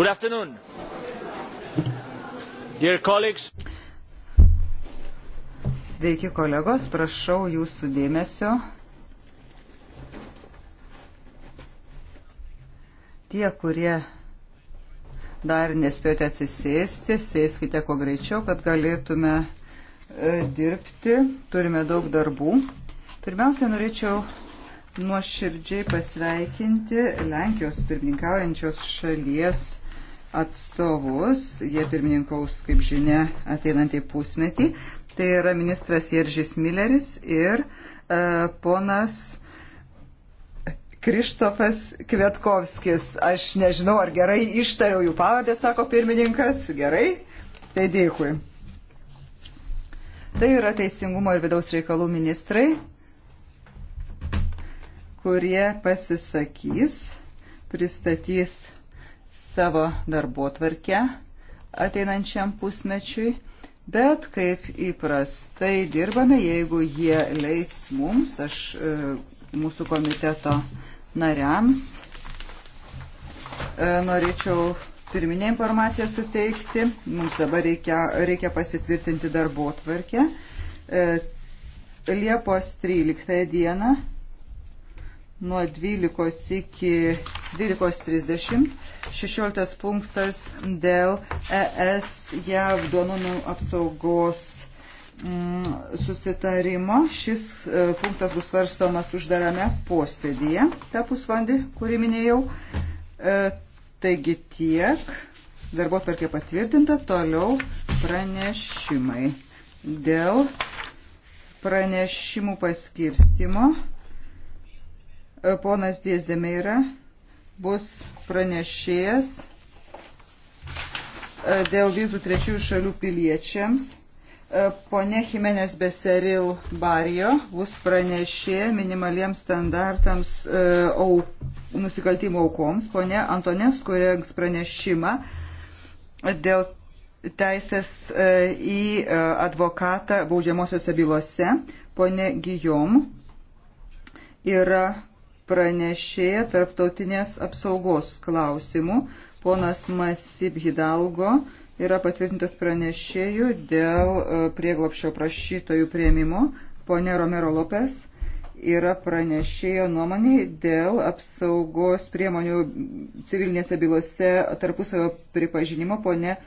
Good afternoon. Dear colleagues. Sveiki kolegos, prašau jūsų dėmesio. Tie, kurie dar nespėjote atsisėsti, sėskite kuo greičiau, kad galėtume e, dirbti. Turime daug darbų. Pirmiausia, norėčiau nuoširdžiai pasveikinti Lenkijos pirmininkaujančios šalies atstovus, jie pirmininkaus, kaip žinia, ateinantį pusmetį. Tai yra ministras Jeržis Milleris ir e, ponas Krištofas Kvietkovskis. Aš nežinau, ar gerai ištariau jų pavardę, sako pirmininkas. Gerai, tai dėkui. Tai yra Teisingumo ir vidaus reikalų ministrai, kurie pasisakys, pristatys savo darbo tvarkę ateinančiam pusmečiui, bet kaip įprastai dirbame, jeigu jie leis mums, aš e, mūsų komiteto nariams, e, norėčiau pirminę informaciją suteikti. Mums dabar reikia, reikia pasitvirtinti darbo tvarkę. E, Liepos 13 dieną nuo 12 iki 12.30. 16 punktas dėl ES JAV duomenų apsaugos mm, susitarimo. Šis e, punktas bus svarstomas uždarame posėdėje, tą pusvandį, kurį minėjau. E, taigi tiek. Darbo tvarkė patvirtinta. Toliau pranešimai dėl pranešimų paskirstimo. E, ponas Dėsdemeira bus pranešėjas e, dėl vizų trečiųjų šalių piliečiams. E, pone Jimenez Beseril Barijo bus pranešė minimaliems standartams au, nusikaltimo aukoms. Pone Antones, kurieks pranešimą dėl teisės į advokatą baudžiamosiose bylose. Pone Gijom yra pranešėja tarptautinės apsaugos klausimų. Ponas Masib Hidalgo yra patvirtintas pranešėjų dėl e, prieglopšio prašytojų prieimimo. Pone Romero Lopes yra pranešėjo nuomonė dėl apsaugos priemonių civilinėse bylose tarpusavio pripažinimo. Pone e,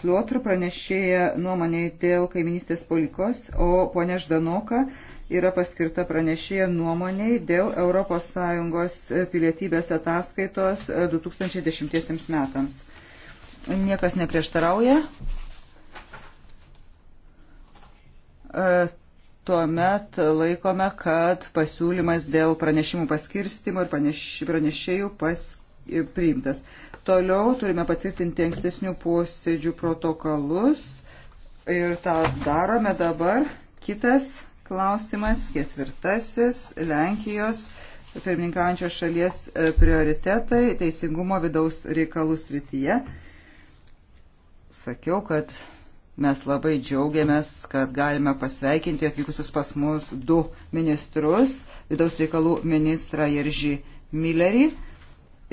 Fliotr pranešėja nuomonė dėl kaiminystės polikos, o pone Ždanoka yra paskirta pranešėja nuomoniai dėl ES e, pilietybės ataskaitos 2010 e, metams. Niekas neprieštarauja. E, tuomet laikome, kad pasiūlymas dėl pranešimų paskirstimo ir pranešėjų paskirstimo priimtas. Toliau turime patvirtinti ankstesnių posėdžių protokolus ir tą darome dabar. Kitas klausimas, ketvirtasis Lenkijos pirmininkaujančios šalies e, prioritetai teisingumo vidaus reikalų srityje. Sakiau, kad mes labai džiaugiamės, kad galime pasveikinti atvykusius pas mus du ministrus - vidaus reikalų ministrą Jeržį Millerį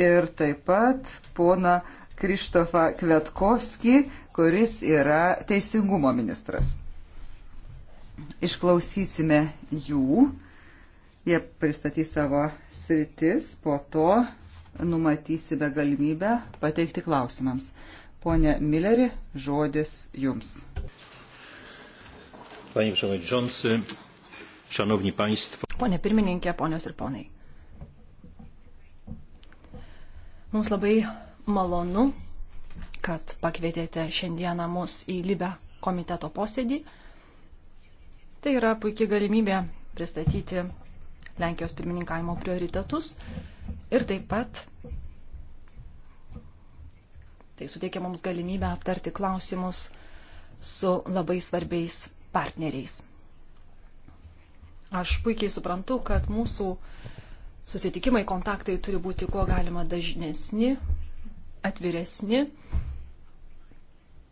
ir taip pat pona Krištofą Kvetkovskį, kuris yra teisingumo ministras. Išklausysime jų, jie pristatys savo sritis, po to numatysime galimybę pateikti klausimams. Pone Milleri, žodis jums. Panie Przewodniczący, Szanowni Państwo. Pone pirmininkė, ponios ir ponai. Mums labai malonu, kad pakvietėte šiandieną mus į Libę komiteto posėdį. Tai yra puikia galimybė pristatyti Lenkijos pirmininkavimo prioritetus ir taip pat tai suteikia mums galimybę aptarti klausimus su labai svarbiais partneriais. Aš puikiai suprantu, kad mūsų susitikimai, kontaktai turi būti kuo galima dažnesni, atviresni,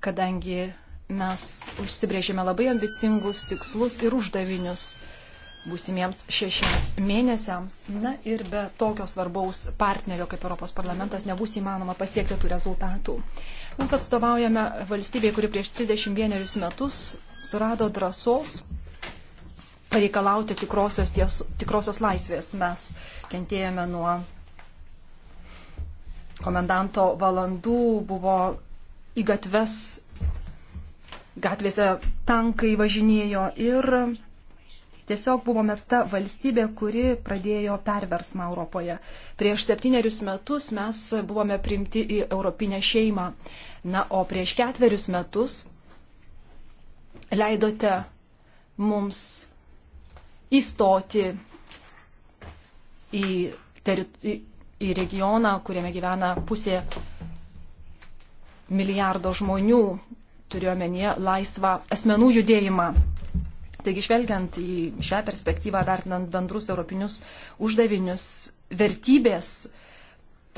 kadangi mes užsibrėžėme labai ambicingus tikslus ir uždavinius būsimiems šešiems mėnesiams. Na ir be tokio svarbaus partnerio kaip Europos parlamentas nebus įmanoma pasiekti tų rezultatų. Mes atstovaujame valstybėje, kuri prieš 31 metus surado drąsos pareikalauti tikrosios, ties, tikrosios laisvės. Mes kentėjome nuo komendanto valandų, buvo į gatves gatvėse tankai važinėjo ir tiesiog buvome ta valstybė, kuri pradėjo perversmą Europoje. Prieš septynerius metus mes buvome primti į Europinę šeimą. Na, o prieš ketverius metus leidote mums įstoti į, teri... į regioną, kuriame gyvena pusė milijardo žmonių turiuomenėje laisvą asmenų judėjimą. Taigi, žvelgiant į šią perspektyvą, vertinant bendrus europinius uždavinius, vertybės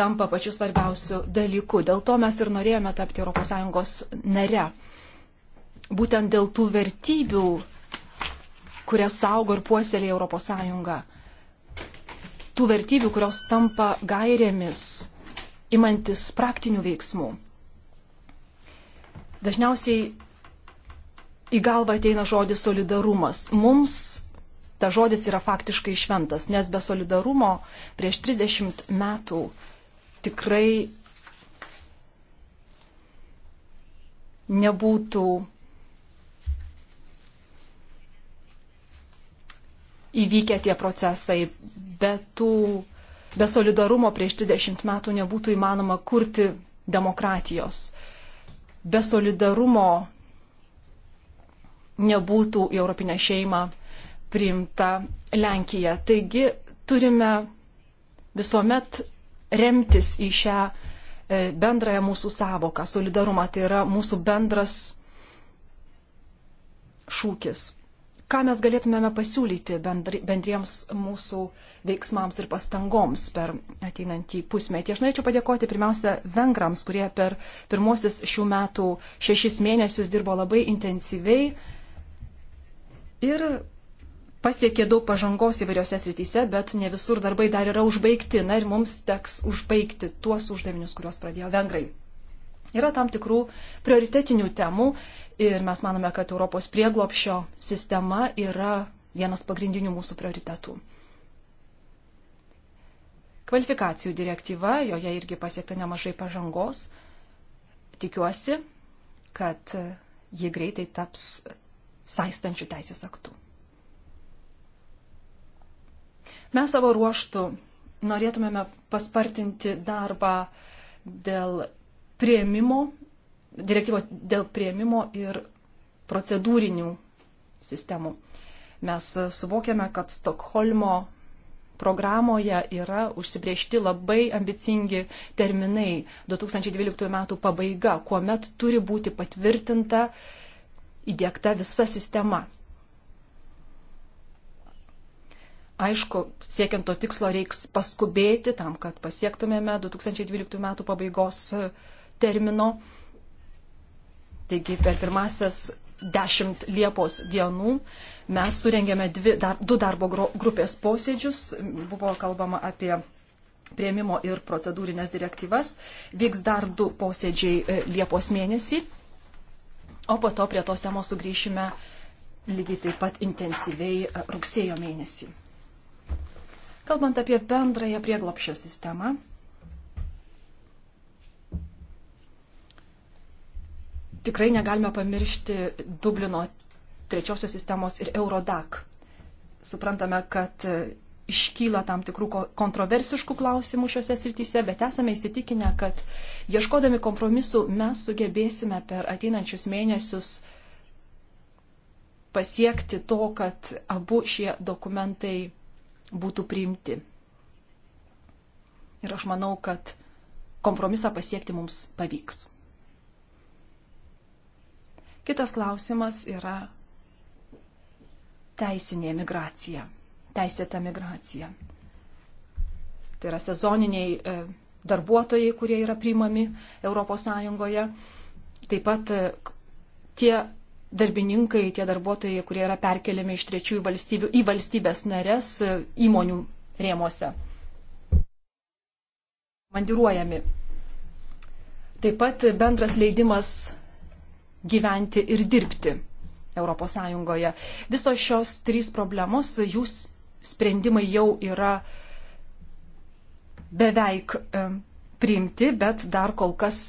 tampa pačiu svarbiausiu dalyku. Dėl to mes ir norėjome tapti ES nare. Būtent dėl tų vertybių, kurias saugo ir puoselė ES. Tų vertybių, kurios tampa gairėmis imantis praktinių veiksmų. Dažniausiai į galvą ateina žodis solidarumas. Mums ta žodis yra faktiškai šventas, nes be solidarumo prieš 30 metų tikrai nebūtų įvykę tie procesai, be, tų, be solidarumo prieš 30 metų nebūtų įmanoma kurti demokratijos. Uh, be solidarumo nebūtų į Europinę šeimą priimta Lenkija. Taigi turime visuomet remtis į šią e, bendrąją mūsų savoką. Solidarumą tai yra mūsų bendras šūkis ką mes galėtumėme pasiūlyti bendriems mūsų veiksmams ir pastangoms per ateinantį pusmetį. Aš norėčiau padėkoti pirmiausia vengrams, kurie per pirmosius šių metų šešis mėnesius dirbo labai intensyviai ir pasiekė daug pažangos įvairiose srityse, bet ne visur darbai dar yra užbaigti. Na ir mums teks užbaigti tuos uždavinius, kuriuos pradėjo vengrai. Yra tam tikrų prioritetinių temų Ir mes manome, kad Europos prieglopšio sistema yra vienas pagrindinių mūsų prioritetų. Kvalifikacijų direktyva, joje irgi pasiekta nemažai pažangos. Tikiuosi, kad ji greitai taps saistančių teisės aktų. Mes savo ruoštų norėtumėme paspartinti darbą dėl prieimimo direktyvos dėl prieimimo ir procedūrinių sistemų. Mes suvokiame, kad Stokholmo programoje yra užsibriežti labai ambicingi terminai 2012 metų pabaiga, kuomet turi būti patvirtinta įdėkta visa sistema. Aišku, siekiant to tikslo reiks paskubėti tam, kad pasiektumėme 2012 metų pabaigos termino Taigi per pirmasias dešimt Liepos dienų mes surengėme dvi, dar, du darbo grupės posėdžius. Buvo kalbama apie prieimimo ir procedūrinės direktyvas. Vyks dar du posėdžiai e, Liepos mėnesį, o po to prie tos temos sugrįšime lygiai taip pat intensyviai e, rugsėjo mėnesį. Kalbant apie bendrąją prieglopščio sistemą, tikrai negalime pamiršti Dublino trečiosios sistemos ir Eurodac. Suprantame, kad iškyla tam tikrų kontroversiškų klausimų šiuose srityse, bet esame įsitikinę, kad ieškodami kompromisų mes sugebėsime per ateinančius mėnesius pasiekti to, kad abu šie dokumentai būtų priimti. Ir aš manau, kad kompromisą pasiekti mums pavyks. Kitas klausimas yra teisinė migracija, teisėta migracija. Tai yra sezoniniai e, darbuotojai, kurie yra priimami ES. Taip pat e, tie darbininkai, tie darbuotojai, kurie yra perkeliami iš trečiųjų valstybių į valstybės narės e, įmonių rėmose. Mandiruojami. Taip pat bendras leidimas gyventi ir dirbti ES. Visos šios trys problemos, jų sprendimai jau yra beveik e, priimti, bet dar kol kas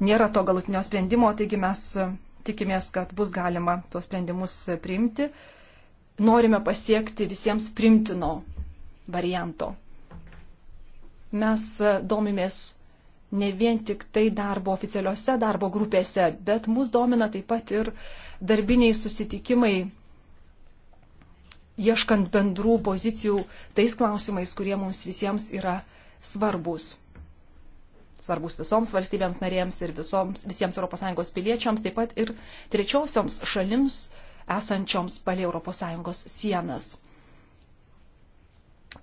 nėra to galutinio sprendimo, taigi mes e, tikimės, kad bus galima tuos sprendimus priimti. Norime pasiekti visiems primtino varianto. Mes e, domimės ne vien tik tai darbo oficialiuose darbo grupėse, bet mus domina taip pat ir darbiniai susitikimai, ieškant bendrų pozicijų tais klausimais, kurie mums visiems yra svarbus. Svarbus visoms valstybėms narėms ir visoms, visiems ES piliečiams, taip pat ir trečiosioms šalims esančioms palie ES sienas,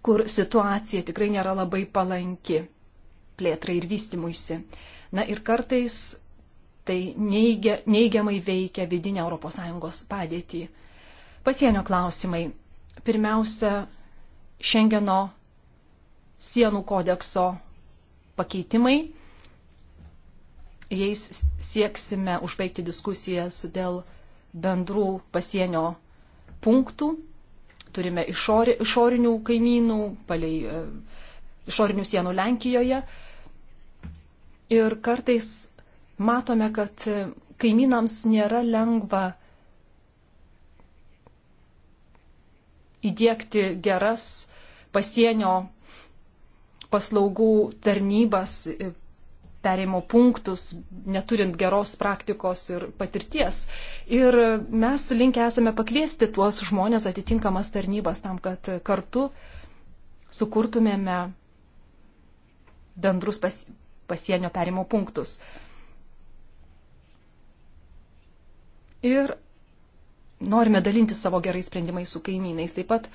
kur situacija tikrai nėra labai palanki plėtrai ir vystimuisi. Na ir kartais tai neigia, neigiamai veikia vidinę ES padėtį. Pasienio klausimai. Pirmiausia, Šengeno sienų kodekso pakeitimai. Jais sieksime užbaigti diskusijas dėl bendrų pasienio punktų. Turime išori, išorinių kaimynų, palei e, išorinių sienų Lenkijoje Ir kartais matome, kad kaimynams nėra lengva įdėkti geras pasienio paslaugų tarnybas, perėjimo punktus, neturint geros praktikos ir patirties. Ir mes linkę esame pakviesti tuos žmonės atitinkamas tarnybas tam, kad kartu sukurtumėme bendrus pas, pasienio perimo punktus. Ir norime dalinti savo gerais sprendimais su kaimynais. Taip pat,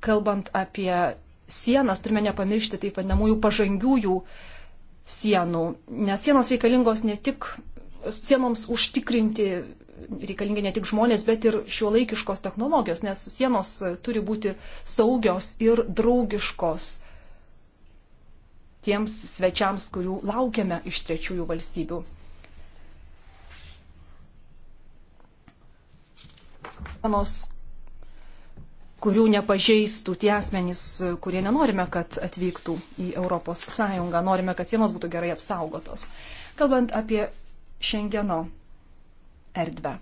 kalbant apie sienas, turime nepamiršti taip vadinamųjų pažangiųjų sienų, nes sienos reikalingos ne tik sienoms užtikrinti reikalingi ne tik žmonės, bet ir šiuolaikiškos technologijos, nes sienos turi būti saugios ir draugiškos tiems svečiams, kurių laukiame iš trečiųjų valstybių. Manos, kurių nepažeistų tie asmenys, kurie nenorime, kad atvyktų į Europos Sąjungą, norime, kad sienos būtų gerai apsaugotos. Kalbant apie Šengeno erdvę.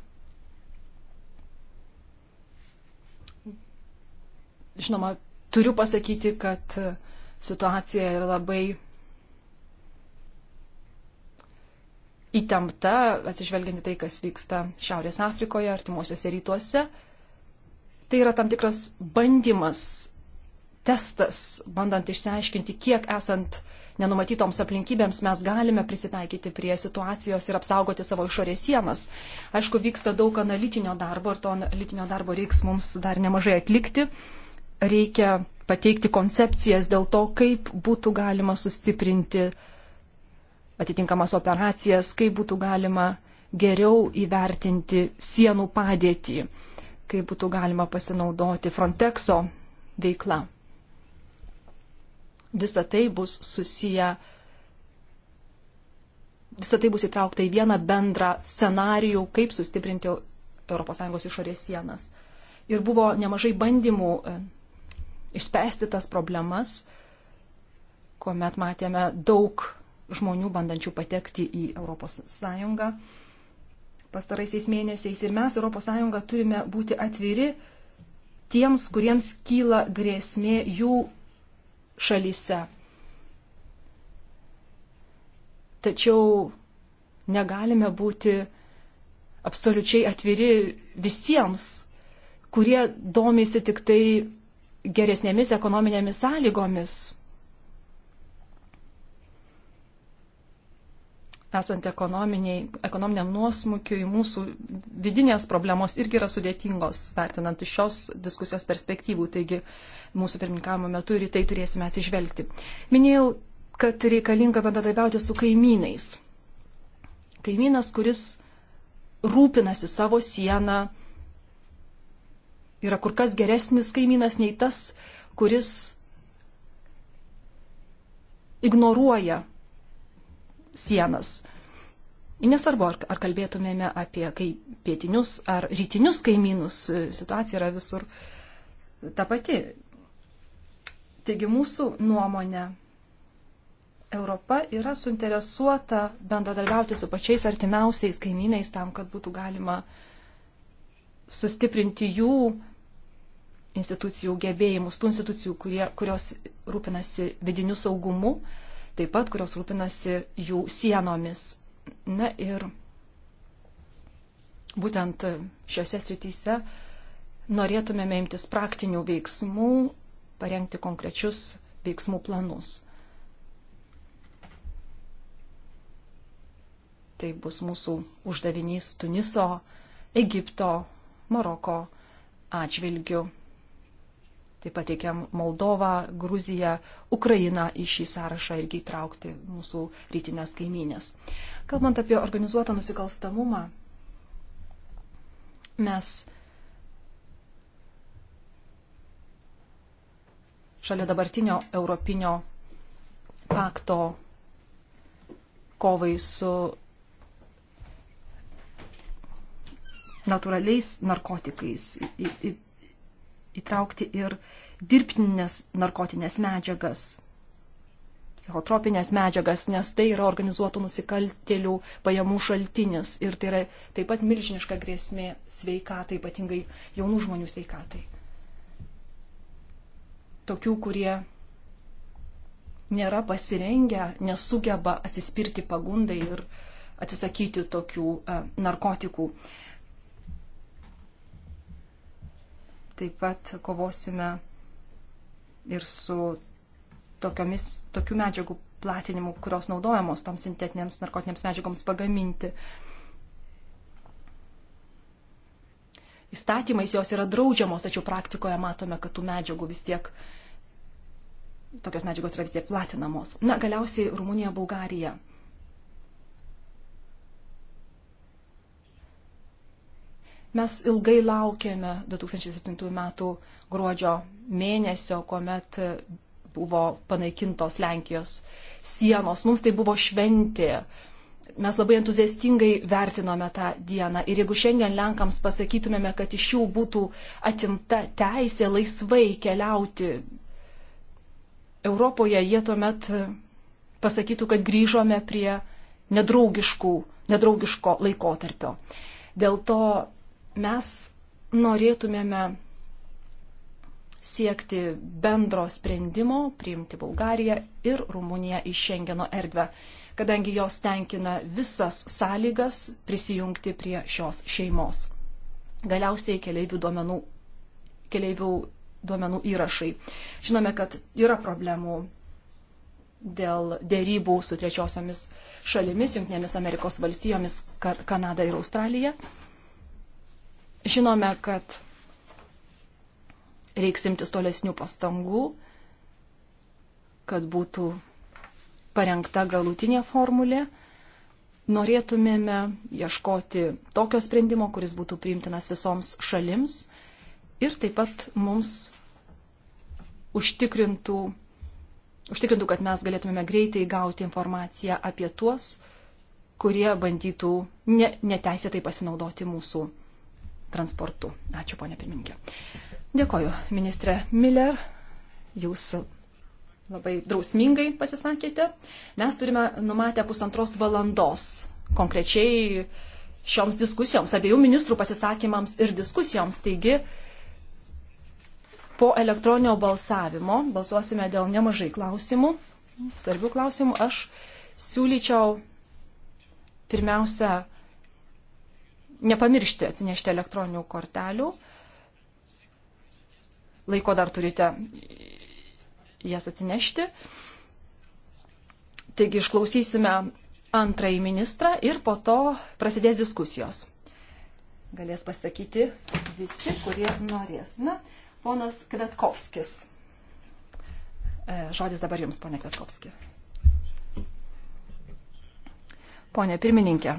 Žinoma, turiu pasakyti, kad uh, situacija yra labai įtempta, atsižvelginti tai, kas vyksta Šiaurės Afrikoje, artimuosiuose rytuose. Tai yra tam tikras bandymas, testas, bandant išsiaiškinti, kiek esant nenumatytoms aplinkybėms mes galime prisitaikyti prie situacijos ir apsaugoti savo išorės sienas. Aišku, vyksta daug analitinio darbo ir to analitinio darbo reiks mums dar nemažai atlikti. Reikia pateikti koncepcijas dėl to, kaip būtų galima sustiprinti atitinkamas operacijas, kaip būtų galima geriau įvertinti sienų padėtį, kaip būtų galima pasinaudoti Frontexo veikla. Visa tai bus susiję, visa tai bus įtraukta į vieną bendrą scenarijų, kaip sustiprinti ES išorės sienas. Ir buvo nemažai bandymų išspręsti tas problemas, kuomet matėme daug žmonių bandančių patekti į ES pastaraisiais mėnesiais. Ir mes ES turime būti atviri tiems, kuriems kyla grėsmė jų šalyse. Tačiau negalime būti absoliučiai atviri visiems, kurie domysi tik tai geresnėmis ekonominėmis sąlygomis. Esant ekonominiam nuosmukiui, mūsų vidinės problemos irgi yra sudėtingos, vertinant iš šios diskusijos perspektyvų, taigi mūsų pirmininkavimo metu ir į tai turėsime atsižvelgti. Minėjau, kad reikalinga bendradarbiauti su kaimynais. Kaimynas, kuris rūpinasi savo sieną, yra kur kas geresnis kaimynas nei tas, kuris ignoruoja sienas. Nesvarbu, ar, ar kalbėtumėme apie kai, pietinius ar rytinius kaimynus, situacija yra visur ta pati. Taigi mūsų nuomonė, Europa yra suinteresuota bendradarbiauti su pačiais artimiausiais kaimynais tam, kad būtų galima sustiprinti jų institucijų gebėjimus, tų institucijų, kurie, kurios rūpinasi vidiniu saugumu, taip pat kurios rūpinasi jų sienomis. Na ir būtent šiuose srityse norėtumėme imtis praktinių veiksmų, parengti konkrečius veiksmų planus. Tai bus mūsų uždavinys Tuniso, Egipto, Maroko atžvilgių Taip pat reikiam Moldovą, Gruziją, Ukrainą į šį sąrašą irgi įtraukti mūsų rytinės kaimynės. Kalbant apie organizuotą nusikalstamumą, mes šalia dabartinio europinio pakto kovai su natūraliais narkotikais į, į, įtraukti ir dirbtinės narkotinės medžiagas, psichotropinės medžiagas, nes tai yra organizuotų nusikaltėlių pajamų šaltinis ir tai yra taip pat milžiniška grėsmė sveikatai, ypatingai jaunų žmonių sveikatai. Tokių, kurie nėra pasirengę, nesugeba atsispirti pagundai ir atsisakyti tokių e, narkotikų. Taip pat kovosime ir su tokiomis, tokių medžiagų platinimu, kurios naudojamos toms sintetinėms narkotinėms medžiagoms pagaminti. Įstatymais jos yra draudžiamos, tačiau praktikoje matome, kad tų medžiagų vis tiek, tokios medžiagos yra vis tiek platinamos. Na, galiausiai Rumunija, Bulgarija. Mes ilgai laukėme 2007 metų gruodžio mėnesio, kuomet buvo panaikintos Lenkijos sienos. Mums tai buvo šventė. Mes labai entuziastingai vertinome tą dieną ir jeigu šiandien Lenkams pasakytumėme, kad iš jų būtų atimta teisė laisvai keliauti Europoje, jie tuomet pasakytų, kad grįžome prie nedraugiškų, nedraugiško laikotarpio. Dėl to Mes norėtumėme siekti bendro sprendimo priimti Bulgariją ir Rumuniją į Šengeno erdvę, kadangi jos tenkina visas sąlygas prisijungti prie šios šeimos. Galiausiai keliaivių duomenų, keliaivių duomenų įrašai. Žinome, kad yra problemų dėl dėrybų su trečiosiomis šalimis, Junktinėmis Amerikos valstijomis, Kanada ir Australija. Žinome, kad reiks imtis tolesnių pastangų, kad būtų parengta galutinė formulė. Norėtumėme ieškoti tokio sprendimo, kuris būtų priimtinas visoms šalims ir taip pat mums užtikrintų, užtikrintų kad mes galėtumėme greitai gauti informaciją apie tuos, kurie bandytų ne, neteisėtai pasinaudoti mūsų transportu. Ačiū, ponė pirmininkė. Dėkoju, ministrė Miller. Jūs labai drausmingai pasisakėte. Mes turime numatę pusantros valandos konkrečiai šioms diskusijoms, abiejų ministrų pasisakymams ir diskusijoms. Taigi, po elektroninio balsavimo balsuosime dėl nemažai klausimų, svarbių klausimų. Aš siūlyčiau pirmiausia nepamiršti atsinešti elektroninių kortelių. Laiko dar turite jas atsinešti. Taigi išklausysime antrąjį ministrą ir po to prasidės diskusijos. Galės pasakyti visi, kurie norės. Na, ponas Kvetkovskis. E, žodis dabar jums, ponė Kvetkovski. Pone pirmininkė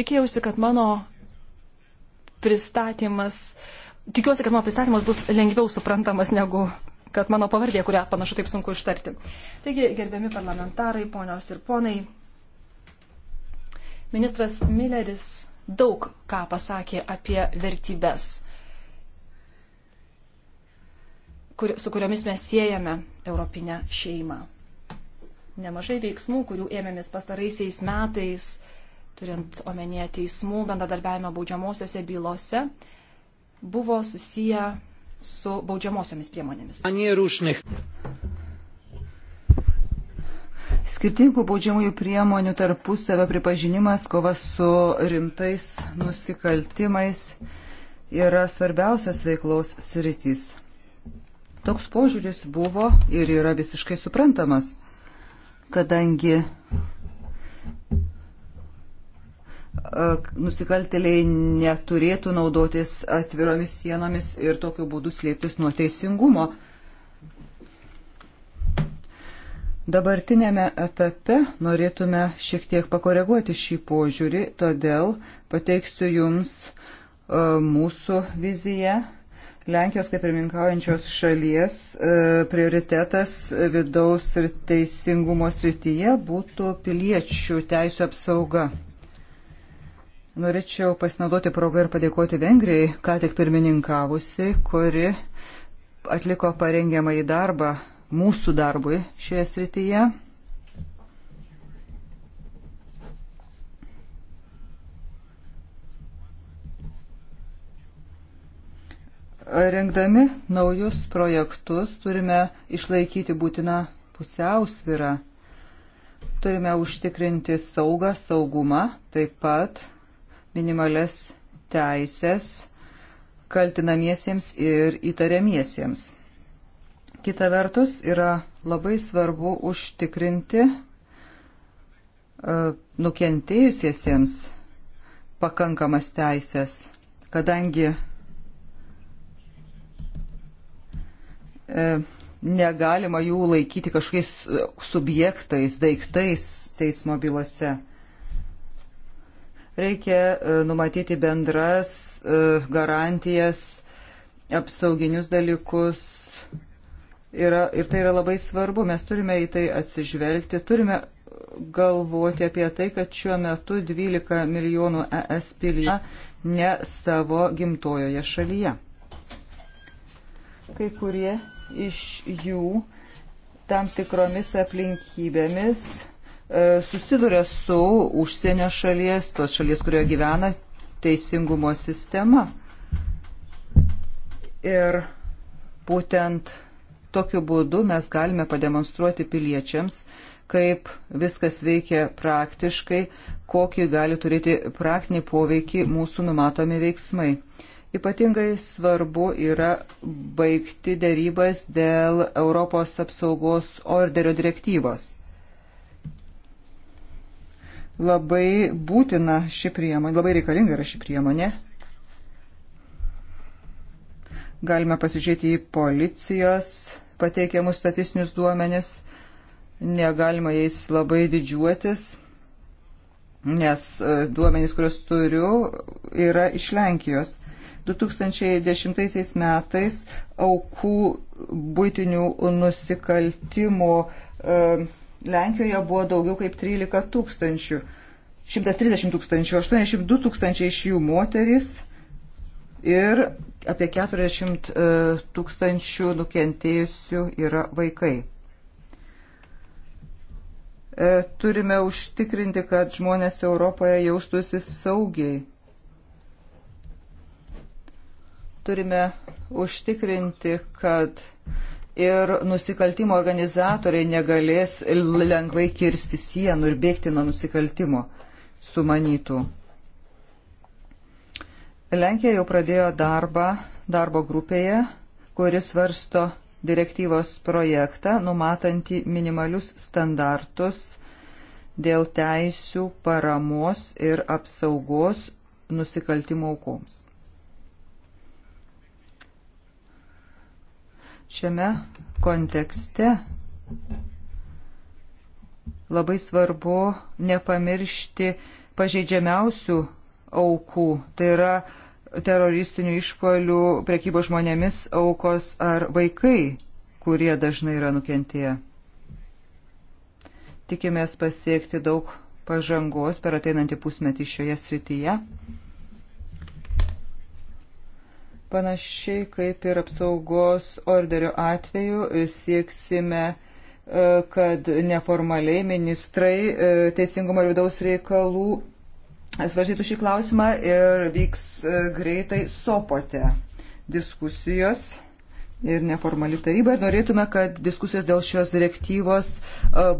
tikėjausi, kad mano pristatymas, tikiuosi, kad mano pristatymas bus lengviau suprantamas negu kad mano pavardė, kurią panašu taip sunku ištarti. Taigi, gerbiami parlamentarai, ponios ir ponai, ministras Milleris daug ką pasakė apie vertybės, kur, su kuriomis mes siejame Europinę šeimą. Nemažai veiksmų, kurių ėmėmės pastaraisiais metais, turint omenyje teismų bendradarbiavimą baudžiamosiose bylose, buvo susiję su baudžiamosiomis priemonėmis. Skirtingų baudžiamųjų priemonių tarpusavio pripažinimas, kova su rimtais nusikaltimais yra svarbiausios veiklos sritys. Toks požiūris buvo ir yra visiškai suprantamas, kadangi E, nusikaltėliai neturėtų naudotis atviromis sienomis ir tokiu būdu slėptis nuo teisingumo. Dabartinėme etape norėtume šiek tiek pakoreguoti šį požiūrį, todėl pateiksiu Jums e, mūsų viziją. Lenkijos kaip pirmininkaujančios šalies e, prioritetas vidaus ir teisingumo srityje būtų piliečių teisų apsauga. Norėčiau pasinaudoti progą ir padėkoti Vengrijai, ką tik pirmininkavusi, kuri atliko parengiamą į darbą mūsų darbui šioje srityje. Rengdami naujus projektus turime išlaikyti būtiną pusiausvyrą. Turime užtikrinti saugą, saugumą, taip pat minimales teisės kaltinamiesiems ir įtariamiesiems. Kita vertus, yra labai svarbu užtikrinti e, nukentėjusiesiems pakankamas teisės, kadangi e, negalima jų laikyti kažkokiais subjektais, daiktais teismo bylose. Reikia e, numatyti bendras e, garantijas, apsauginius dalykus. Yra, ir tai yra labai svarbu, mes turime į tai atsižvelgti, turime galvoti apie tai, kad šiuo metu 12 milijonų ES pilyje ne savo gimtojoje šalyje. Kai kurie iš jų tam tikromis aplinkybėmis E, susiduria su užsienio šalies, tos šalies, kurioje gyvena teisingumo sistema. Ir būtent tokiu būdu mes galime pademonstruoti piliečiams, kaip viskas veikia praktiškai, kokį gali turėti praktinį poveikį mūsų numatomi veiksmai. Ypatingai svarbu yra baigti dėrybas dėl Europos apsaugos orderio direktyvos. Labai būtina ši priemonė, labai reikalinga yra ši priemonė. Galime pasižiūrėti į policijos pateikiamus statistinius duomenis. Negalima jais labai didžiuotis, nes e, duomenys, kuriuos turiu, yra iš Lenkijos. 2010 metais aukų būtinių nusikaltimų uh, Lenkijoje buvo daugiau kaip 13 tūkstančių, 130 tūkstančių, 82 tūkstančiai iš jų moteris ir apie 40 e, tūkstančių nukentėjusių yra vaikai. E, turime užtikrinti, kad žmonės Europoje jaustųsi saugiai. Turime užtikrinti, kad ir nusikaltimo organizatoriai negalės lengvai kirsti sienų ir bėgti nuo nusikaltimo sumanytų. Lenkija jau pradėjo darbą darbo grupėje, kuris svarsto direktyvos projektą, numatantį minimalius standartus dėl teisių, paramos ir apsaugos nusikaltimo aukoms. Šiame kontekste labai svarbu nepamiršti pažeidžiamiausių aukų, tai yra teroristinių išpolių, prekybo žmonėmis aukos ar vaikai, kurie dažnai yra nukentėję. Tikimės pasiekti daug pažangos per ateinantį pusmetį šioje srityje. Panašiai kaip ir apsaugos orderio atveju sieksime e, kad neformaliai ministrai e, teisingumo ir vidaus reikalų svaržytų šį klausimą ir vyks e, greitai sopote diskusijos ir neformali taryba ir norėtume, kad diskusijos dėl šios direktyvos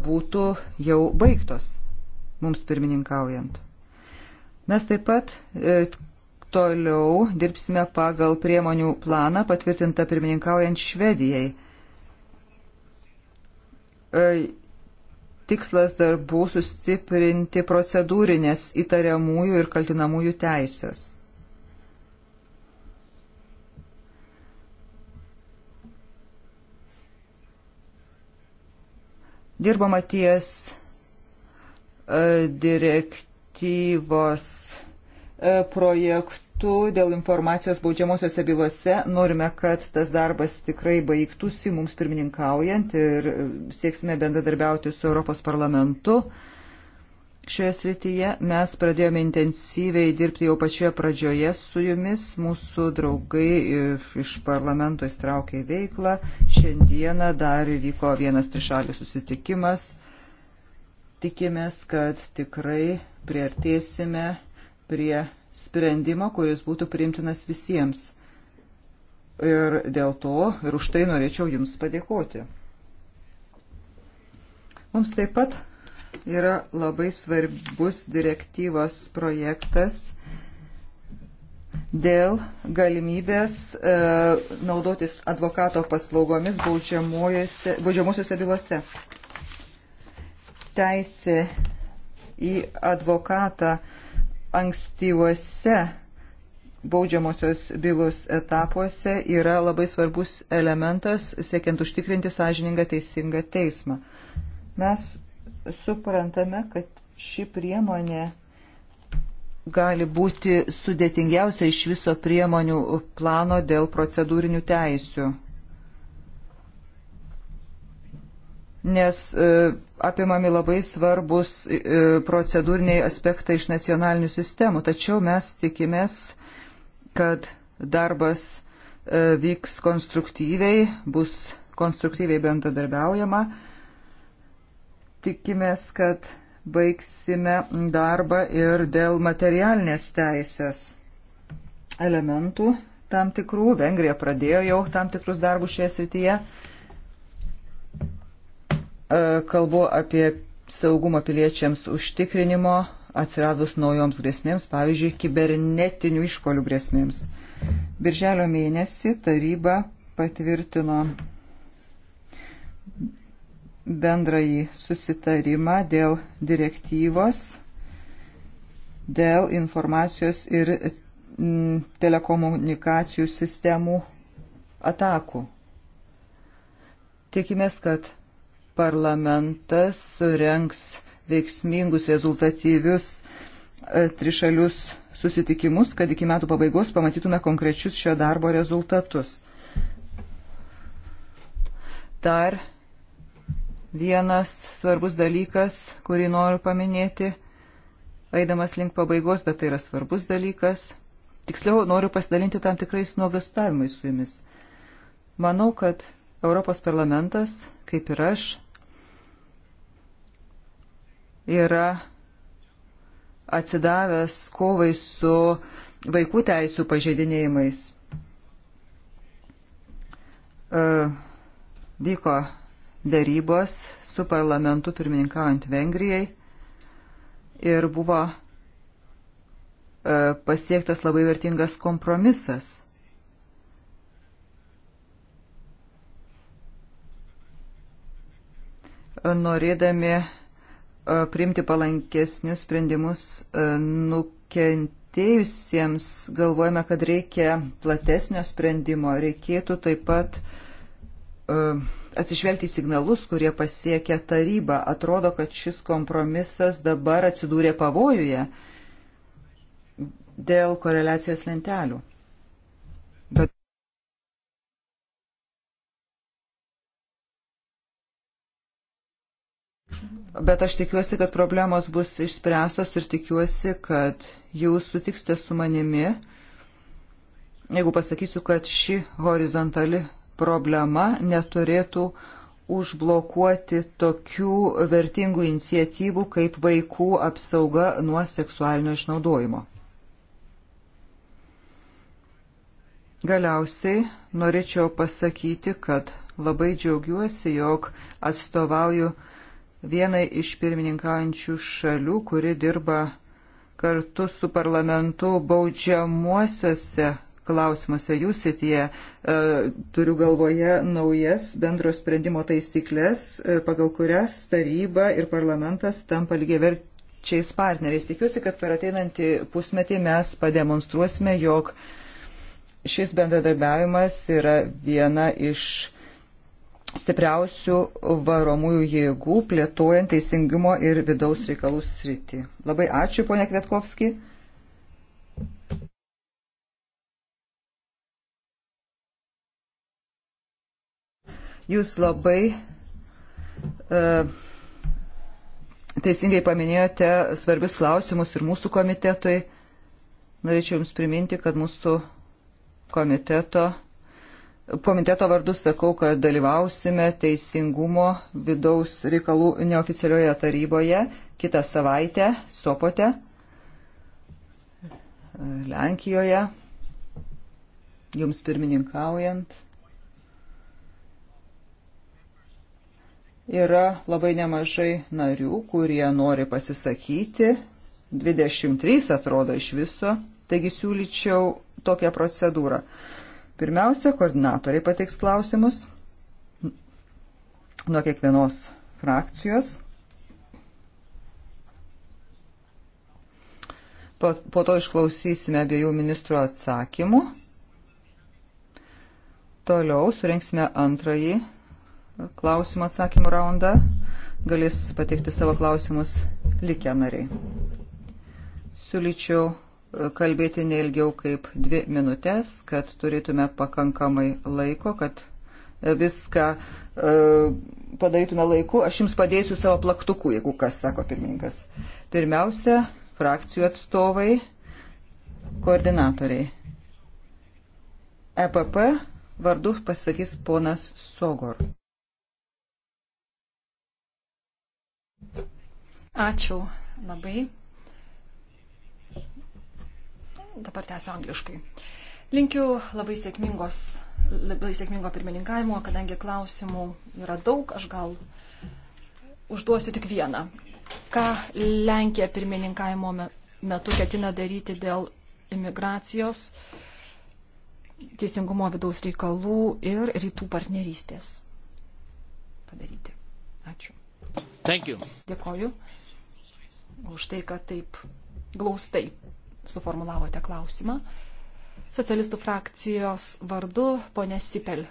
būtų jau baigtos mums pirmininkaujant. Mes taip pat toliau dirbsime pagal priemonių planą patvirtintą pirmininkaujant Švedijai. E, tikslas darbų sustiprinti procedūrinės įtariamųjų ir kaltinamųjų teisės. Dirbama ties e, direktyvos E, projektu dėl informacijos baudžiamosiose bylose. Norime, kad tas darbas tikrai baigtųsi mums pirmininkaujant ir sieksime bendradarbiauti su Europos parlamentu. Šioje srityje mes pradėjome intensyviai dirbti jau pačioje pradžioje su jumis. Mūsų draugai iš parlamento įstraukė į veiklą. Šiandieną dar vyko vienas trišalis susitikimas. Tikimės, kad tikrai priartėsime prie sprendimo, kuris būtų priimtinas visiems. Ir dėl to ir už tai norėčiau Jums padėkoti. Mums taip pat yra labai svarbus direktyvos projektas dėl galimybės e, naudotis advokato paslaugomis baudžiamosiuose bylose. Teisė į advokatą e, ankstyvuose baudžiamosios bylos etapuose yra labai svarbus elementas siekiant užtikrinti sąžiningą teisingą teismą. Mes suprantame, kad ši priemonė gali būti sudėtingiausia iš viso priemonių plano dėl procedūrinių teisių. nes e, apimami labai svarbus e, procedūriniai aspektai iš nacionalinių sistemų. Tačiau mes tikimės, kad darbas e, vyks konstruktyviai, bus konstruktyviai bendradarbiaujama. Tikimės, kad baigsime darbą ir dėl materialinės teisės elementų tam tikrų. Vengrija pradėjo jau tam tikrus darbus šioje srityje. E, kalbu apie saugumo piliečiams užtikrinimo atsiradus naujoms grėsmėms, pavyzdžiui, kibernetinių išpolių grėsmėms. Birželio mėnesį taryba patvirtino bendrąjį susitarimą dėl direktyvos, dėl informacijos ir mm, telekomunikacijų sistemų atakų. Tikimės, kad parlamentas surenks veiksmingus, rezultatyvius e, trišalius susitikimus, kad iki metų pabaigos pamatytume konkrečius šio darbo rezultatus. Dar vienas svarbus dalykas, kurį noriu paminėti, eidamas link pabaigos, bet tai yra svarbus dalykas. Tiksliau, noriu pasidalinti tam tikrais nuogastavimais su jumis. Manau, kad Europos parlamentas kaip ir aš, yra atsidavęs kovai su vaikų teisų pažeidinėjimais. E, vyko dėrybos su parlamentu pirmininkaujant Vengrijai ir buvo e, pasiektas labai vertingas kompromisas. norėdami e, priimti palankesnius sprendimus e, nukentėjusiems, galvojame, kad reikia platesnio sprendimo. Reikėtų taip pat e, atsižvelgti į signalus, kurie pasiekia tarybą. Atrodo, kad šis kompromisas dabar atsidūrė pavojuje dėl koreliacijos lentelių. Bet aš tikiuosi, kad problemos bus išspręstos ir tikiuosi, kad jūs sutiksite su manimi, jeigu pasakysiu, kad ši horizontali problema neturėtų užblokuoti tokių vertingų iniciatyvų kaip vaikų apsauga nuo seksualinio išnaudojimo. Galiausiai norėčiau pasakyti, kad labai džiaugiuosi, jog atstovauju vienai iš pirmininkaujančių šalių, kuri dirba kartu su parlamentu baudžiamuosiuose klausimuose jų sityje. E, turiu galvoje naujas bendro sprendimo taisyklės, e, pagal kurias taryba ir parlamentas tampa lygiai verčiais partneriais. Tikiuosi, kad per ateinantį pusmetį mes pademonstruosime, jog šis bendradarbiavimas yra viena iš stipriausių varomųjų jėgų plėtojant teisingumo ir vidaus reikalų sritį. Labai ačiū, ponia Kvetkovski. Jūs labai uh, teisingai paminėjote svarbius klausimus ir mūsų komitetui. Norėčiau Jums priminti, kad mūsų komiteto uh, Komiteto vardu sakau, kad dalyvausime Teisingumo vidaus reikalų neoficialioje taryboje kitą savaitę Sopote, Lenkijoje, jums pirmininkaujant. Yra labai nemažai narių, kurie nori pasisakyti, 23 atrodo iš viso, taigi siūlyčiau tokią procedūrą. Pirmiausia, koordinatoriai pateiks klausimus nuo kiekvienos frakcijos. Po, po to išklausysime abiejų ministrų atsakymų. Toliau surinksime antrąjį klausimų atsakymų raundą. Galės pateikti savo klausimus likę nariai. Siūlyčiau kalbėti neilgiau kaip dvi minutės, kad turėtume pakankamai laiko, kad e, viską e, padarytume laiku. Aš jums padėsiu savo plaktuku, jeigu kas, sako pirmininkas. Pirmiausia, frakcijų atstovai, koordinatoriai. EPP vardu pasakys ponas Sogor. Ačiū labai. Dabar tęsiu angliškai. Linkiu labai sėkmingos, labai sėkmingo pirmininkavimo, kadangi klausimų yra daug, aš gal užduosiu tik vieną. Ką Lenkija pirmininkavimo metu ketina daryti dėl imigracijos, teisingumo vidaus reikalų ir rytų partnerystės padaryti. Ačiū. Dėkoju už tai, kad taip glaustai suformulavote klausimą. Socialistų frakcijos vardu ponė Sipel.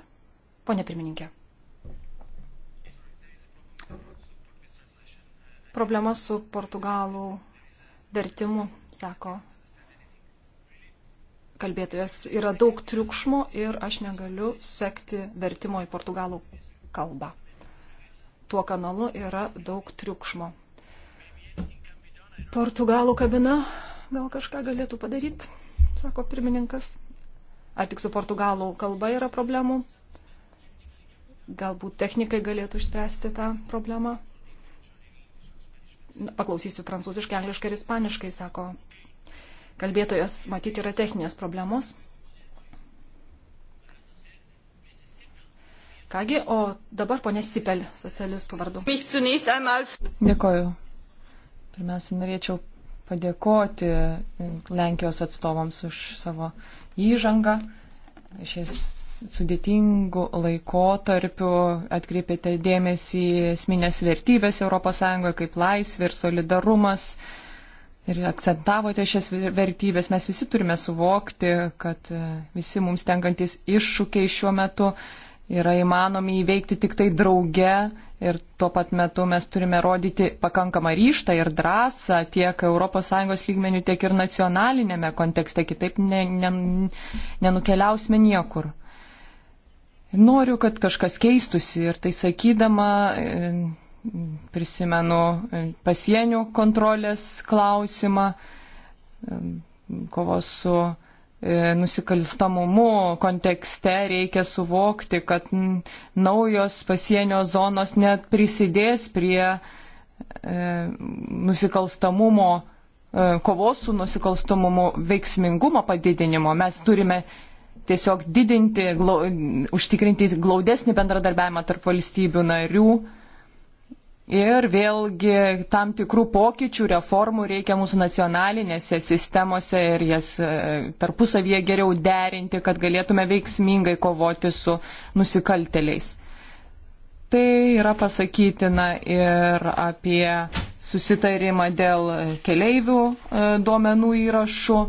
Pone pirmininkė. Problema su portugalų vertimu, sako kalbėtojas. Yra daug triukšmo ir aš negaliu sekti vertimo į portugalų kalbą. Tuo kanalu yra daug triukšmo. Portugalų kabina gal kažką galėtų padaryti, sako pirmininkas. Ar tik su portugalų kalba yra problemų? Galbūt technikai galėtų išspręsti tą problemą? Na, paklausysiu prancūziškai, angliškai ir ispaniškai, sako kalbėtojas, matyti yra techninės problemos. Kągi, o dabar ponė Sipel, socialistų vardu. Dėkoju. Pirmiausia, norėčiau padėkoti Lenkijos atstovams už savo įžangą. Šis sudėtingų laikotarpių atkreipėte dėmesį į esminės vertybės ES kaip laisvė ir solidarumas. Ir akcentavote šias vertybės. Mes visi turime suvokti, kad visi mums tenkantis iššūkiai šiuo metu yra įmanomi įveikti tik tai drauge ir tuo pat metu mes turime rodyti pakankamą ryštą ir drąsą tiek ES lygmenių, tiek ir nacionalinėme kontekste, kitaip ne, ne, nenukeliausime niekur. Noriu, kad kažkas keistusi ir tai sakydama e, prisimenu e, pasienio kontrolės klausimą, e, kovos su E, nusikalstamumu kontekste reikia suvokti, kad naujos pasienio zonos net prisidės prie e, nusikalstamumo, e, kovos su nusikalstamumu veiksmingumo padidinimo. Mes turime tiesiog didinti, glau, užtikrinti glaudesnį bendradarbiavimą tarp valstybių narių ir vėlgi tam tikrų pokyčių, reformų reikia mūsų nacionalinėse sistemose ir jas e, tarpusavyje geriau derinti, kad galėtume veiksmingai kovoti su nusikalteliais. Tai yra pasakytina ir apie susitarimą dėl keleivių e, duomenų įrašų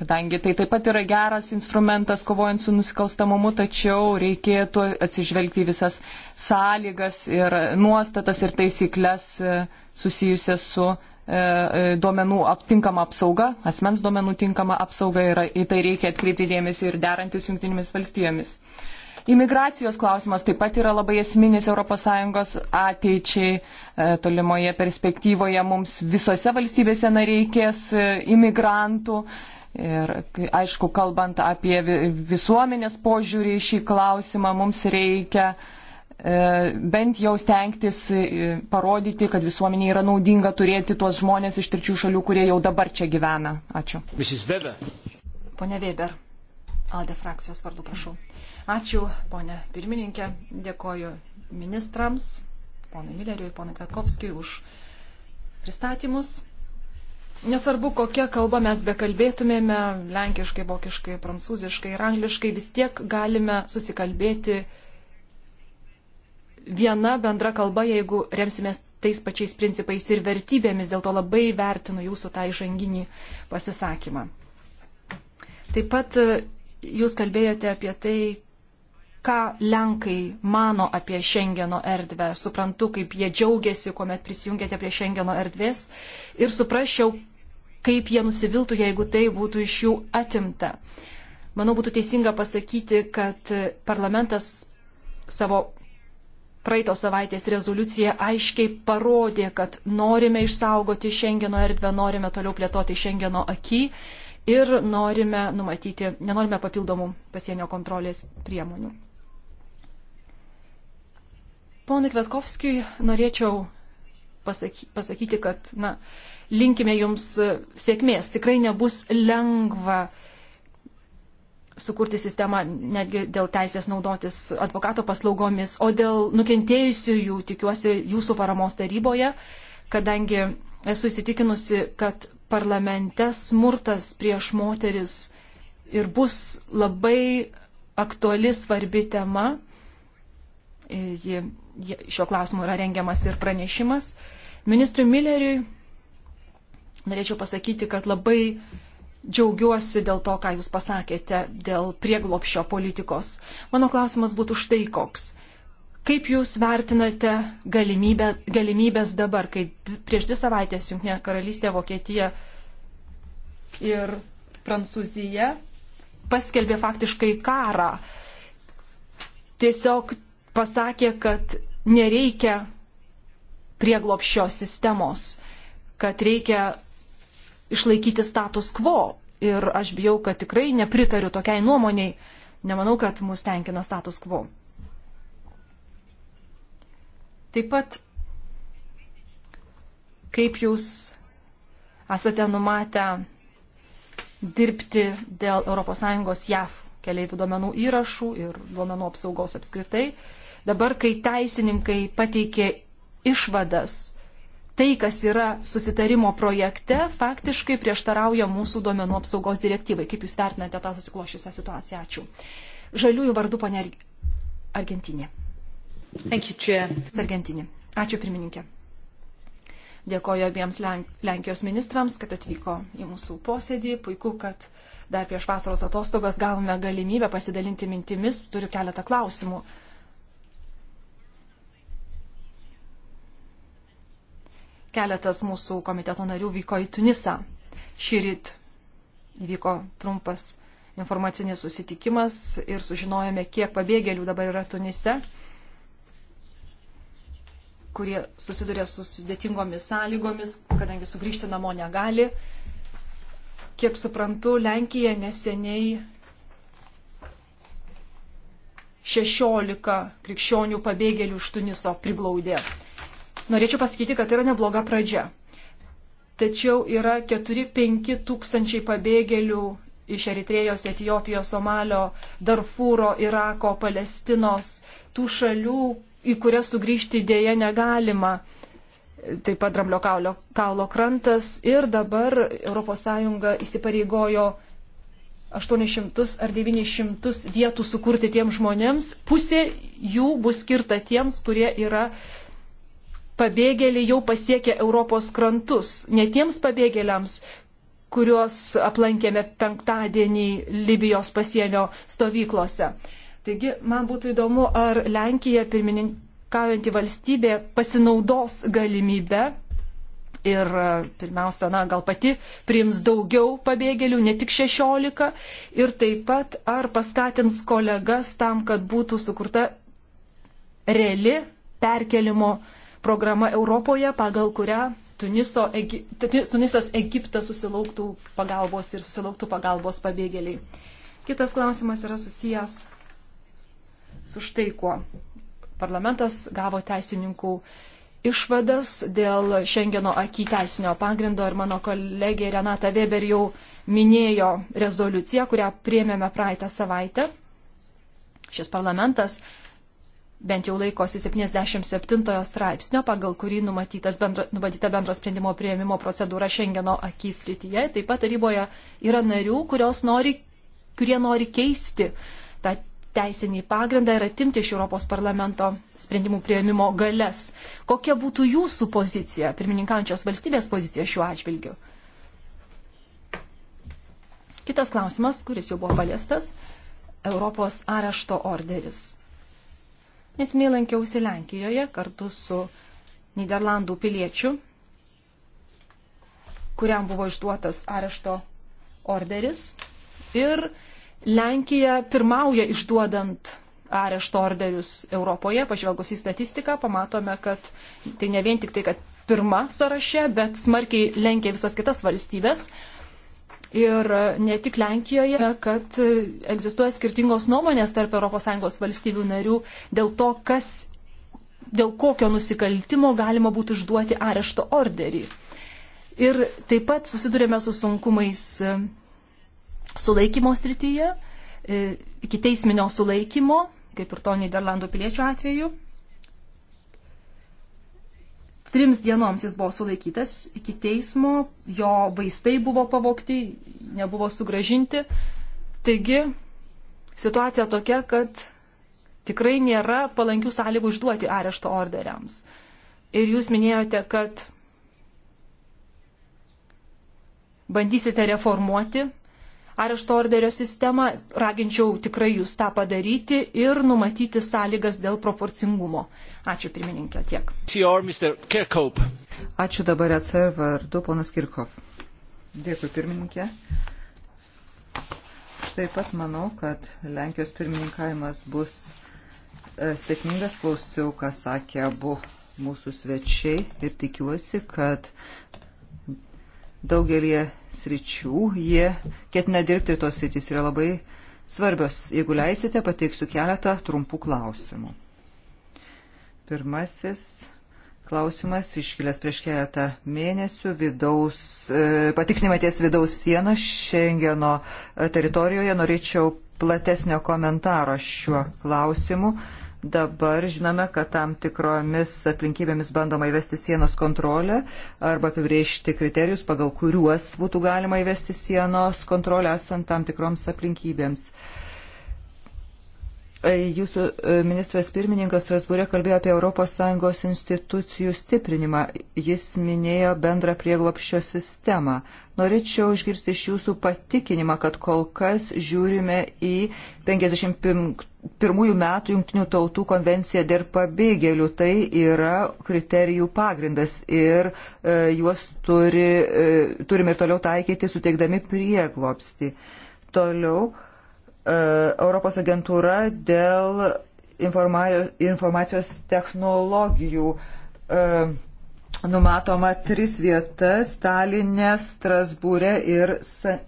Kadangi tai taip pat yra geras instrumentas kovojant su nusikalstamumu, tačiau reikėtų atsižvelgti į visas sąlygas ir nuostatas ir taisyklės e, susijusias su e, e, duomenų aptinkama apsauga, asmens duomenų tinkama apsauga ir į tai reikia atkreipti dėmesį ir derantis jungtinėmis valstijomis. Imigracijos klausimas taip pat yra labai esminis ES ateičiai. Tolimoje perspektyvoje mums visose valstybėse reikės imigrantų Ir aišku, kalbant apie visuomenės požiūrį į šį klausimą, mums reikia e, bent jau stengtis e, parodyti, kad visuomenė yra naudinga turėti tuos žmonės iš trečių šalių, kurie jau dabar čia gyvena. Ačiū. Mrs. Weber. Pone Weber, Alde frakcijos vardu prašau. Ačiū, ponė pirmininkė. Dėkoju ministrams, ponui Milleriui, ponui Kvetkovskijui už pristatymus. Nesvarbu, kokią kalbą mes bekalbėtumėme, lenkiškai, vokiškai, prancūziškai ir angliškai, vis tiek galime susikalbėti viena bendra kalba, jeigu remsimės tais pačiais principais ir vertybėmis. Dėl to labai vertinu jūsų tą įžanginį pasisakymą. Taip pat e, jūs kalbėjote apie tai, ką lenkai mano apie Šengeno erdvę. Suprantu, kaip jie džiaugiasi, kuomet prisijungėte prie Šengeno erdvės ir suprasčiau, kaip jie nusiviltų, jeigu tai būtų iš jų atimta. Manau, būtų teisinga pasakyti, kad parlamentas savo praeito savaitės rezoliucija aiškiai parodė, kad norime išsaugoti Šengeno erdvę, norime toliau plėtoti Šengeno akį ir norime numatyti, nenorime papildomų pasienio kontrolės priemonių. Ponui Kvetkovskijui norėčiau pasaky, pasakyti, kad na, linkime jums e, sėkmės. Tikrai nebus lengva sukurti sistemą netgi dėl teisės naudotis advokato paslaugomis, o dėl nukentėjusiųjų tikiuosi jūsų paramos taryboje, kadangi esu įsitikinusi, kad parlamente smurtas prieš moteris ir bus labai aktuali svarbi tema. E, ji šio klausimu yra rengiamas ir pranešimas. Ministrui Milleriui norėčiau pasakyti, kad labai džiaugiuosi dėl to, ką Jūs pasakėte, dėl prieglopšio politikos. Mano klausimas būtų štai koks. Kaip Jūs vertinate galimybę, galimybės dabar, kai prieš dvi savaitės Junktinė karalystė, Vokietija ir Prancūzija paskelbė faktiškai karą. Tiesiog pasakė, kad nereikia prieglopščio sistemos, kad reikia išlaikyti status quo. Ir aš bijau, kad tikrai nepritariu tokiai nuomoniai. Nemanau, kad mus tenkina status quo. Taip pat, kaip jūs esate numatę dirbti dėl ES JAF keliaivių duomenų įrašų ir duomenų apsaugos apskritai, Dabar, kai teisininkai pateikė išvadas, tai, kas yra susitarimo projekte, faktiškai prieštarauja mūsų duomenų apsaugos direktyvai. Kaip Jūs vertinate tą susiklošusią situaciją? Ačiū. Žaliųjų vardu, ponė Argentinė. Argentinė. Ačiū, pirmininkė. Dėkoju abiems Lenkijos ministrams, kad atvyko į mūsų posėdį. Puiku, kad dar prieš vasaros atostogas gavome galimybę pasidalinti mintimis. Turiu keletą klausimų. keletas mūsų komiteto narių vyko į Tunisą. Šį ryt įvyko trumpas informacinis susitikimas ir sužinojome, kiek pabėgėlių dabar yra Tunise, kurie susiduria su sudėtingomis sąlygomis, kadangi sugrįžti namo negali. Kiek suprantu, Lenkija neseniai 16 krikščionių pabėgėlių iš Tuniso priglaudė norėčiau pasakyti, kad tai yra nebloga pradžia. Tačiau yra 4-5 tūkstančiai pabėgėlių iš Eritrėjos, Etijopijos, Somalio, Darfūro, Irako, Palestinos, tų šalių, į kurias sugrįžti dėje negalima. Taip pat Dramblio kaulio, kaulo krantas ir dabar ES įsipareigojo 800 ar 900 vietų sukurti tiems žmonėms. Pusė jų bus skirta tiems, kurie yra pabėgėliai jau pasiekė Europos krantus. Ne tiems pabėgėliams, kuriuos aplankėme penktadienį Libijos pasienio stovyklose. Taigi, man būtų įdomu, ar Lenkija, pirmininkaujanti valstybė, pasinaudos galimybę ir pirmiausia, na, gal pati priims daugiau pabėgėlių, ne tik 16, ir taip pat ar paskatins kolegas tam, kad būtų sukurta reali perkelimo programa Europoje, pagal kurią Tuniso, Egi, Tunisas Egiptas susilauktų pagalbos ir susilauktų pagalbos pabėgėliai. Kitas klausimas yra susijęs su štai kuo. Parlamentas gavo teisininkų išvadas dėl Šengeno akį teisinio pagrindo ir mano kolegė Renata Weber jau minėjo rezoliuciją, kurią priemėme praeitą savaitę. Šis parlamentas bent jau laikosi 77 straipsnio, pagal kurį bendro, numatyta bendro sprendimo prieimimo procedūra Šengeno akys rytyje. Taip pat taryboje yra narių, nori, kurie nori keisti tą teisinį pagrindą ir atimti iš Europos parlamento sprendimų prieimimo galės. Kokia būtų jūsų pozicija, pirmininkančios valstybės pozicija šiuo atžvilgiu? Kitas klausimas, kuris jau buvo paliestas - Europos arešto orderis Nesiniai lankiausi Lenkijoje kartu su Niderlandų piliečiu, kuriam buvo išduotas arešto orderis. Ir Lenkija pirmauja išduodant arešto orderius Europoje. Pažvelgus į statistiką, pamatome, kad tai ne vien tik tai, kad pirma sąraše, bet smarkiai lenkia visas kitas valstybės, Ir ne tik Lenkijoje, kad egzistuoja skirtingos nuomonės tarp ES valstybių narių dėl to, kas, dėl kokio nusikaltimo galima būtų išduoti arešto orderį. Ir taip pat susidurėme su sunkumais e, sulaikymo srityje, e, iki teisminio sulaikymo, kaip ir to Niderlandų piliečių atveju. Trims dienoms jis buvo sulaikytas iki teismo, jo vaistai buvo pavokti, nebuvo sugražinti. Taigi situacija tokia, kad tikrai nėra palankių sąlygų išduoti arešto orderiams. Ir jūs minėjote, kad bandysite reformuoti arešto orderio sistemą. Raginčiau tikrai jūs tą padaryti ir numatyti sąlygas dėl proporcingumo. Ačiū pirmininkė tiek. Ačiū dabar atsar vardu, ponas Kirkov. Dėkui pirmininkė. Aš taip pat manau, kad Lenkijos pirmininkavimas bus e, sėkmingas klausiau, ką sakė abu mūsų svečiai ir tikiuosi, kad daugelie sričių. Jie ketina dirbti tos sritys yra labai svarbios. Jeigu leisite, pateiksiu keletą trumpų klausimų. Pirmasis klausimas iškilęs prieš keletą mėnesių vidaus, e, patikrinimą ties vidaus sieną Šengeno e, teritorijoje. Norėčiau platesnio komentaro šiuo klausimu. E, Dabar žinome, kad tam tikromis aplinkybėmis bandoma įvesti sienos kontrolę arba apibriežti kriterijus, pagal kuriuos būtų galima įvesti sienos kontrolę esant tam tikroms aplinkybėms. E, jūsų e, ministras pirmininkas Strasbūrė kalbėjo apie ES institucijų stiprinimą. Jis minėjo bendrą prieglopščio sistemą. Norėčiau išgirsti iš jūsų patikinimą, kad kol kas žiūrime į 55 pirmųjų metų Junktinių tautų konvencija dėl pabėgėlių. Tai yra kriterijų pagrindas ir e, juos turi, e, turime ir toliau taikyti, suteikdami prieglopsti. Toliau e, Europos agentūra dėl informacijos technologijų. E, Numatoma tris vietas - Stalinė, Strasbūrė ir San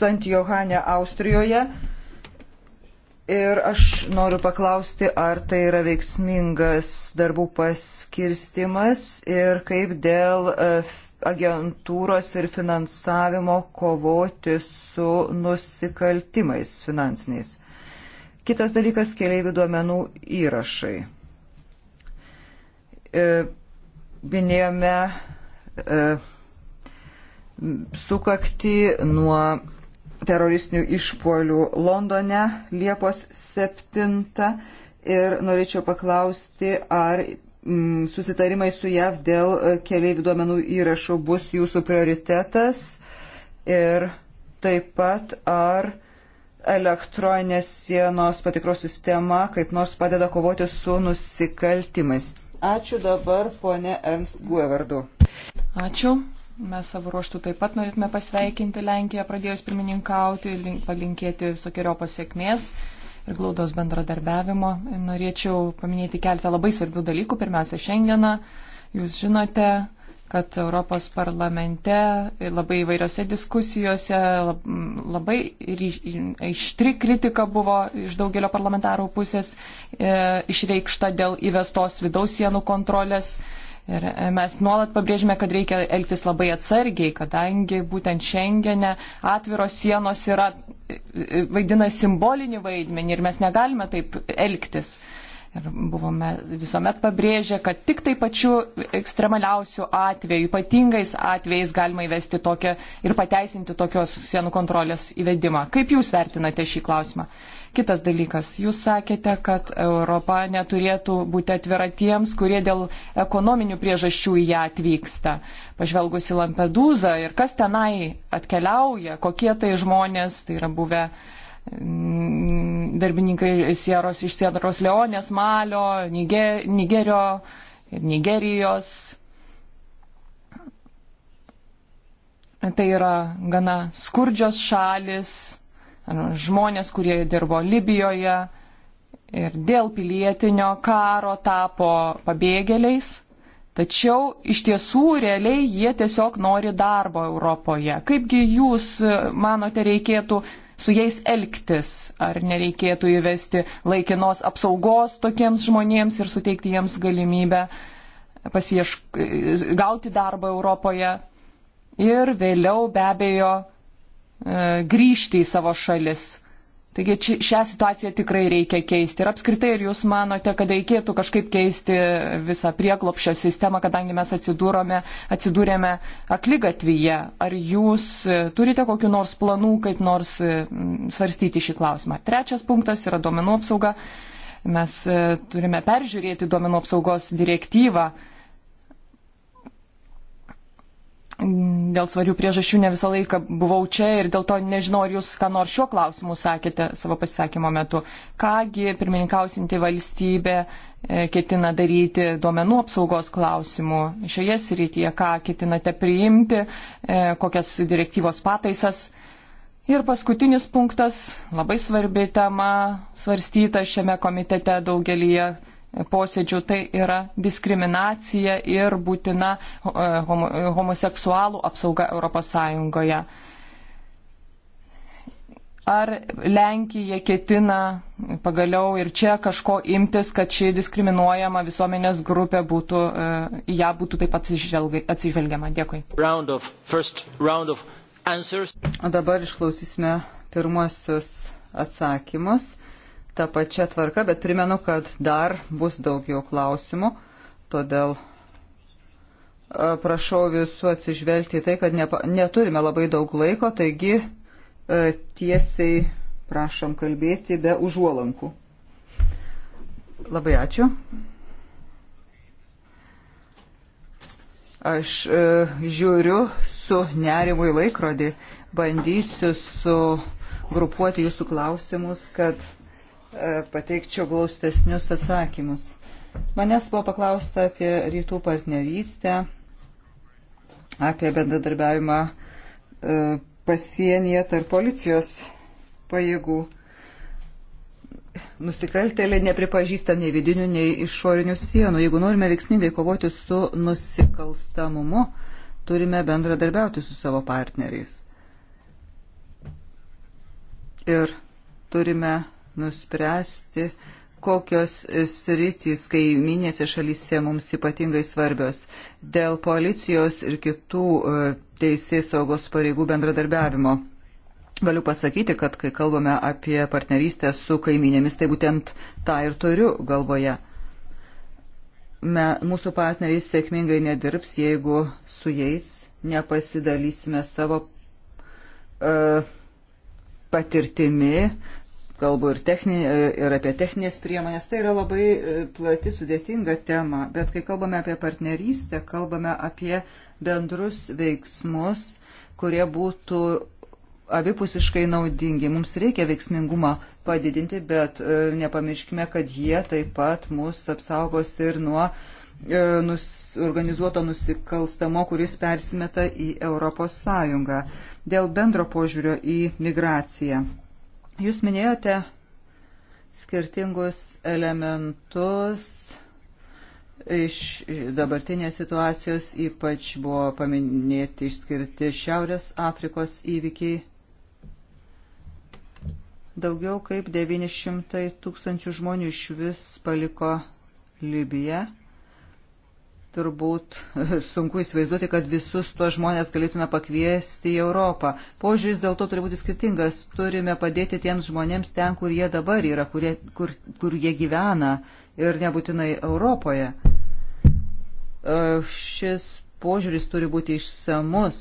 Santijohanė, Austrijoje. E, Ir aš noriu paklausti, ar tai yra veiksmingas darbų paskirstimas ir kaip dėl e, agentūros ir finansavimo kovoti su nusikaltimais finansiniais. Kitas dalykas - keliaivių duomenų įrašai. E, minėjome e, sukakti nuo teroristinių išpolių Londone Liepos 7 ir norėčiau paklausti, ar mm, susitarimai su JAV dėl e, keliaivių duomenų įrašų bus jūsų prioritetas ir taip pat ar elektroninės sienos patikros sistema kaip nors padeda kovoti su nusikaltimais. Ačiū dabar, ponė Ernst Guevardu. Ačiū. Mes savo ruoštų taip pat norėtume pasveikinti Lenkiją, pradėjus pirmininkauti, palinkėti visokiojo pasiekmės ir glaudos bendradarbiavimo. Norėčiau paminėti keletą labai svarbių dalykų. Pirmiausia, šiandieną jūs žinote, kad Europos parlamente labai įvairiose diskusijose labai aištri kritika buvo iš daugelio parlamentarų pusės e, išreikšta dėl įvestos vidaus sienų kontrolės. E, Ir e, mes nuolat pabrėžime, kad reikia elgtis labai atsargiai, kadangi būtent šiandienė atviros sienos yra, e, e, vaidina simbolinį vaidmenį ir mes negalime taip elgtis. Ir buvome visuomet pabrėžę, kad tik tai pačiu ekstremaliausiu atveju, ypatingais atvejais galima įvesti tokią ir pateisinti tokios sienų kontrolės įvedimą. Kaip Jūs vertinate šį klausimą? Uh, Kitas dalykas, jūs sakėte, kad Europa neturėtų būti atvira tiems, kurie dėl ekonominių priežasčių į ją atvyksta. Pažvelgusi Lampedūzą ir kas tenai atkeliauja, kokie tai žmonės, tai yra buvę mm, darbininkai Sieros iš Sieros Leonės, Malio, Niger, Nigerio ir Nigerijos. Tai yra gana skurdžios šalis, žmonės, kurie dirbo Libijoje ir dėl pilietinio karo tapo pabėgėliais. Tačiau iš tiesų realiai jie tiesiog nori darbo Europoje. Kaipgi jūs manote reikėtų su jais elgtis? Ar nereikėtų įvesti laikinos apsaugos tokiems žmonėms ir suteikti jiems galimybę pasiešk... gauti darbą Europoje? Ir vėliau be abejo E, grįžti į savo šalis. Taigi či, šią situaciją tikrai reikia keisti. Ir apskritai, ar jūs manote, kad reikėtų kažkaip keisti visą prieklopšio sistemą, kadangi mes atsidūrėme aklygatvyje? Ar jūs e, turite kokiu nors planų, kaip nors e, svarstyti šį klausimą? Trečias punktas yra duomenų apsauga. Mes turime peržiūrėti duomenų apsaugos direktyvą dėl svarių priežasčių ne visą laiką buvau čia ir dėl to nežinau, ar jūs ką nors šiuo klausimu sakėte savo pasisakymo metu. Kągi pirmininkausinti valstybė e, ketina daryti duomenų apsaugos klausimų šioje srityje, ką ketinate priimti, e, kokias direktyvos pataisas. Ir paskutinis punktas, labai svarbi tema, svarstyta šiame komitete daugelyje posėdžių, tai yra diskriminacija ir būtina e, e, homoseksualų apsauga ES. Ar Lenkija ketina pagaliau ir čia kažko imtis, kad ši diskriminuojama visuomenės grupė būtų, e, į ją būtų taip atsižvelgiama? Dėkui. Round of, round of o dabar išklausysime pirmosius atsakymus tą pačią tvarką, bet primenu, kad dar bus daugiau klausimų, todėl e, prašau visų atsižvelgti į tai, kad nepa, neturime labai daug laiko, taigi e, tiesiai prašom kalbėti be užuolankų. Labai ačiū. Aš e, žiūriu su nerimu į laikrodį, bandysiu sugrupuoti jūsų klausimus, kad E, pateikčiau glaustesnius atsakymus. Manęs buvo paklausta apie rytų partnerystę, apie bendradarbiavimą e, pasienyje tarp policijos pajėgų. Nusikaltėliai nepripažįsta nei vidinių, nei išorinių sienų. Jeigu norime veiksmingai kovoti su nusikalstamumu, turime bendradarbiauti su savo partneriais. Ir turime nuspręsti, kokios sritys kaiminėse šalyse mums ypatingai svarbios dėl policijos ir kitų e, teisės saugos pareigų bendradarbiavimo. Galiu pasakyti, kad kai kalbame apie partnerystę su kaiminėmis, tai būtent tą ir turiu galvoje. Me, mūsų partneriai sėkmingai nedirbs, jeigu su jais nepasidalysime savo uh, patirtimi, kalbu ir, techni, ir apie techninės priemonės. Tai yra labai e, plati, sudėtinga tema, bet kai kalbame apie partnerystę, kalbame apie bendrus veiksmus, kurie būtų abipusiškai naudingi. Mums reikia veiksmingumą padidinti, bet e, nepamirškime, kad jie taip pat mus apsaugos ir nuo e, nus, organizuoto nusikalstamo, kuris persimeta į Europos Sąjungą dėl bendro požiūrio į migraciją. Jūs minėjote skirtingus elementus iš dabartinės situacijos, ypač buvo paminėti išskirti Šiaurės Afrikos įvykiai. Daugiau kaip 900 tūkstančių žmonių iš vis paliko Libiją turbūt sunku įsivaizduoti, kad visus tuos žmonės galėtume pakviesti į Europą. Požiūris dėl to turi būti skirtingas. Turime padėti tiems žmonėms ten, kur jie dabar yra, kur jie, kur, kur jie gyvena ir nebūtinai Europoje. E, šis požiūris turi būti išsamus.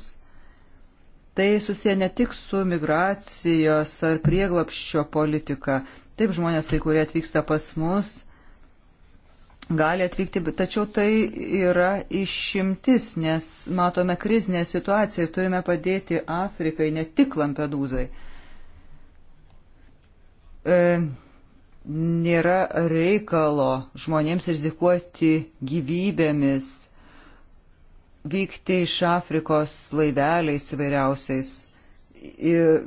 Tai susiję ne tik su migracijos ar prieglapščio politika. Taip žmonės, kai kurie atvyksta pas mus, gali atvykti, tačiau tai yra išimtis, nes matome krizinę situaciją ir turime padėti Afrikai, ne tik Lampedūzai. E, nėra reikalo žmonėms rizikuoti gyvybėmis, vykti iš Afrikos laiveliais įvairiausiais. Ir,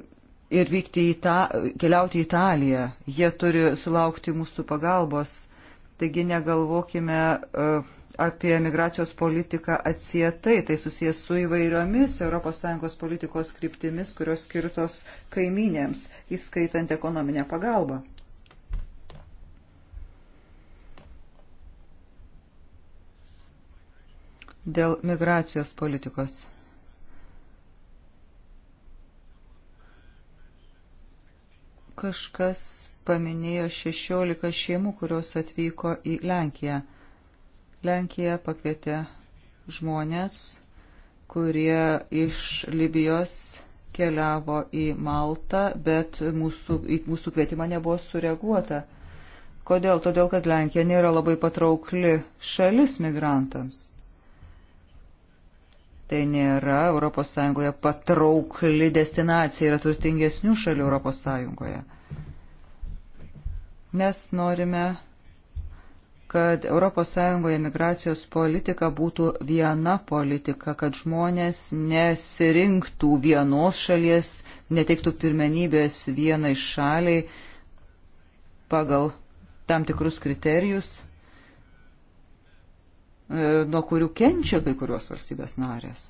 ir vykti į tą, keliauti į Italiją. Jie turi sulaukti mūsų pagalbos Taigi negalvokime e, apie migracijos politiką atsietai, tai susijęs su įvairiomis ES politikos kryptimis, kurios skirtos kaiminėms, įskaitant ekonominę pagalbą. Dėl migracijos politikos. Kažkas paminėjo 16 šeimų, kurios atvyko į Lenkiją. Lenkija pakvietė žmonės, kurie iš Libijos keliavo į Maltą, bet mūsų, į mūsų kvietimą nebuvo sureaguota. Kodėl? Todėl, kad Lenkija nėra labai patraukli šalis migrantams. Tai nėra ES patraukli destinacija, yra turtingesnių šalių ES. Mes norime, kad ES migracijos politika būtų viena politika, kad žmonės nesirinktų vienos šalies, neteiktų pirmenybės vienai šaliai pagal tam tikrus kriterijus, e, nuo kurių kenčia kai kurios valstybės narės.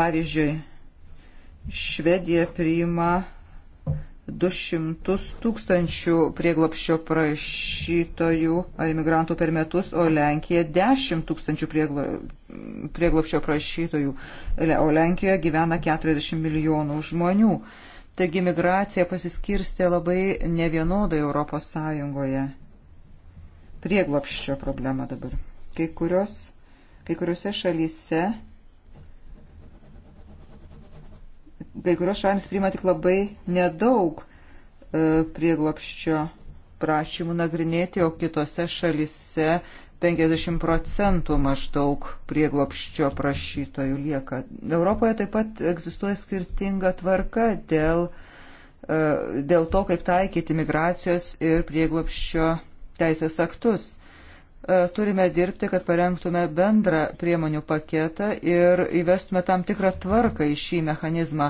Pavyzdžiui, Švedija priima 200 tūkstančių prieglopščio prašytojų ar imigrantų per metus, o Lenkija 10 tūkstančių prieglo, prieglopščio prašytojų, o Lenkijoje gyvena 40 milijonų žmonių. Taigi migracija pasiskirstė labai nevienodai Europos Sąjungoje. Prieglopščio problema dabar. Kai, kurios, kai kuriuose šalyse kai kurios šalis priima tik labai nedaug e, prieglopščio prašymų nagrinėti, o kitose šalise 50 procentų maždaug prieglopščio prašytojų lieka. Europoje taip pat egzistuoja skirtinga tvarka dėl, e, dėl to, kaip taikyti migracijos ir prieglopščio teisės aktus. E, turime dirbti, kad parengtume bendrą priemonių paketą ir įvestume tam tikrą tvarką į šį mechanizmą.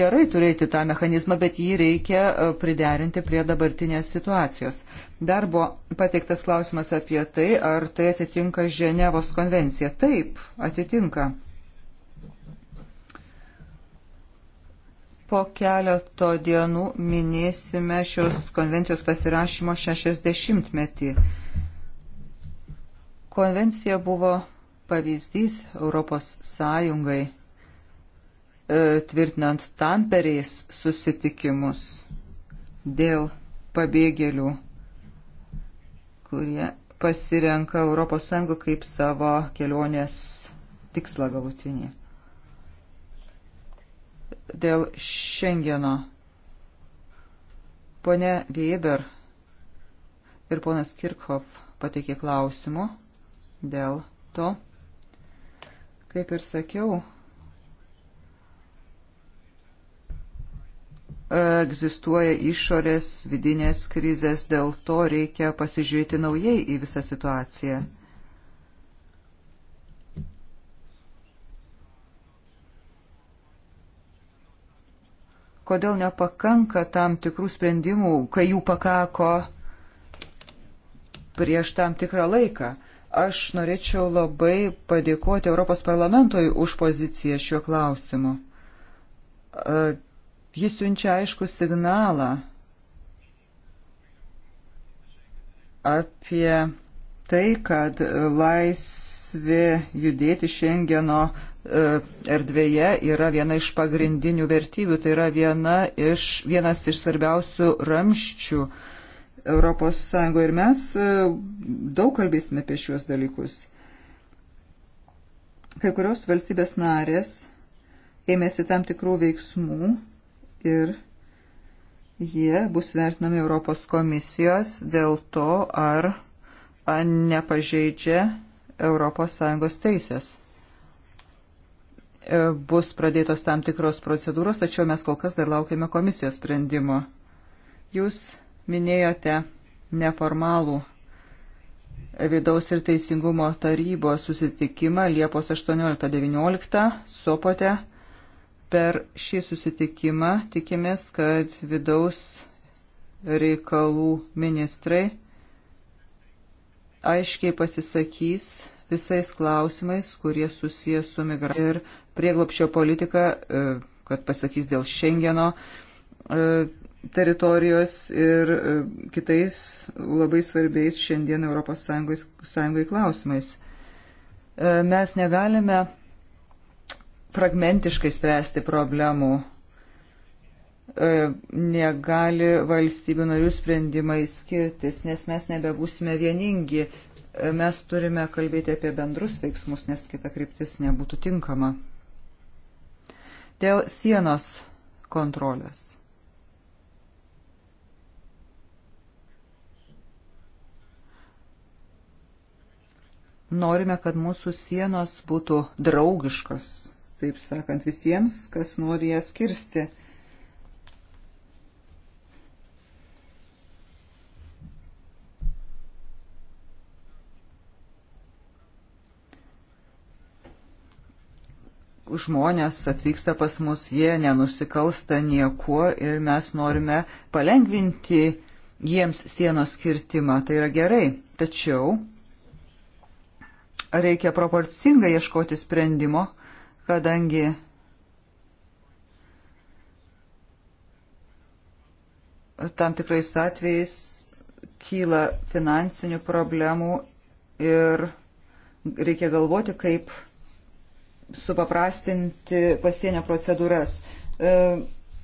Gerai turėti tą mechanizmą, bet jį reikia e, priderinti prie dabartinės situacijos. Dar buvo pateiktas klausimas apie tai, ar tai atitinka Ženevos konvencija. Taip, atitinka. Po keleto dienų minėsime šios konvencijos pasirašymo 60 metį. Konvencija buvo pavyzdys Europos Sąjungai e, tvirtinant tamperiais susitikimus dėl pabėgėlių, kurie pasirenka ES kaip savo kelionės tikslą galutinį. Dėl Šengeno. Pone Weber ir ponas Kirchhoff pateikė klausimų dėl to. Kaip ir sakiau, egzistuoja išorės vidinės krizės, dėl to reikia pasižiūrėti naujai į visą situaciją. Kodėl nepakanka tam tikrų sprendimų, kai jų pakako prieš tam tikrą laiką? Aš norėčiau labai padėkoti Europos parlamentoj už poziciją šiuo klausimu. E, jis siunčia aišku signalą apie tai, kad laisvė judėti Šengeno e, erdvėje yra viena iš pagrindinių vertybių, tai yra viena iš, vienas iš svarbiausių ramščių uh, Europos Sąjungoje ir mes e, daug kalbėsime apie šiuos dalykus. Kai kurios valstybės narės ėmėsi tam tikrų veiksmų ir jie bus vertinami Europos komisijos dėl to, ar, ar nepažeidžia ES teisės. E, bus pradėtos tam tikros procedūros, tačiau mes kol kas dar laukiame komisijos sprendimo. Jūs Minėjote neformalų vidaus ir teisingumo tarybos susitikimą Liepos 18-19 Sopote. Per šį susitikimą tikimės, kad vidaus reikalų ministrai aiškiai pasisakys visais klausimais, kurie susijęs su migracija ir prieglopščio politika, e, kad pasakys dėl Šengeno e, teritorijos ir e, kitais labai svarbiais šiandien ES sąjungai klausimais. E, mes negalime fragmentiškai spręsti problemų. E, negali valstybių narių sprendimai skirtis, nes mes nebebūsime vieningi. Mes turime kalbėti apie bendrus veiksmus, nes kita kryptis nebūtų tinkama. Dėl sienos kontrolės. Norime, kad mūsų sienos būtų draugiškos, taip sakant, visiems, kas nori jas kirsti. žmonės atvyksta pas mus, jie nenusikalsta niekuo ir mes norime palengvinti jiems sienos kirtimą. Tai yra gerai. Tačiau reikia proporcingai ieškoti sprendimo, kadangi tam tikrais atvejais kyla finansinių problemų ir reikia galvoti, kaip supaprastinti pasienio procedūras. E,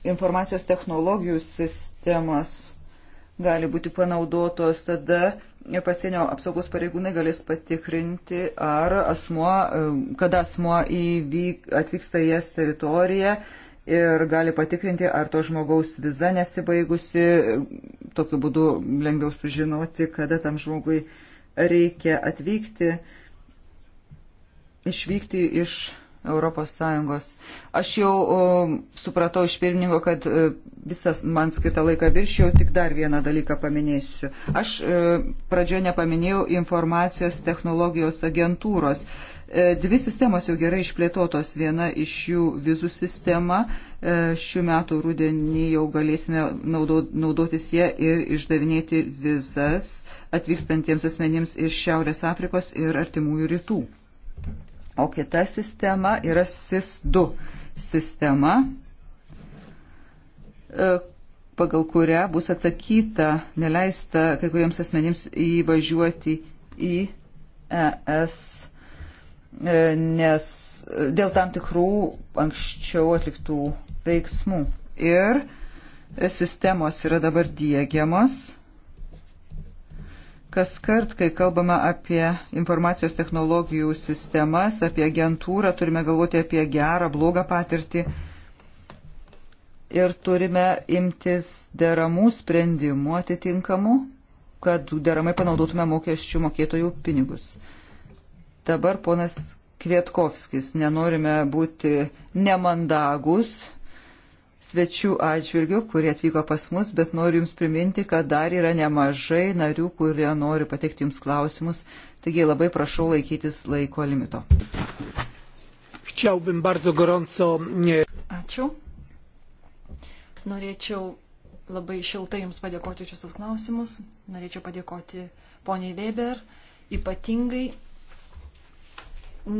informacijos technologijų sistemas gali būti panaudotos tada, pasienio apsaugos pareigūnai galės patikrinti, ar asmuo, e, kada asmuo įvyk, atvyksta į jas teritoriją ir gali patikrinti, ar to žmogaus viza nesibaigusi. Tokiu būdu lengviau sužinoti, kada tam žmogui reikia atvykti, išvykti iš ES. Aš jau o, supratau iš pirmininko, kad e, visas man skirtą laiką viršiau, tik dar vieną dalyką paminėsiu. Aš e, pradžioje nepaminėjau informacijos technologijos agentūros. E, dvi sistemos jau gerai išplėtotos, viena iš jų vizų sistema. E, šių metų rudenį jau galėsime naudot, naudotis ją ir išdavinėti vizas atvykstantiems asmenims iš Šiaurės Afrikos ir Artimųjų rytų. O kita sistema yra SIS-2 sistema, e, pagal kurią bus atsakyta, neleista kai kuriems asmenims įvažiuoti į ES, e, nes dėl tam tikrų anksčiau atliktų veiksmų. Ir sistemos yra dabar dėgiamos Kas kart, kai kalbame apie informacijos technologijų sistemas, apie agentūrą, turime galvoti apie gerą, blogą patirtį ir turime imtis deramų sprendimų atitinkamų, kad deramai panaudotume mokesčių mokėtojų pinigus. Dabar ponas Kvietkovskis, nenorime būti nemandagus, svečių atžvilgių, kurie atvyko pas mus, bet noriu Jums priminti, kad dar yra nemažai narių, kurie nori pateikti Jums klausimus. Taigi labai prašau laikytis laiko limito. Chciałbym bardzo gorąco. Ačiū. Norėčiau labai šiltai Jums padėkoti už Jūsus klausimus. Norėčiau padėkoti poniai Weber ypatingai,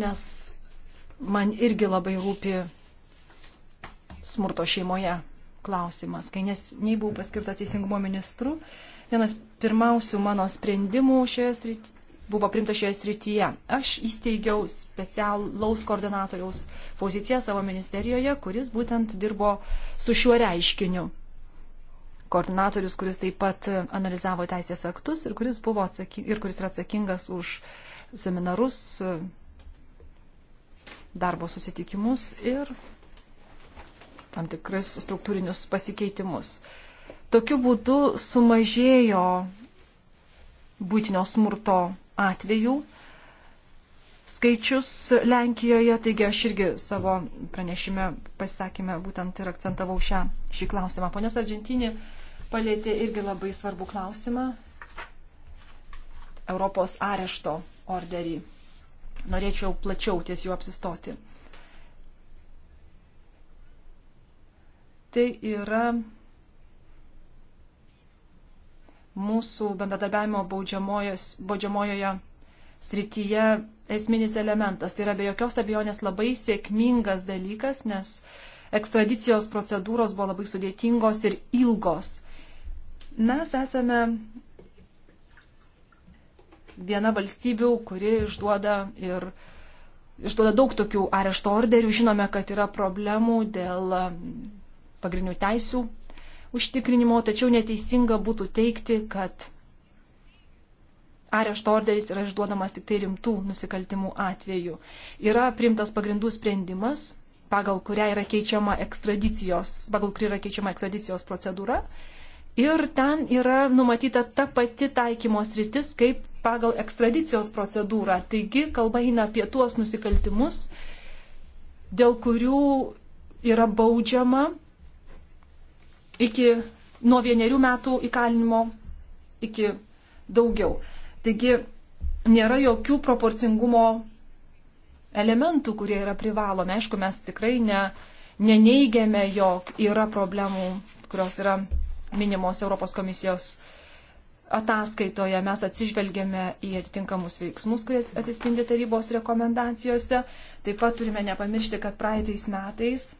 nes man irgi labai rūpi smurto šeimoje klausimas. Kai nesiniai buvau paskirta teisingumo ministru, vienas pirmiausių mano sprendimų šioje srityje buvo primta šioje srityje. Aš įsteigiau specialaus koordinatoriaus poziciją savo ministerijoje, kuris būtent dirbo su šiuo reiškiniu. Koordinatorius, kuris taip pat analizavo teisės aktus ir kuris, buvo atsaking, ir kuris yra atsakingas už seminarus, darbo susitikimus ir tam tikrus struktūrinius pasikeitimus. Tokiu būdu sumažėjo būtinio smurto atvejų skaičius Lenkijoje, taigi aš irgi savo pranešime pasisakymę būtent ir akcentavau šią, šį klausimą. Ponės Argentinė palėtė irgi labai svarbų klausimą - Europos arešto orderį. Norėčiau plačiau ties jų apsistoti. Tai yra mūsų bendradarbiavimo baudžiamojoje srityje esminis elementas. Tai yra be jokios abejonės labai sėkmingas dalykas, nes ekstradicijos procedūros buvo labai sudėtingos ir ilgos. Mes esame viena valstybių, kuri išduoda ir išduoda daug tokių arešto orderių. Žinome, kad yra problemų dėl pagrindinių teisų užtikrinimo, tačiau neteisinga būtų teikti, kad arešto orderis yra išduodamas tik tai rimtų nusikaltimų atveju. Yra priimtas pagrindų sprendimas, pagal kurią yra keičiama ekstradicijos, pagal kurį yra keičiama ekstradicijos procedūra. Ir ten yra numatyta ta pati taikymos rytis, kaip pagal ekstradicijos procedūrą. Taigi kalba eina apie tuos nusikaltimus, dėl kurių yra baudžiama iki nuo vienerių metų įkalinimo iki daugiau. Taigi nėra jokių proporcingumo elementų, kurie yra privalomi. Aišku, mes tikrai ne, neneigiame, jog yra problemų, kurios yra minimos Europos komisijos ataskaitoje. Mes atsižvelgėme į atitinkamus veiksmus, kurie atsispindi tarybos rekomendacijose. Taip pat turime nepamiršti, kad praeitais metais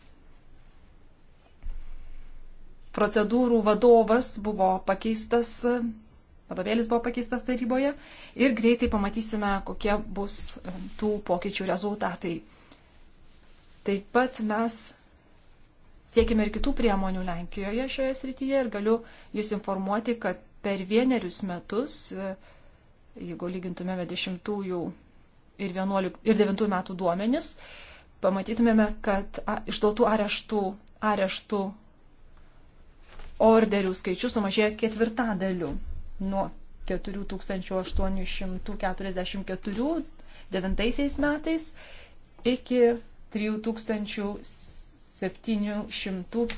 procedūrų vadovas buvo pakeistas, vadovėlis buvo pakeistas taryboje ir greitai pamatysime, kokie bus tų pokyčių rezultatai. Taip pat mes siekime ir kitų priemonių Lenkijoje šioje srityje ir galiu Jūs informuoti, kad per vienerius metus, e, jeigu lygintumėme 10 ir, 11, ir 9 metų duomenis, pamatytumėme, kad išduotų areštų, areštų orderių skaičius sumažėjo ketvirtadaliu nuo 4844 devintaisiais metais iki 3750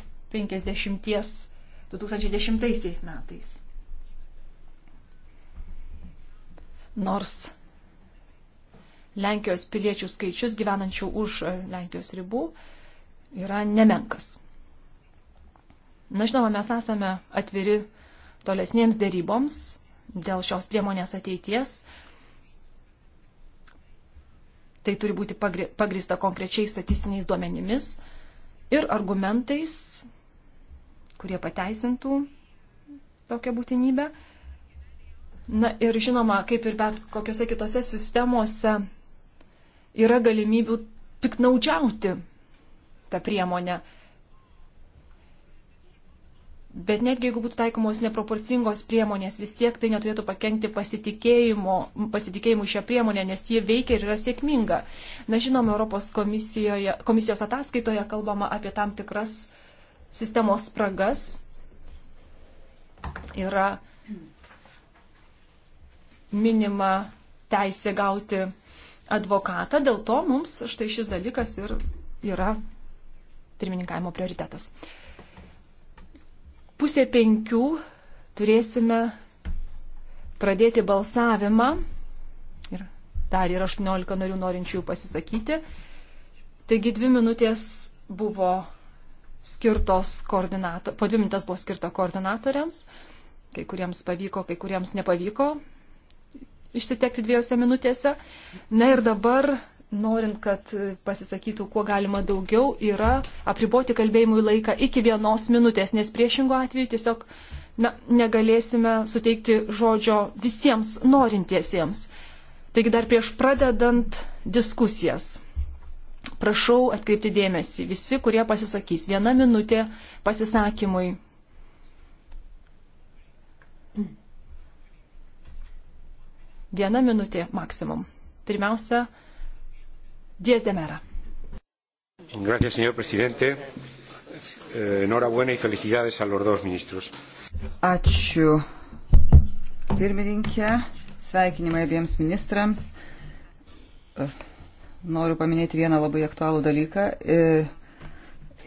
2010 metais. Nors Lenkijos piliečių skaičius gyvenančių už Lenkijos ribų yra nemenkas. Na, žinoma, mes esame atviri tolesniems dėryboms dėl šios priemonės ateities. Tai turi būti pagrįsta konkrečiais statistiniais duomenimis ir argumentais, kurie pateisintų tokią būtinybę. Na ir žinoma, kaip ir bet kokiose kitose sistemose yra galimybių piknaudžiauti tą priemonę. Bet netgi jeigu būtų taikomos neproporcingos priemonės, vis tiek tai neturėtų pakengti pasitikėjimu šią priemonę, nes ji veikia ir yra sėkminga. Na, žinoma, Europos komisijos ataskaitoje kalbama apie tam tikras sistemos spragas. Yra minima teisė gauti advokatą, dėl to mums štai šis dalykas ir yra pirmininkavimo prioritetas pusė penkių turėsime pradėti balsavimą. Ir dar yra 18 narių norinčių pasisakyti. Taigi dvi minutės buvo skirtos koordinatoriams, po dvi minutės buvo skirta koordinatoriams, kai kuriems pavyko, kai kuriems nepavyko išsitekti dviejose minutėse. Na ir dabar norint, kad pasisakytų kuo galima daugiau, yra apriboti kalbėjimui laiką iki vienos minutės, nes priešingų atveju tiesiog na, negalėsime suteikti žodžio visiems norintiesiems. Taigi dar prieš pradedant diskusijas. Prašau atkreipti dėmesį, visi, kurie pasisakys, viena minutė pasisakymui. Viena minutė maksimum. Pirmiausia, Diez de Mera. Gracias, señor presidente. Eh, enhorabuena y felicidades a los dos ministros. Ačiū. Pirmininkė, sveikinimai abiems ministrams. Eh, noriu paminėti vieną labai aktualų dalyką. Eh,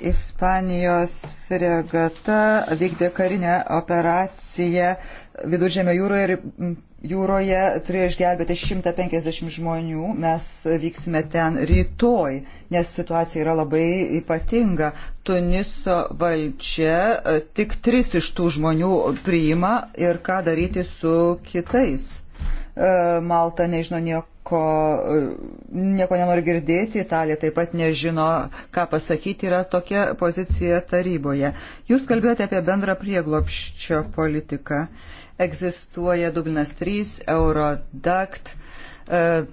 Ispanijos fregata vykdė karinę operaciją Viduržėmio jūroje ir jūroje turėjo išgelbėti 150 žmonių. Mes vyksime ten rytoj, nes situacija yra labai ypatinga. Tuniso valdžia e, tik tris iš tų žmonių priima ir ką daryti su kitais. E, Malta nežino nieko, e, nieko nenori girdėti, Italija taip pat nežino, ką pasakyti, yra tokia pozicija taryboje. Jūs kalbėjote apie bendrą prieglopščio politiką. Uh, egzistuoja Dublinas 3, Eurodakt. E,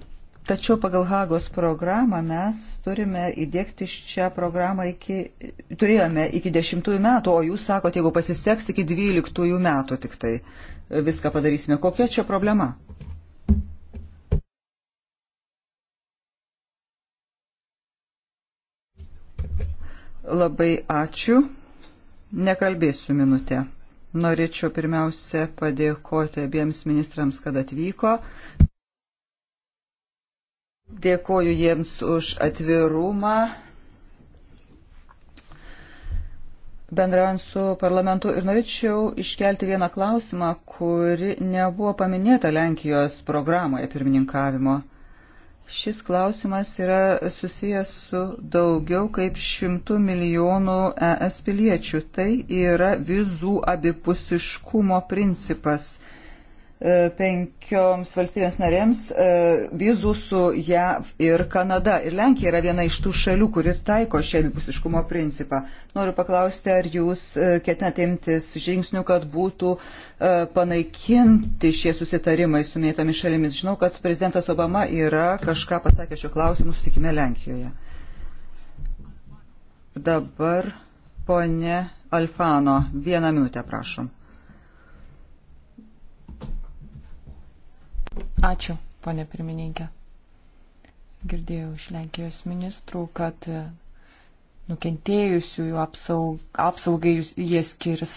tačiau pagal Hagos programą mes turime įdėkti šią programą iki, turėjome iki 10 metų, o jūs sakote, jeigu pasiseks iki 12 metų tik tai e, viską padarysime. Kokia čia problema? Labai ačiū. Nekalbėsiu minutę. Norėčiau pirmiausia padėkoti abiems ministrams, kad atvyko. Dėkoju jiems už atvirumą. bendraujant su parlamentu ir norėčiau iškelti vieną klausimą, kuri nebuvo paminėta Lenkijos programoje pirmininkavimo. Šis klausimas yra susijęs su daugiau kaip šimtų milijonų ES piliečių. Tai yra vizų abipusiškumo principas. E, penkioms valstybėms narėms e, vizų su JAV ir Kanada. Ir Lenkija yra viena iš tų šalių, kuri taiko šią abipusiškumo principą. Noriu paklausti, ar jūs e, ketinate imtis žingsnių, kad būtų panaikinti šie susitarimai su minėtomis šalimis. Žinau, kad prezidentas Obama yra kažką pasakę šiuo klausimu susitikime Lenkijoje. Dabar ponė Alfano, vieną minutę prašom. Ačiū, ponė pirmininkė. Girdėjau iš Lenkijos ministrų, kad e, nukentėjusiųjų apsaug, apsaugai jie skirs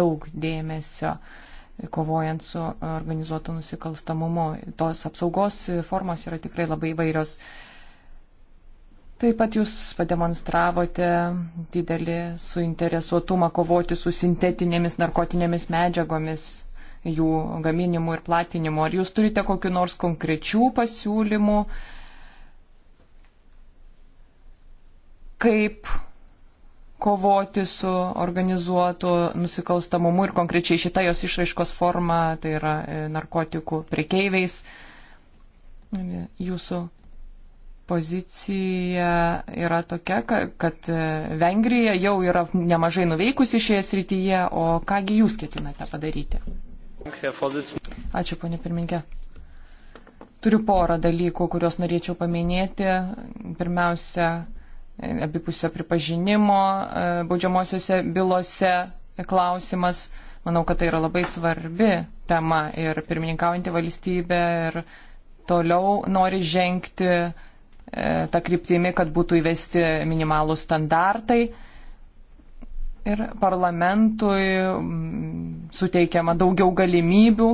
daug dėmesio e, kovojant su organizuotu nusikalstamumu. Tos apsaugos formos yra tikrai labai įvairios. Taip pat jūs pademonstravote didelį suinteresuotumą kovoti su sintetinėmis narkotinėmis medžiagomis jų gaminimu ir platinimu. Ar jūs turite kokiu nors konkrečių pasiūlymų, kaip kovoti su organizuotu nusikalstamumu ir konkrečiai šita jos išraiškos forma, tai yra e, narkotikų prekeiviais. Jūsų pozicija yra tokia, kad e, Vengrija jau yra nemažai nuveikusi šioje srityje, o kągi jūs ketinate padaryti? Ačiū, ponė pirminkė. Turiu porą dalykų, kuriuos norėčiau paminėti. Pirmiausia, abipusio pripažinimo e, baudžiamosiose bylose klausimas. Manau, kad tai yra labai svarbi tema ir pirmininkaujantį valstybę ir toliau nori žengti e, tą kryptimį, kad būtų įvesti minimalų standartai. Ir parlamentui suteikiama daugiau galimybių,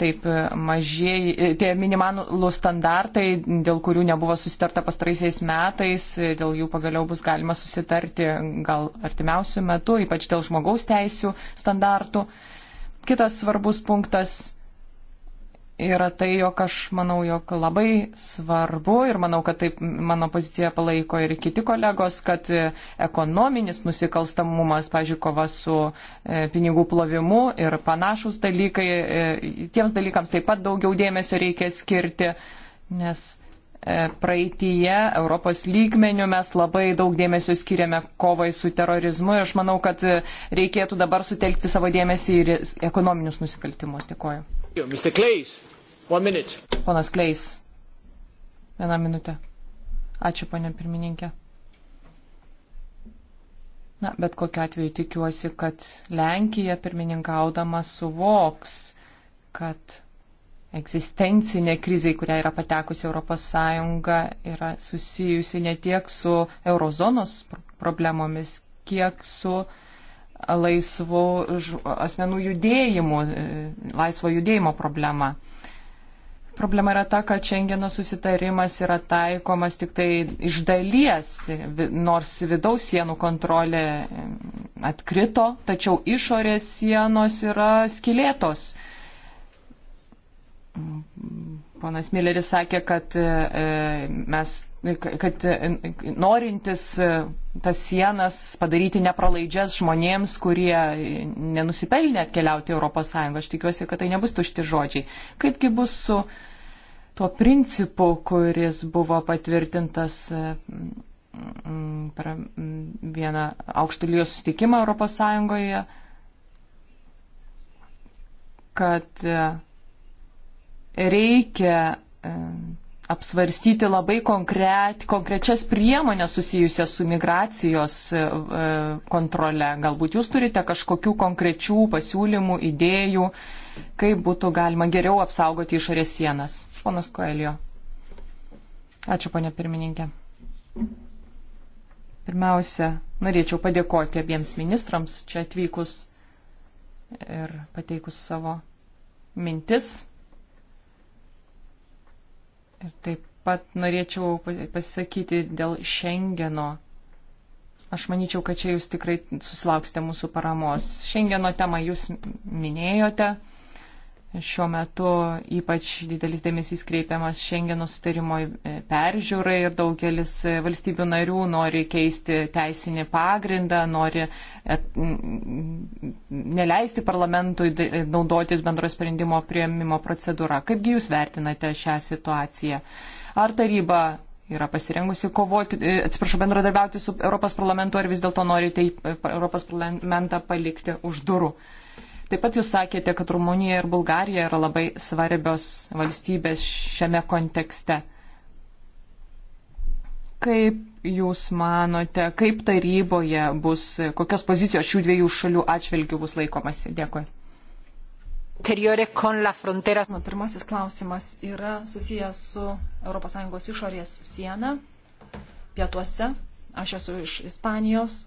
taip e, mažieji, e, tie minimalų standartai, dėl kurių nebuvo susitarta pastaraisiais metais, e, dėl jų pagaliau bus galima susitarti gal artimiausių metų, ypač dėl žmogaus teisų standartų. Kitas svarbus punktas yra tai, jog aš manau, jog labai svarbu ir manau, kad taip mano poziciją palaiko ir kiti kolegos, kad ekonominis nusikalstamumas, pažiūrėjau, kova su e, pinigų plovimu ir panašus dalykai, e, tiems dalykams taip pat daugiau dėmesio reikia skirti, nes e, praeitįje Europos lygmenių mes labai daug dėmesio skiriame kovai su terorizmu ir aš manau, kad reikėtų dabar sutelkti savo dėmesį ir ekonominius nusikaltimus. Dėkoju. Mr. Kleis. Ponas Kleis. Vieną minutę. Ačiū, ponė pirmininkė. Na, bet kokiu atveju tikiuosi, kad Lenkija pirmininkaudama suvoks, kad egzistencinė krizė, kurią yra patekusi ES, yra susijusi ne tiek su eurozonos problemomis, kiek su laisvo asmenų judėjimu, laisvo judėjimo problema. Problema yra ta, kad Šengeno susitarimas yra taikomas tik tai iš dalies, nors vidaus sienų kontrolė mm, atkrito, tačiau išorės sienos yra skilėtos. Mm, ponas Milleris sakė, kad e, mes, kad e, norintis e, tas sienas padaryti nepralaidžias žmonėms, kurie nenusipelnė atkeliauti Europos Sąjungą, aš tikiuosi, kad tai nebus tušti žodžiai. Kaipgi bus su tuo principu, kuris buvo patvirtintas e, per vieną aukštų lygio sustikimą Europos Sąjungoje, kad e, reikia e, apsvarstyti labai konkret, konkrečias priemonės susijusias su migracijos kontrole. Galbūt jūs turite kažkokių konkrečių pasiūlymų, idėjų, kaip būtų galima geriau apsaugoti išorės sienas. Ponas Koelio. Ačiū, ponė pirmininkė. Pirmiausia, norėčiau padėkoti abiems ministrams čia atvykus ir pateikus savo mintis. Ir taip pat norėčiau pasisakyti dėl Šengeno. Aš manyčiau, kad čia jūs tikrai susilauksite mūsų paramos. Šengeno temą jūs minėjote. Šiuo metu ypač didelis dėmesys kreipiamas Šengeno sutarimo e, peržiūrai ir daugelis e, valstybių narių nori keisti teisinį pagrindą, nori et, neleisti parlamentui e, naudotis bendro sprendimo prieimimo procedūra. Kaipgi Jūs vertinate šią situaciją? Ar taryba yra pasirengusi kovoti, atsiprašau, bendradarbiauti su Europos parlamentu, ar vis dėlto norite Europos parlamentą palikti už durų? Taip pat jūs sakėte, kad Rumunija ir Bulgarija yra labai svarbios valstybės šiame kontekste. Kaip jūs manote, kaip taryboje bus, kokios pozicijos šių dviejų šalių atšvilgių bus laikomasi? Dėkui. Mano nu, pirmasis klausimas yra susijęs su ES išorės siena pietuose. Aš esu iš Ispanijos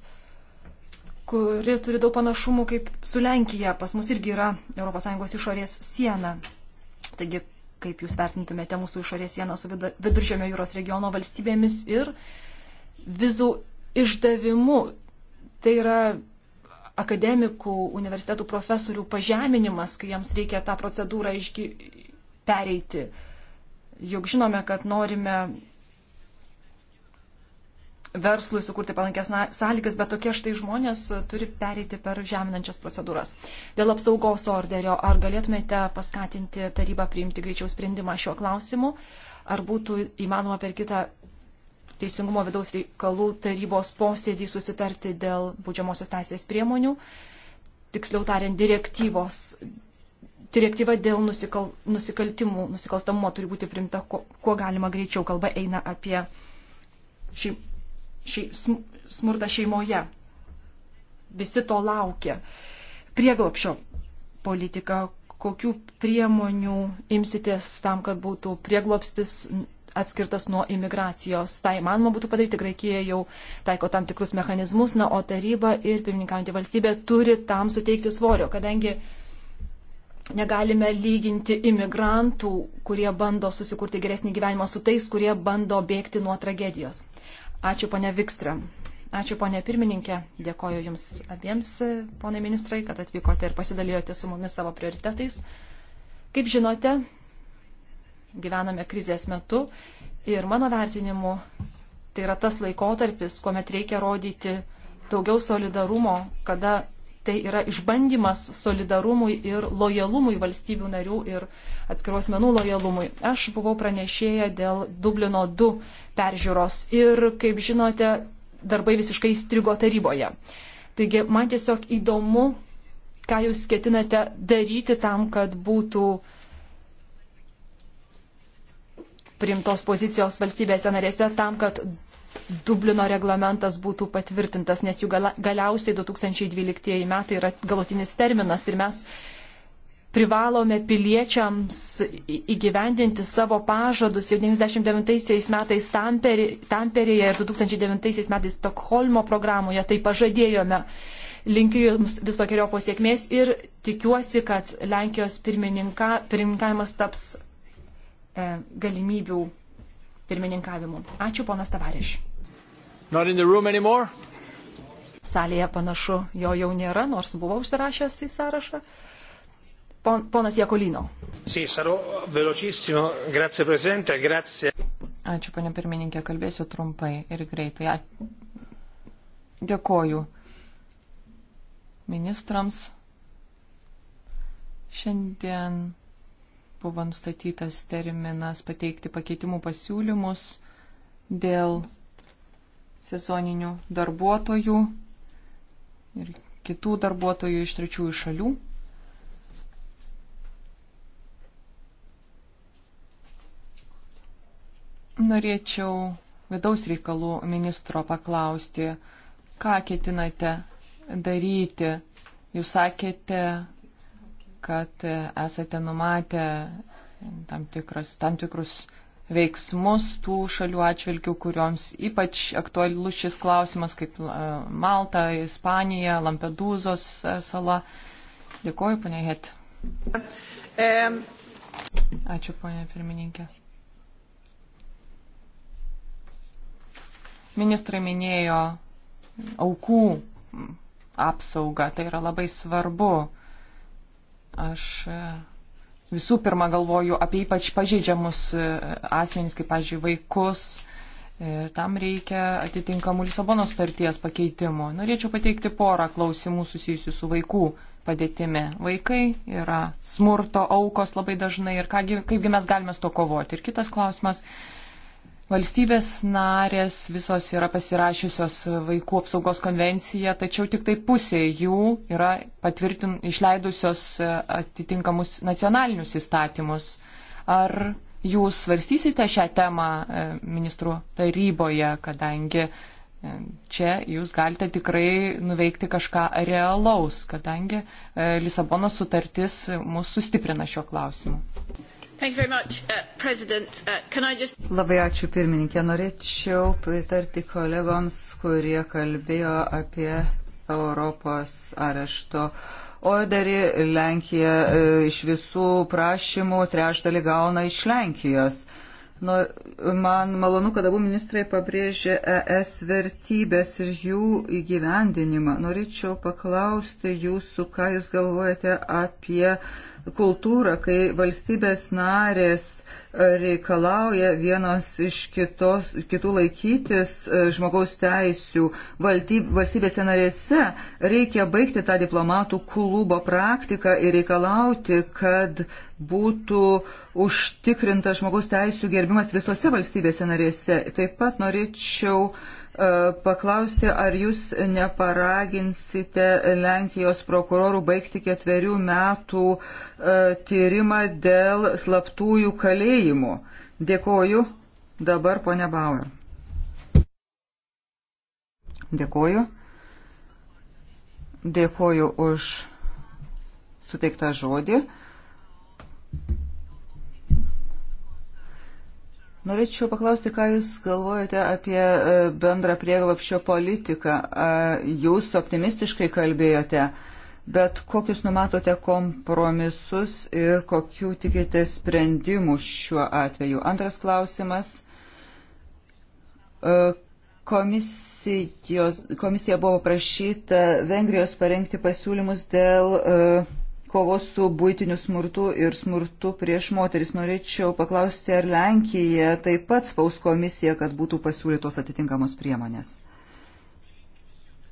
kuri turi daug panašumų kaip su Lenkija. Pas mus irgi yra ES išorės siena. Taigi, kaip jūs vertintumėte mūsų išorės sieną su Viduržėmio jūros regiono valstybėmis ir vizų išdavimu. Tai yra akademikų, universitetų profesorių pažeminimas, kai jiems reikia tą procedūrą išgy... pereiti. Juk žinome, kad norime verslui sukurti palankės sąlygas, bet tokie štai žmonės e, turi pereiti per žeminančias procedūras. Dėl apsaugos orderio, ar galėtumėte paskatinti tarybą priimti greičiau sprendimą šiuo klausimu, ar būtų įmanoma per kitą Teisingumo vidaus reikalų tarybos posėdį susitarti dėl būdžiamosios teisės priemonių, tiksliau tariant, direktyvos. Direktyva dėl nusikal, nusikaltimų, nusikalstamumo turi būti primta, kuo, kuo galima greičiau. Kalba eina apie šį smurtą šeimoje. Visi to laukia. Prieglopšio politika, kokių priemonių imsitės tam, kad būtų prieglopstis atskirtas nuo imigracijos. Tai manoma būtų padaryti, Graikija jau taiko tam tikrus mechanizmus, na, o taryba ir pirmininkaujantį valstybę turi tam suteikti svorio, kadangi negalime lyginti imigrantų, kurie bando susikurti geresnį gyvenimą, su tais, kurie bando bėgti nuo tragedijos. Ačiū, ponė Vikstram. Ačiū, ponė pirmininkė. Dėkoju Jums abiems, ponai ministrai, kad atvykote ir pasidalijote su mumis savo prioritetais. Kaip žinote, gyvename krizės metu ir mano vertinimu tai yra tas laikotarpis, kuomet reikia rodyti daugiau solidarumo, kada tai yra išbandymas solidarumui ir lojalumui valstybių narių ir atskiruos menų lojalumui. Aš buvau pranešėję dėl Dublino 2 peržiūros ir, kaip žinote, darbai visiškai strigo taryboje. Taigi man tiesiog įdomu, ką jūs ketinate daryti tam, kad būtų priimtos pozicijos valstybėse narėse tam, kad Dublino reglamentas būtų patvirtintas, nes jų galiausiai 2012 metai yra galutinis terminas ir mes privalome piliečiams įgyvendinti savo pažadus jau 99 metais Tamperėje ir 2009 metais Stokholmo programoje tai pažadėjome. Linkiu Jums visokiojo pasiekmės ir tikiuosi, kad Lenkijos pirmininka, pirmininkavimas taps e, galimybių pirmininkavimu. Ačiū, ponas Tavariš. Salėje panašu, jo jau nėra, nors buvo užsirašęs į sąrašą. Pon, ponas Jekolino. Ačiū, panė pirmininkė, kalbėsiu trumpai ir greitai. Dėkoju ministrams. Šiandien buvo nustatytas terminas pateikti pakeitimų pasiūlymus dėl sezoninių darbuotojų ir kitų darbuotojų iš trečiųjų šalių. Norėčiau vidaus reikalų ministro paklausti, ką ketinate daryti. Jūs sakėte, kad esate numatę tam, tikras, tam tikrus veiksmus tų šalių atšvilgių, kurioms ypač aktualus šis klausimas, kaip e, Malta, Ispanija, Lampedūzos e, sala. Dėkuoju, ponia Het. Ačiū, ponia pirmininkė. Ministrai minėjo aukų apsaugą, tai yra labai svarbu Aš e, visų pirma galvoju apie ypač pažeidžiamus e, asmenys, kaip, pažiūrėjau, vaikus. Ir tam reikia atitinkamų Lisabono starties pakeitimų. Norėčiau pateikti porą klausimų susijusių su vaikų padėtimi. Vaikai yra smurto aukos labai dažnai ir kągi, kaipgi mes galime su to kovoti. Ir kitas klausimas Valstybės narės visos yra pasirašiusios vaikų apsaugos konvenciją, tačiau tik tai pusė jų yra patvirtin, išleidusios e, atitinkamus nacionalinius įstatymus. Ar jūs svarstysite šią temą e, ministrų taryboje, kadangi e, čia jūs galite tikrai nuveikti kažką realaus, kadangi Lisabono sutartis mūsų sustiprina šiuo klausimu? Much, uh, uh, just... Labai ačiū pirmininkė. Norėčiau pritarti kolegoms, kurie kalbėjo apie Europos arešto orderį. Lenkija e, iš visų prašymų trešdalį gauna iš Lenkijos. Nu, man malonu, kad abu ministrai pabrėžė ES vertybės ir jų įgyvendinimą. Norėčiau paklausti jūsų, ką jūs galvojate apie uh, kultūrą, kai valstybės narės e, reikalauja vienos iš kitos, kitų laikytis e, žmogaus teisių valstybėse narėse, reikia baigti tą diplomatų klubo praktiką ir reikalauti, kad būtų užtikrinta žmogaus teisų gerbimas visose valstybėse narėse. Taip pat norėčiau uh, E, paklausti, ar jūs neparaginsite Lenkijos prokurorų baigti ketverių metų e, tyrimą dėl slaptųjų kalėjimų. Dėkoju. Dabar ponia Bauer. Dėkoju. Dėkoju už suteiktą žodį. Norėčiau paklausti, ką Jūs galvojate apie e, bendrą prieglopščio politiką. Jūs optimistiškai kalbėjote, bet kokius numatote kompromisus ir kokių tikite sprendimų šiuo atveju? Antras klausimas. E, komisijos, komisija buvo prašyta Vengrijos parengti pasiūlymus dėl uh, kovos su būtiniu smurtu ir smurtu prieš moteris. Norėčiau paklausti, ar Lenkija taip pat spaus komisiją, kad būtų pasiūlytos atitinkamos priemonės.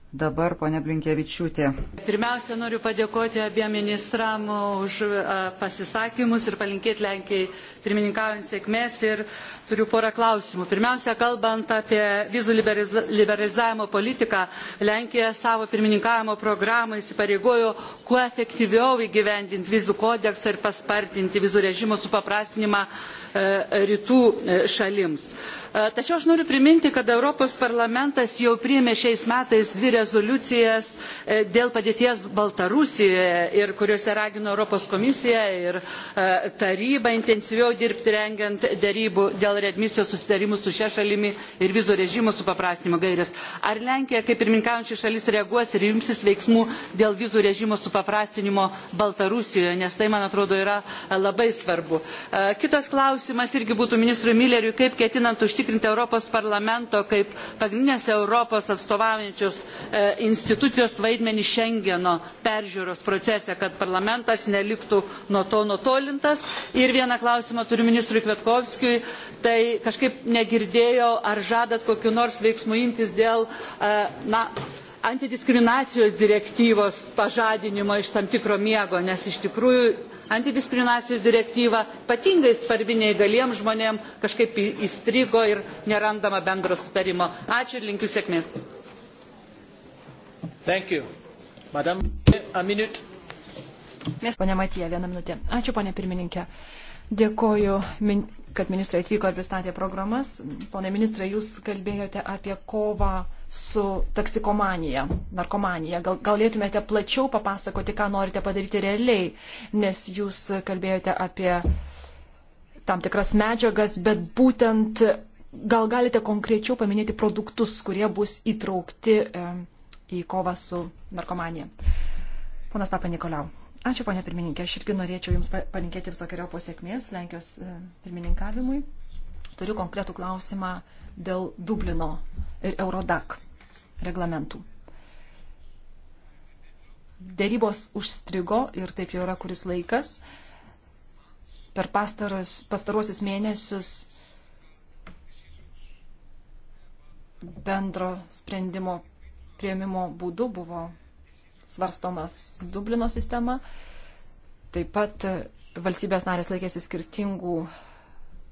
Dabar ponia Blinkievičiūtė. Pirmiausia, noriu padėkoti abiem ministram už pasisakymus ir palinkėti Lenkijai pirmininkaujant sėkmės ir turiu porą klausimų. Pirmiausia, kalbant apie vizų liberalizavimo politiką, Lenkija savo pirmininkavimo programą įsipareigojo kuo efektyviau įgyvendinti vizų kodeksą ir paspartinti vizų režimo supaprastinimą e, rytų e, šalims. E, tačiau aš noriu priminti, kad Europos parlamentas jau priėmė šiais metais dvi rezoliucijas e, dėl padėties Baltarusijoje ir kuriuose ragino Europos komisiją ir e, tarybą intensyviau dirbti rengiant dėrybų dėl readmisijos susitarimų su šia šalimi ir vizų režimo supaprastinimo gairės. Ar Lenkija kaip pirminkaujančiai šalis reaguos ir imsis veiksmų dėl vizų režimo supaprastinimo Baltarusijoje, nes tai, man atrodo, yra labai svarbu. Kitas klausimas irgi būtų ministrui Milleriui, kaip ketinant užtikrinti užtikrinti Europos parlamento kaip pagrindinės Europos atstovaujančios e, institucijos vaidmenį Šengeno peržiūros procese, kad parlamentas neliktų nuo to nutolintas. Ir vieną klausimą turiu ministrui Kvetkovskijui, tai kažkaip negirdėjau, ar žadat kokiu nors veiksmu imtis dėl, e, na, antidiskriminacijos direktyvos pažadinimo iš tam tikro miego, nes iš tikrųjų antidiskriminacijos direktyva ypatingai svarbi neįgaliems žmonėms kažkaip įstrigo ir nerandama bendro sutarimo. Ačiū ir linkiu sėkmės. Thank you. Madam, a minute. Pone Matija, vieną minutę. Ačiū, ponė pirmininkė. Dėkoju min kad ministrai atvyko ir pristatė programas. Pone ministrai, jūs kalbėjote apie kovą su taksikomanija, narkomanija. Gal galėtumėte plačiau papasakoti, ką norite padaryti realiai, nes jūs kalbėjote apie tam tikras medžiagas, bet būtent gal galite konkrečiau paminėti produktus, kurie bus įtraukti į kovą su narkomanija. Ponas Papa Nikolau. Ačiū, ponė pirmininkė. Aš irgi norėčiau Jums palinkėti visokiojo pasiekmės Lenkijos e, pirmininkavimui. Turiu konkretų klausimą dėl Dublino ir Eurodak reglamentų. Dėrybos užstrigo ir taip jau yra kuris laikas. Per pastaros, pastaruosius mėnesius bendro sprendimo prieimimo būdu buvo svarstomas Dublino sistema. Taip pat valstybės narės laikėsi skirtingų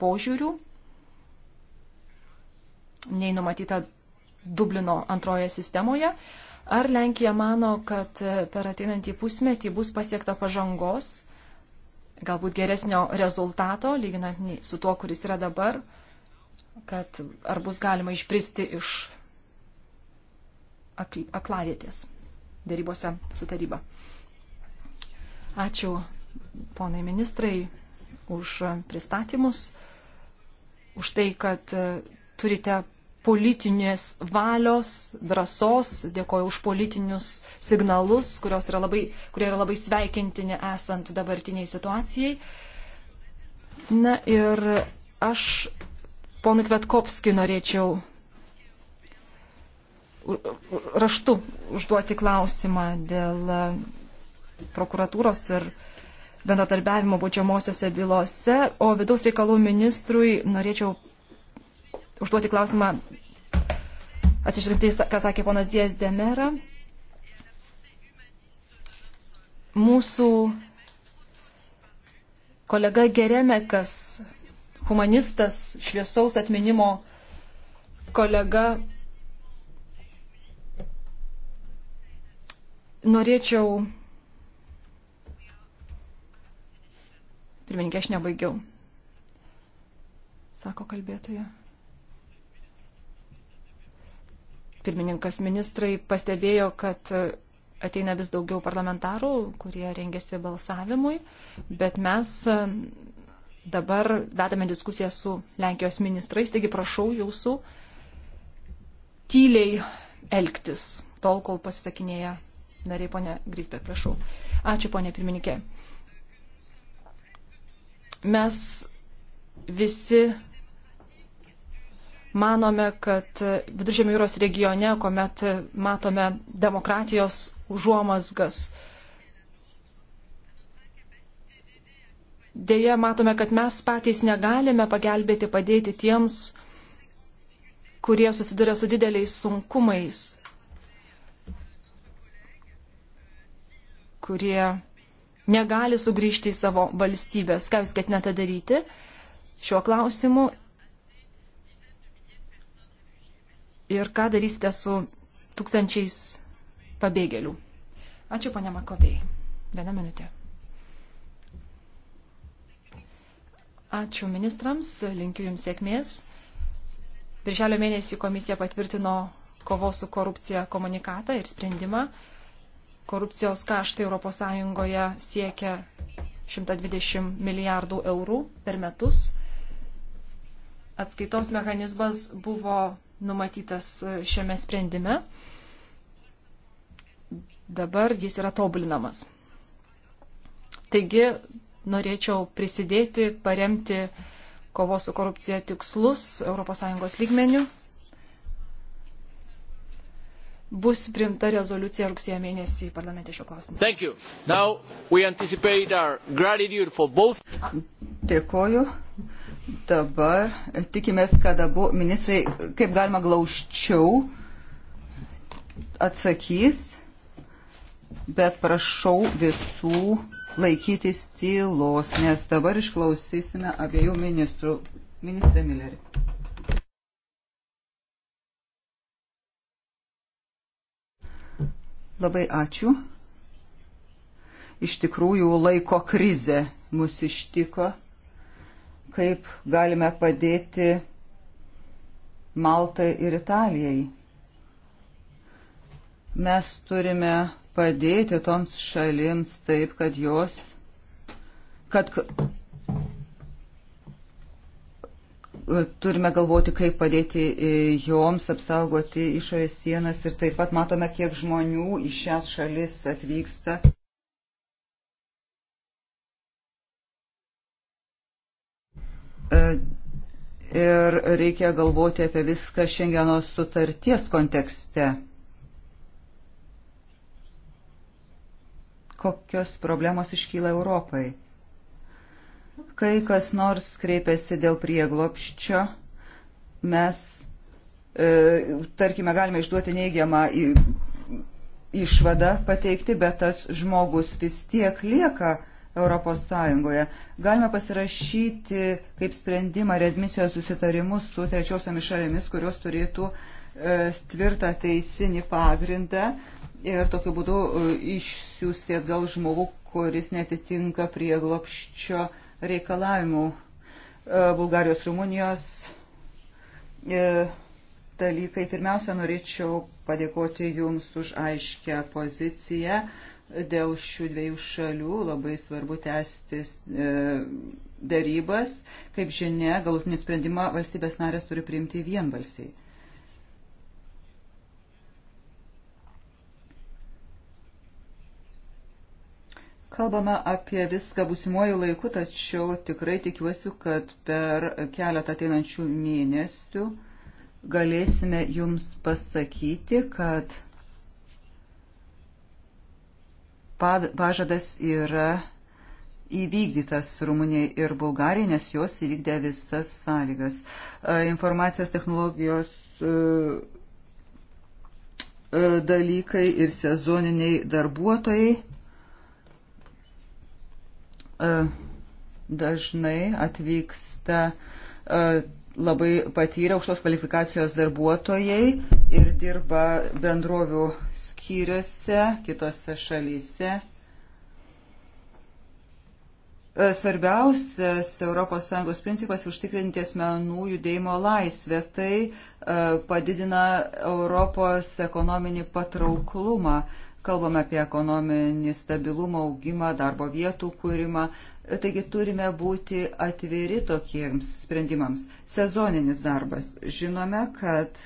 požiūrių, nei numatyta Dublino antroje sistemoje. Ar Lenkija mano, kad per ateinantį pusmetį bus pasiekta pažangos, galbūt geresnio rezultato, lyginant su tuo, kuris yra dabar, kad ar bus galima išpristi iš aklavietės? dėrybose su taryba. Ačiū ponai ministrai už pristatymus, už tai, kad e, turite politinės valios, drąsos, dėkoju už politinius signalus, yra labai, kurie yra labai sveikintini esant dabartiniai situacijai. Na ir aš ponui Kvetkovskijui norėčiau raštu užduoti klausimą dėl prokuratūros ir bendradarbiavimo baudžiamosiose bylose, o vidaus reikalų ministrui norėčiau užduoti klausimą atsižvelgti, ką sakė ponas Dijas Demera. Mūsų kolega Geremekas, humanistas, šviesaus atminimo kolega Norėčiau. Pirmininkė, aš nebaigiau. Sako kalbėtoja. Pirmininkas ministrai pastebėjo, kad e, ateina vis daugiau parlamentarų, kurie rengiasi balsavimui, bet mes e, dabar vedame diskusiją su Lenkijos ministrais, taigi prašau jūsų tyliai elgtis tol, kol pasisakinėja nariai, ponė Grisbė, prašau. Ačiū, ponė pirmininkė. Mes visi manome, kad Viduržėmio jūros regione, kuomet matome demokratijos užuomasgas, Deja, matome, kad mes patys negalime pagelbėti, padėti tiems, kurie susiduria su dideliais sunkumais kurie negali sugrįžti į savo valstybės. Ką jūs ketinate daryti šiuo klausimu? Ir ką darysite su tūkstančiais pabėgėlių? Ačiū, ponia Makovėjai. Viena minutė. Ačiū ministrams, linkiu Jums sėkmės. Birželio mėnesį komisija patvirtino kovos su korupcija komunikatą ir sprendimą Korupcijos kaštai ES siekia 120 milijardų eurų per metus. Atskaitos mechanizmas buvo numatytas šiame sprendime. Dabar jis yra tobulinamas. Taigi norėčiau prisidėti, paremti kovos su korupcija tikslus ES lygmenių bus primta rezoliucija rugsėjo mėnesį parlamente šiuo klausimu. Dėkoju. Dabar tikimės, kad abu ministrai kaip galima glaučiau atsakys, bet prašau visų laikytis tylos, nes dabar išklausysime abiejų ministrų. Ministrė Millerį. Labai ačiū. Iš tikrųjų, laiko krize mus ištiko. Kaip galime padėti Maltai ir Italijai? Mes turime padėti toms šalims taip, kad jos, kad E, turime galvoti, kaip padėti e, joms apsaugoti išorės sienas ir taip pat matome, kiek žmonių iš šias šalis atvyksta. E, ir reikia galvoti apie viską šiandienos sutarties kontekste. Kokios problemos iškyla Europai? kai kas nors kreipiasi dėl prieglopščio, mes, e, tarkime, galime išduoti neigiamą į, išvadą pateikti, bet tas žmogus vis tiek lieka Europos Sąjungoje. Galime pasirašyti kaip sprendimą redmisijos susitarimus su trečiosiomis šalimis, kurios turėtų e, tvirtą teisinį pagrindą ir tokiu būdu e, išsiųsti atgal žmogų, kuris netitinka prieglopščio e, reikalavimų e, Bulgarijos, Rumunijos e, dalykai. Pirmiausia, norėčiau padėkoti Jums už aiškę poziciją dėl šių dviejų šalių. Labai svarbu tęsti e, darybas. Kaip žinia, galutinį sprendimą valstybės narės turi priimti vienbalsiai. Kalbame apie viską busimuoju laiku, tačiau tikrai tikiuosi, kad per keletą ateinančių mėnesių galėsime jums pasakyti, kad pažadas yra įvykdytas Rumunijai ir Bulgarijai, nes jos įvykdė visas sąlygas. E, informacijos technologijos e, e, dalykai ir sezoniniai darbuotojai E, dažnai atvyksta e, labai patyrę aukštos kvalifikacijos darbuotojai ir dirba bendrovių skyriuose kitose šalyse. E, svarbiausias ES principas užtikrinti asmenų judėjimo laisvę. Tai padidina Europos ekonominį patrauklumą. Kalbame apie ekonominį stabilumą, augimą, darbo vietų kūrimą. Taigi turime būti atviri tokiems sprendimams. Sezoninis darbas. Žinome, kad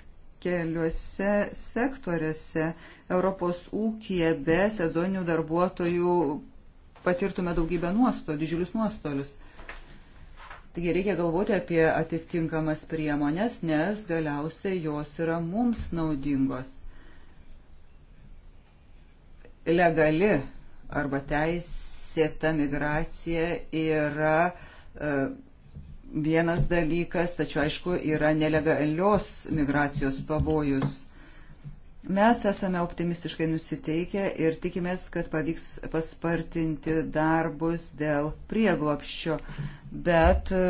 keliuose sektoriuose Europos ūkija be sezoninių darbuotojų patirtume daugybę nuostolių, didžiulius nuostolius. Taigi reikia galvoti apie atitinkamas priemonės, nes galiausiai jos yra mums naudingos legali arba teisėta migracija yra e, vienas dalykas, tačiau aišku yra nelegalios migracijos pavojus. Mes esame optimistiškai nusiteikę ir tikimės, kad pavyks paspartinti darbus dėl prieglopščio, bet e,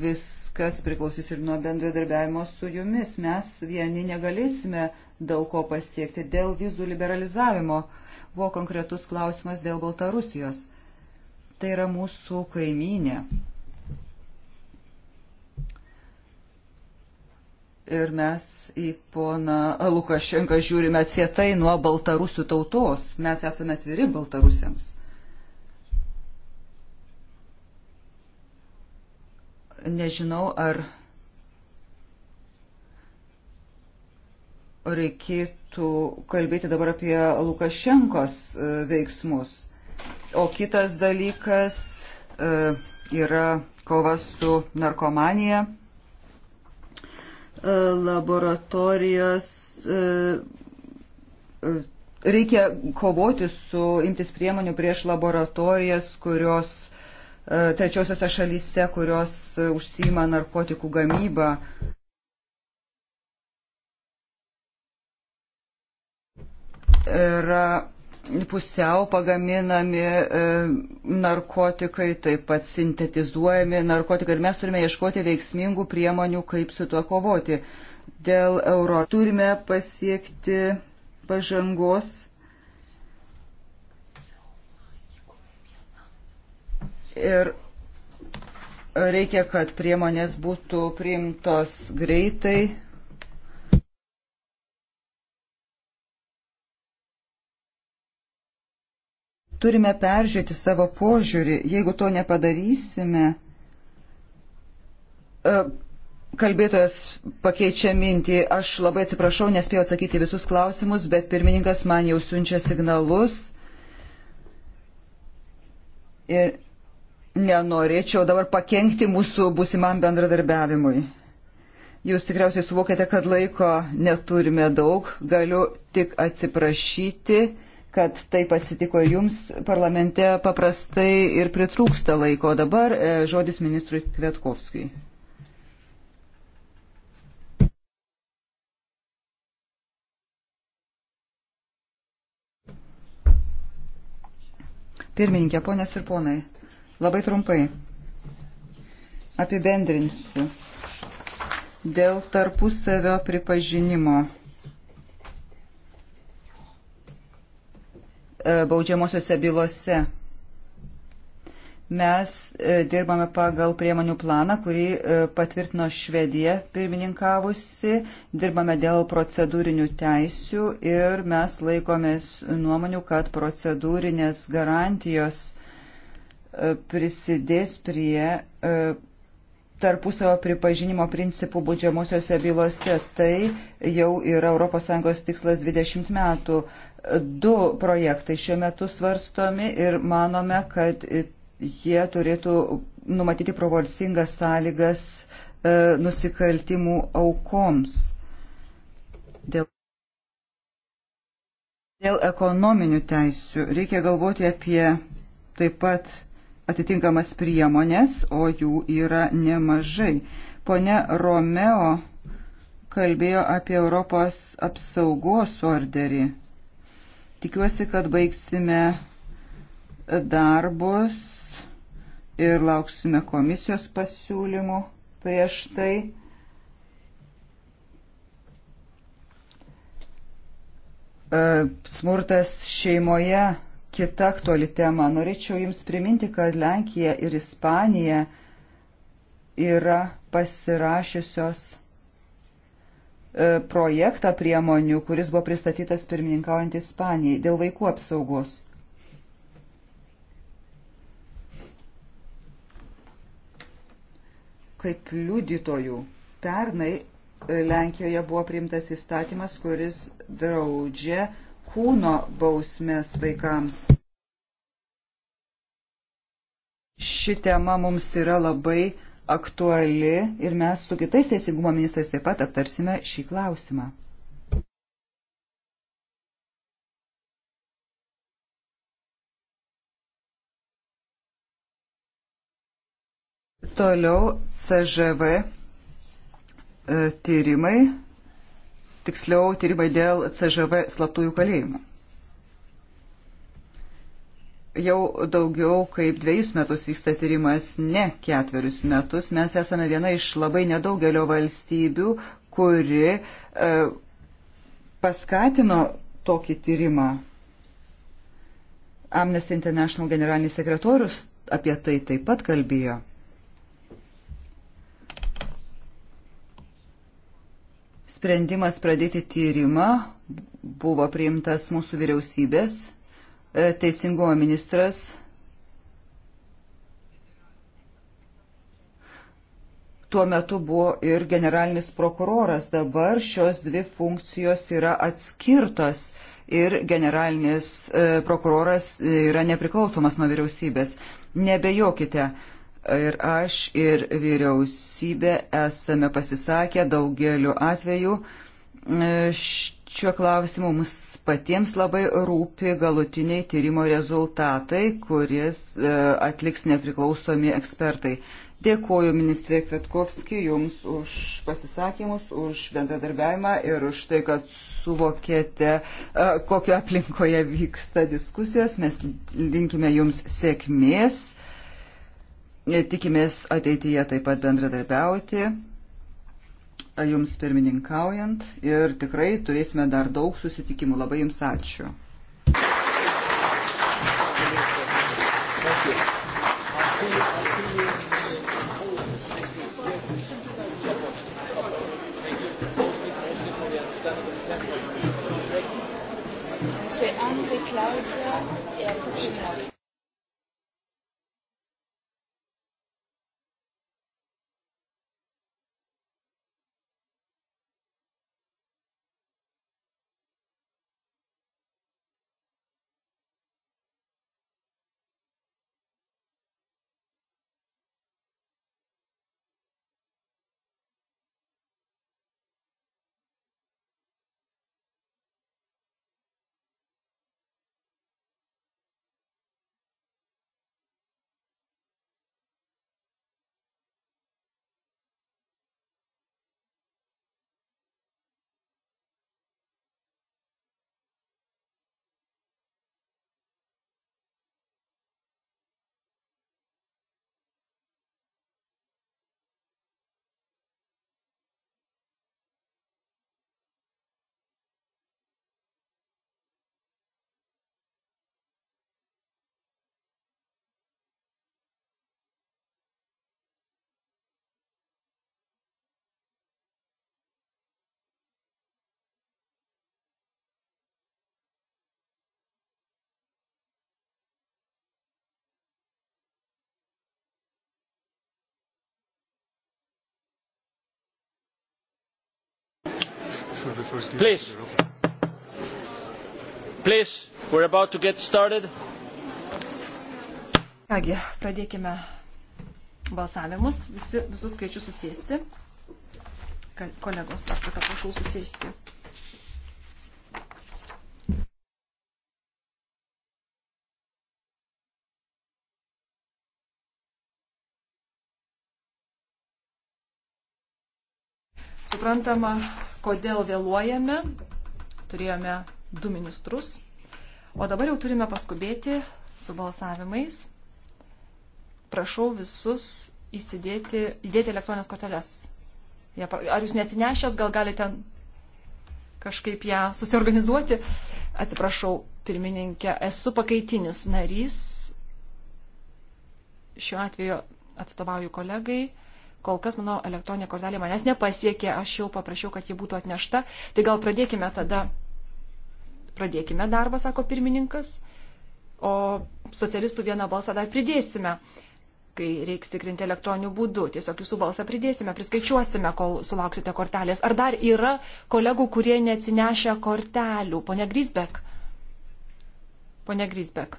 viskas priklausys ir nuo bendradarbiavimo su jumis. Mes vieni negalėsime daug ko pasiekti dėl vizų liberalizavimo. Buvo konkretus klausimas dėl Baltarusijos. Tai yra mūsų kaimynė. Ir mes į poną Lukašenką žiūrime atsietai nuo baltarusių tautos. Mes esame atviri baltarusiams. nežinau, ar reikėtų reikėtų kalbėti dabar apie Lukašenkos e, veiksmus. O kitas dalykas e, yra kova su narkomanija, e, laboratorijos. Reikia kovoti su imtis priemonių prieš laboratorijas, kurios trečiosiose šalyse, kurios užsima narkotikų gamybą. yra pusiau pagaminami e, narkotikai, taip pat sintetizuojami narkotikai ir mes turime ieškoti veiksmingų priemonių, kaip su tuo kovoti. Dėl euro turime pasiekti pažangos. Ir reikia, kad priemonės būtų priimtos greitai. Turime peržiūrėti savo požiūrį. Jeigu to nepadarysime, e, Kalbėtojas pakeičia mintį, aš labai atsiprašau, nespėjau atsakyti visus klausimus, bet pirmininkas man jau siunčia signalus. Ir nenorėčiau dabar pakengti mūsų būsimam bendradarbiavimui. Jūs tikriausiai suvokėte, kad laiko neturime daug, galiu tik atsiprašyti kad taip atsitiko jums. Parlamente paprastai ir pritrūksta laiko. Dabar e, žodis ministrui Kvetkovskijui. Pirmininkė, ponės ir ponai, labai trumpai apibendrinsiu dėl tarpusavio pripažinimo E, baudžiamosiuose bylose. Mes e, dirbame pagal priemonių planą, kurį e, patvirtino Švedija pirmininkavusi, dirbame dėl procedūrinių teisių ir mes laikomės nuomonių, kad procedūrinės garantijos prisidės prie tarpusavo pripažinimo principų būdžiamosiose bylose. Tai jau yra ES tikslas 20 metų. Du projektai šiuo metu svarstomi ir manome, kad jie turėtų numatyti proporcingas sąlygas e, nusikaltimų aukoms. Dėl Dėl ekonominių teisių reikia galvoti apie taip pat atitinkamas priemonės, o jų yra nemažai. Pone Romeo kalbėjo apie Europos apsaugos orderį. Tikiuosi, kad baigsime darbus ir lauksime komisijos pasiūlymų prieš tai. E, smurtas šeimoje kita aktuali tema. Norėčiau Jums priminti, kad Lenkija ir Ispanija yra pasirašiusios E, projektą priemonių, kuris buvo pristatytas pirmininkaujant Ispanijai dėl vaikų apsaugos. Kaip liudytojų pernai e, Lenkijoje buvo priimtas įstatymas, kuris draudžia kūno bausmės vaikams. Ši tema mums yra labai uh, aktuali ir mes su kitais teisingumo ministrais taip pat aptarsime šį klausimą. Toliau CŽV e, tyrimai, tiksliau tyrimai dėl CŽV slaptųjų kalėjimų jau daugiau kaip dviejus metus vyksta tyrimas, ne ketverius metus. Mes esame viena iš labai nedaugelio valstybių, kuri e, paskatino tokį tyrimą. Amnesty International generalinis sekretorius apie tai taip pat kalbėjo. Sprendimas pradėti tyrimą buvo priimtas mūsų vyriausybės E, teisingumo ministras tuo metu buvo ir generalinis prokuroras. Dabar šios dvi funkcijos yra atskirtos ir generalinis e, prokuroras e, yra nepriklausomas nuo vyriausybės. Nebejokite. Ir aš, ir vyriausybė esame pasisakę daugeliu atveju šiuo klausimu. Mums patiems labai rūpi galutiniai tyrimo rezultatai, kuris e, atliks nepriklausomi ekspertai. Dėkuoju ministrė Kvetkovski Jums už pasisakymus, už bendradarbiavimą ir už tai, kad suvokėte, e, kokio aplinkoje vyksta diskusijos. Mes linkime Jums sėkmės, tikimės ateityje taip pat bendradarbiauti jums pirmininkaujant ir tikrai turėsime dar daug susitikimų. Labai jums ačiū. Thank you. Please. Please, we're about to get started. Kągi, pradėkime balsavimus. Visi, visus kviečiu susėsti. Kolegos, aš kartą prašau susėsti. Suprantama, kodėl vėluojame. Turėjome du ministrus. O dabar jau turime paskubėti su balsavimais. Prašau visus įsidėti, įdėti elektroninės korteles. Ar jūs neatsinešęs, gal galite kažkaip ją susiorganizuoti? Atsiprašau, pirmininkė, esu pakaitinis narys. Šiuo atveju atstovauju kolegai. Kol kas mano elektroninė kortelė manęs nepasiekė, aš jau paprašiau, kad ji būtų atnešta. Tai gal pradėkime tada, pradėkime darbą, sako pirmininkas, o socialistų vieną balsą dar pridėsime, kai reiks tikrinti elektroniniu būdu. Tiesiog jūsų balsą pridėsime, priskaičiuosime, kol sulauksite kortelės. Ar dar yra kolegų, kurie neatsinešia kortelių? Pone Grisbek. Pone Grisbek.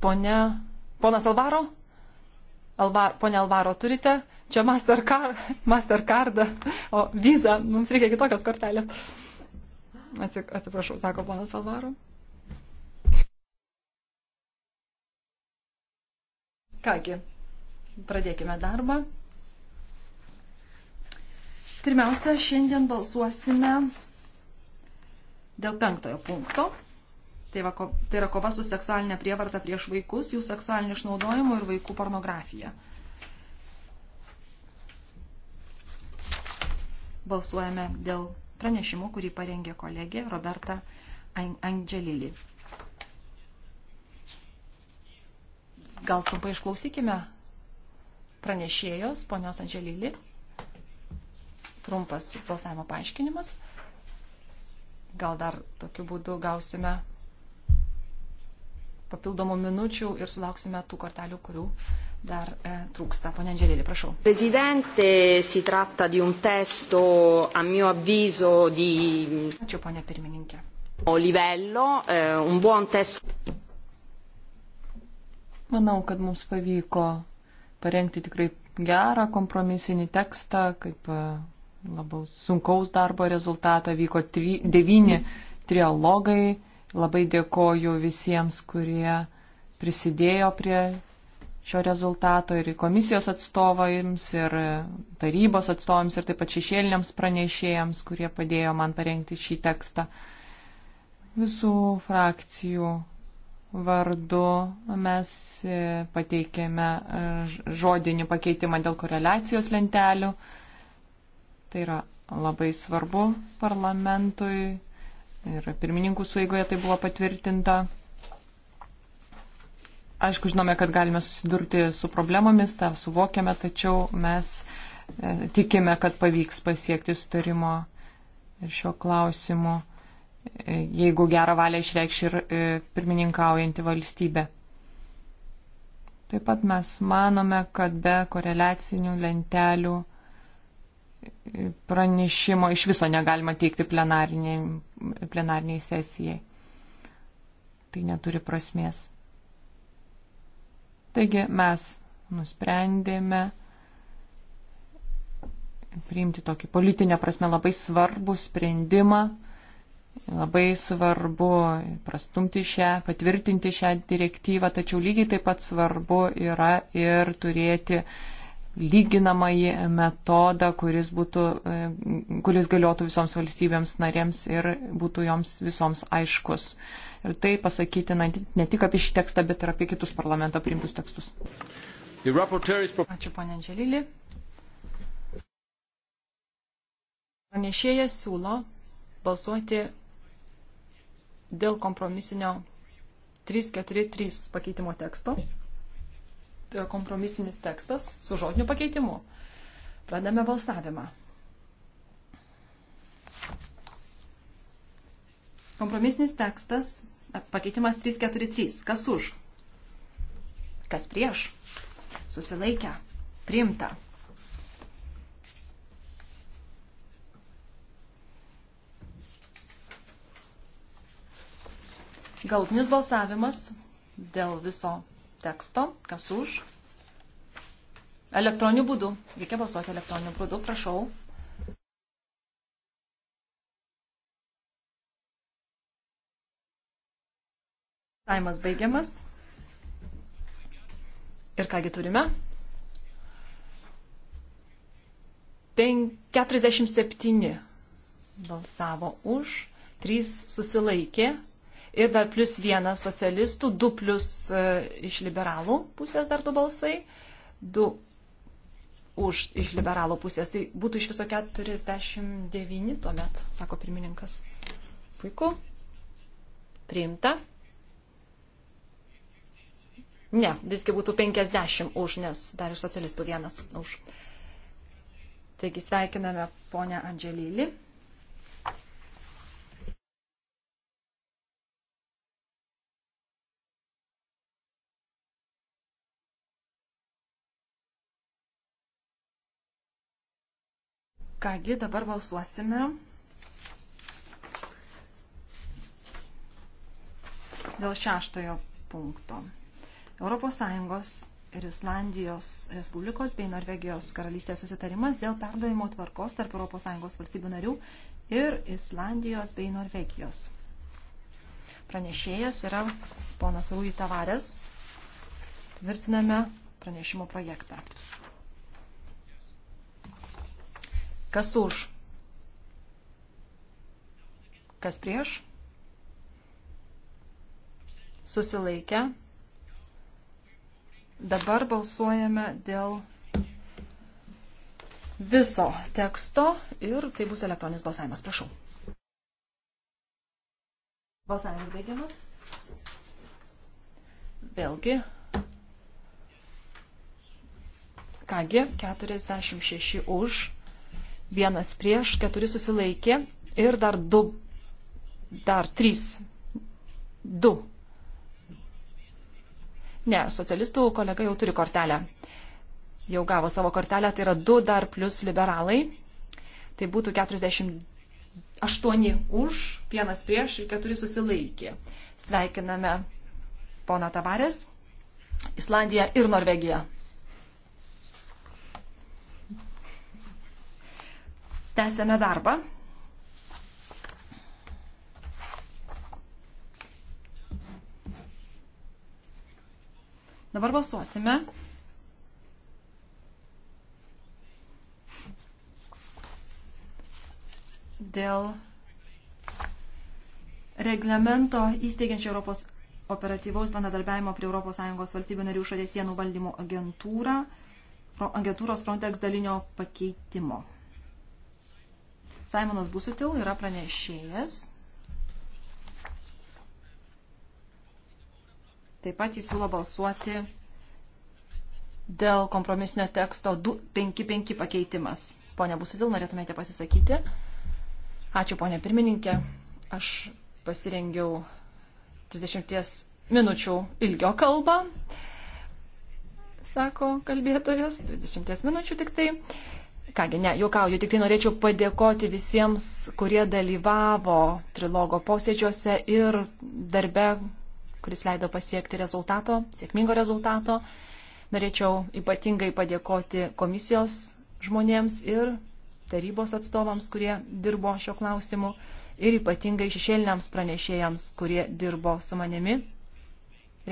Pone. Ponas Alvaro? Alvar, ponia Alvaro, turite čia Mastercard, Mastercardą, o vizą, mums reikia kitokios kortelės. Atsiprašau, sako ponas Alvaro. Kągi, pradėkime darbą. Pirmiausia, šiandien balsuosime dėl penktojo punkto. Tai, va, tai yra kova su seksualinė prievarta prieš vaikus, jų seksualiniu išnaudojimu ir vaikų pornografija. Balsuojame dėl pranešimų, kurį parengė kolegė Roberta Angelili. Gal trumpai išklausykime pranešėjos, ponios Angelili. Trumpas balsavimo paaiškinimas gal dar tokiu būdu gausime papildomų minučių ir sulauksime tų kortelių, kurių dar e, trūksta. Pone Angelėlė, prašau. Prezidente, si tratta di un testo, a mio avviso, di... Ačiū, ponė pirmininkė. O livello, eh, un buon testo. Manau, kad mums pavyko parengti tikrai gerą kompromisinį tekstą, kaip e, labiau sunkaus darbo rezultatą vyko tri, devyni trialogai. Mm Labai dėkoju visiems, kurie prisidėjo prie šio rezultato ir komisijos atstovams, ir tarybos atstovams, ir taip pat šešėliniams pranešėjams, kurie padėjo man parengti šį tekstą. Visų frakcijų vardu mes e, pateikėme e, žodinį pakeitimą dėl koreliacijos lentelių. Tai yra labai svarbu parlamentui ir pirmininkų sueigoje tai buvo patvirtinta. Aišku, žinome, kad galime susidurti su problemomis, tą suvokiame, tačiau mes e, tikime, kad pavyks pasiekti sutarimo ir šio klausimu, e, jeigu gerą valią išreikš ir e, pirmininkaujanti valstybė. Taip pat mes manome, kad be koreliacinių lentelių pranešimo iš viso negalima teikti plenariniai, plenariniai sesijai. Tai neturi prasmės. Taigi mes nusprendėme priimti tokį politinę prasme labai svarbų sprendimą, labai svarbu prastumti šią, patvirtinti šią direktyvą, tačiau lygiai taip pat svarbu yra ir turėti uh, lyginamąjį metodą, kuris, būtų, e, kuris galiotų visoms valstybėms narėms ir būtų joms visoms aiškus. Ir tai pasakyti na, ne tik apie šį tekstą, bet ir apie kitus parlamento priimtus tekstus. Is... Ačiū, ponė Angelilį. Pranešėjas siūlo balsuoti dėl kompromisinio 343 pakeitimo teksto tai e, yra kompromisinis tekstas su žodiniu pakeitimu. Pradame balsavimą. Kompromisinis tekstas, e, pakeitimas 343. Kas už? Kas prieš? Susilaikę. Primta. Galutinis balsavimas dėl viso teksto, kas už. Elektroniniu būdu. Reikia balsuoti elektroniniu būdu, prašau. Saimas baigiamas. Ir kągi turime? 47 balsavo už, 3 susilaikė, ir dar plus vienas socialistų, du plus e, iš liberalų pusės dar du balsai, du už iš liberalų pusės. Tai būtų iš viso 49 tuomet, sako pirmininkas. Puiku. Priimta. Ne, visgi būtų 50 už, nes dar iš socialistų vienas už. Taigi sveikiname ponę Andželylį. Kągi, dabar balsuosime. Dėl šeštojo punkto. ES ir Islandijos Respublikos bei Norvegijos karalystės susitarimas dėl perdavimo tvarkos tarp ES valstybių narių ir Islandijos bei Norvegijos. Pranešėjas yra ponas Rui Tavarės. Tvirtiname pranešimo projektą. Kas už? Kas prieš? Susilaikę. Dabar balsuojame dėl viso teksto ir tai bus elektroninis balsavimas. Prašau. Balsavimas baigiamas. Vėlgi. Kągi, 46 už, vienas prieš, keturi susilaikė ir dar du, dar trys, du. Ne, socialistų kolega jau turi kortelę. Jau gavo savo kortelę, tai yra du dar plus liberalai. Tai būtų 48 už, vienas prieš ir keturi susilaikė. Sveikiname poną Tavarės, Islandiją ir Norvegiją. Tęsėme darbą. Dabar balsuosime. Dėl reglamento įsteigiančio Europos operatyvaus bendradarbiavimo prie ES valstybių narių šalies sienų valdymo agentūra, agentūros Frontex dalinio pakeitimo. Simonas Busutil yra pranešėjas. Taip pat jis siūlo balsuoti dėl kompromisinio teksto 255 pakeitimas. Pone Busutil, norėtumėte pasisakyti? Ačiū, ponė pirmininkė. Aš pasirengiau 30 minučių ilgio kalbą, sako kalbėtojas, 30 minučių tik tai. Kągi, ne, juokauju, tik tai norėčiau padėkoti visiems, kurie dalyvavo trilogo posėdžiuose ir darbe, kuris leido pasiekti rezultato, sėkmingo rezultato. Norėčiau ypatingai padėkoti komisijos žmonėms ir tarybos atstovams, kurie dirbo šio klausimu ir ypatingai šešėliniams pranešėjams, kurie dirbo su manimi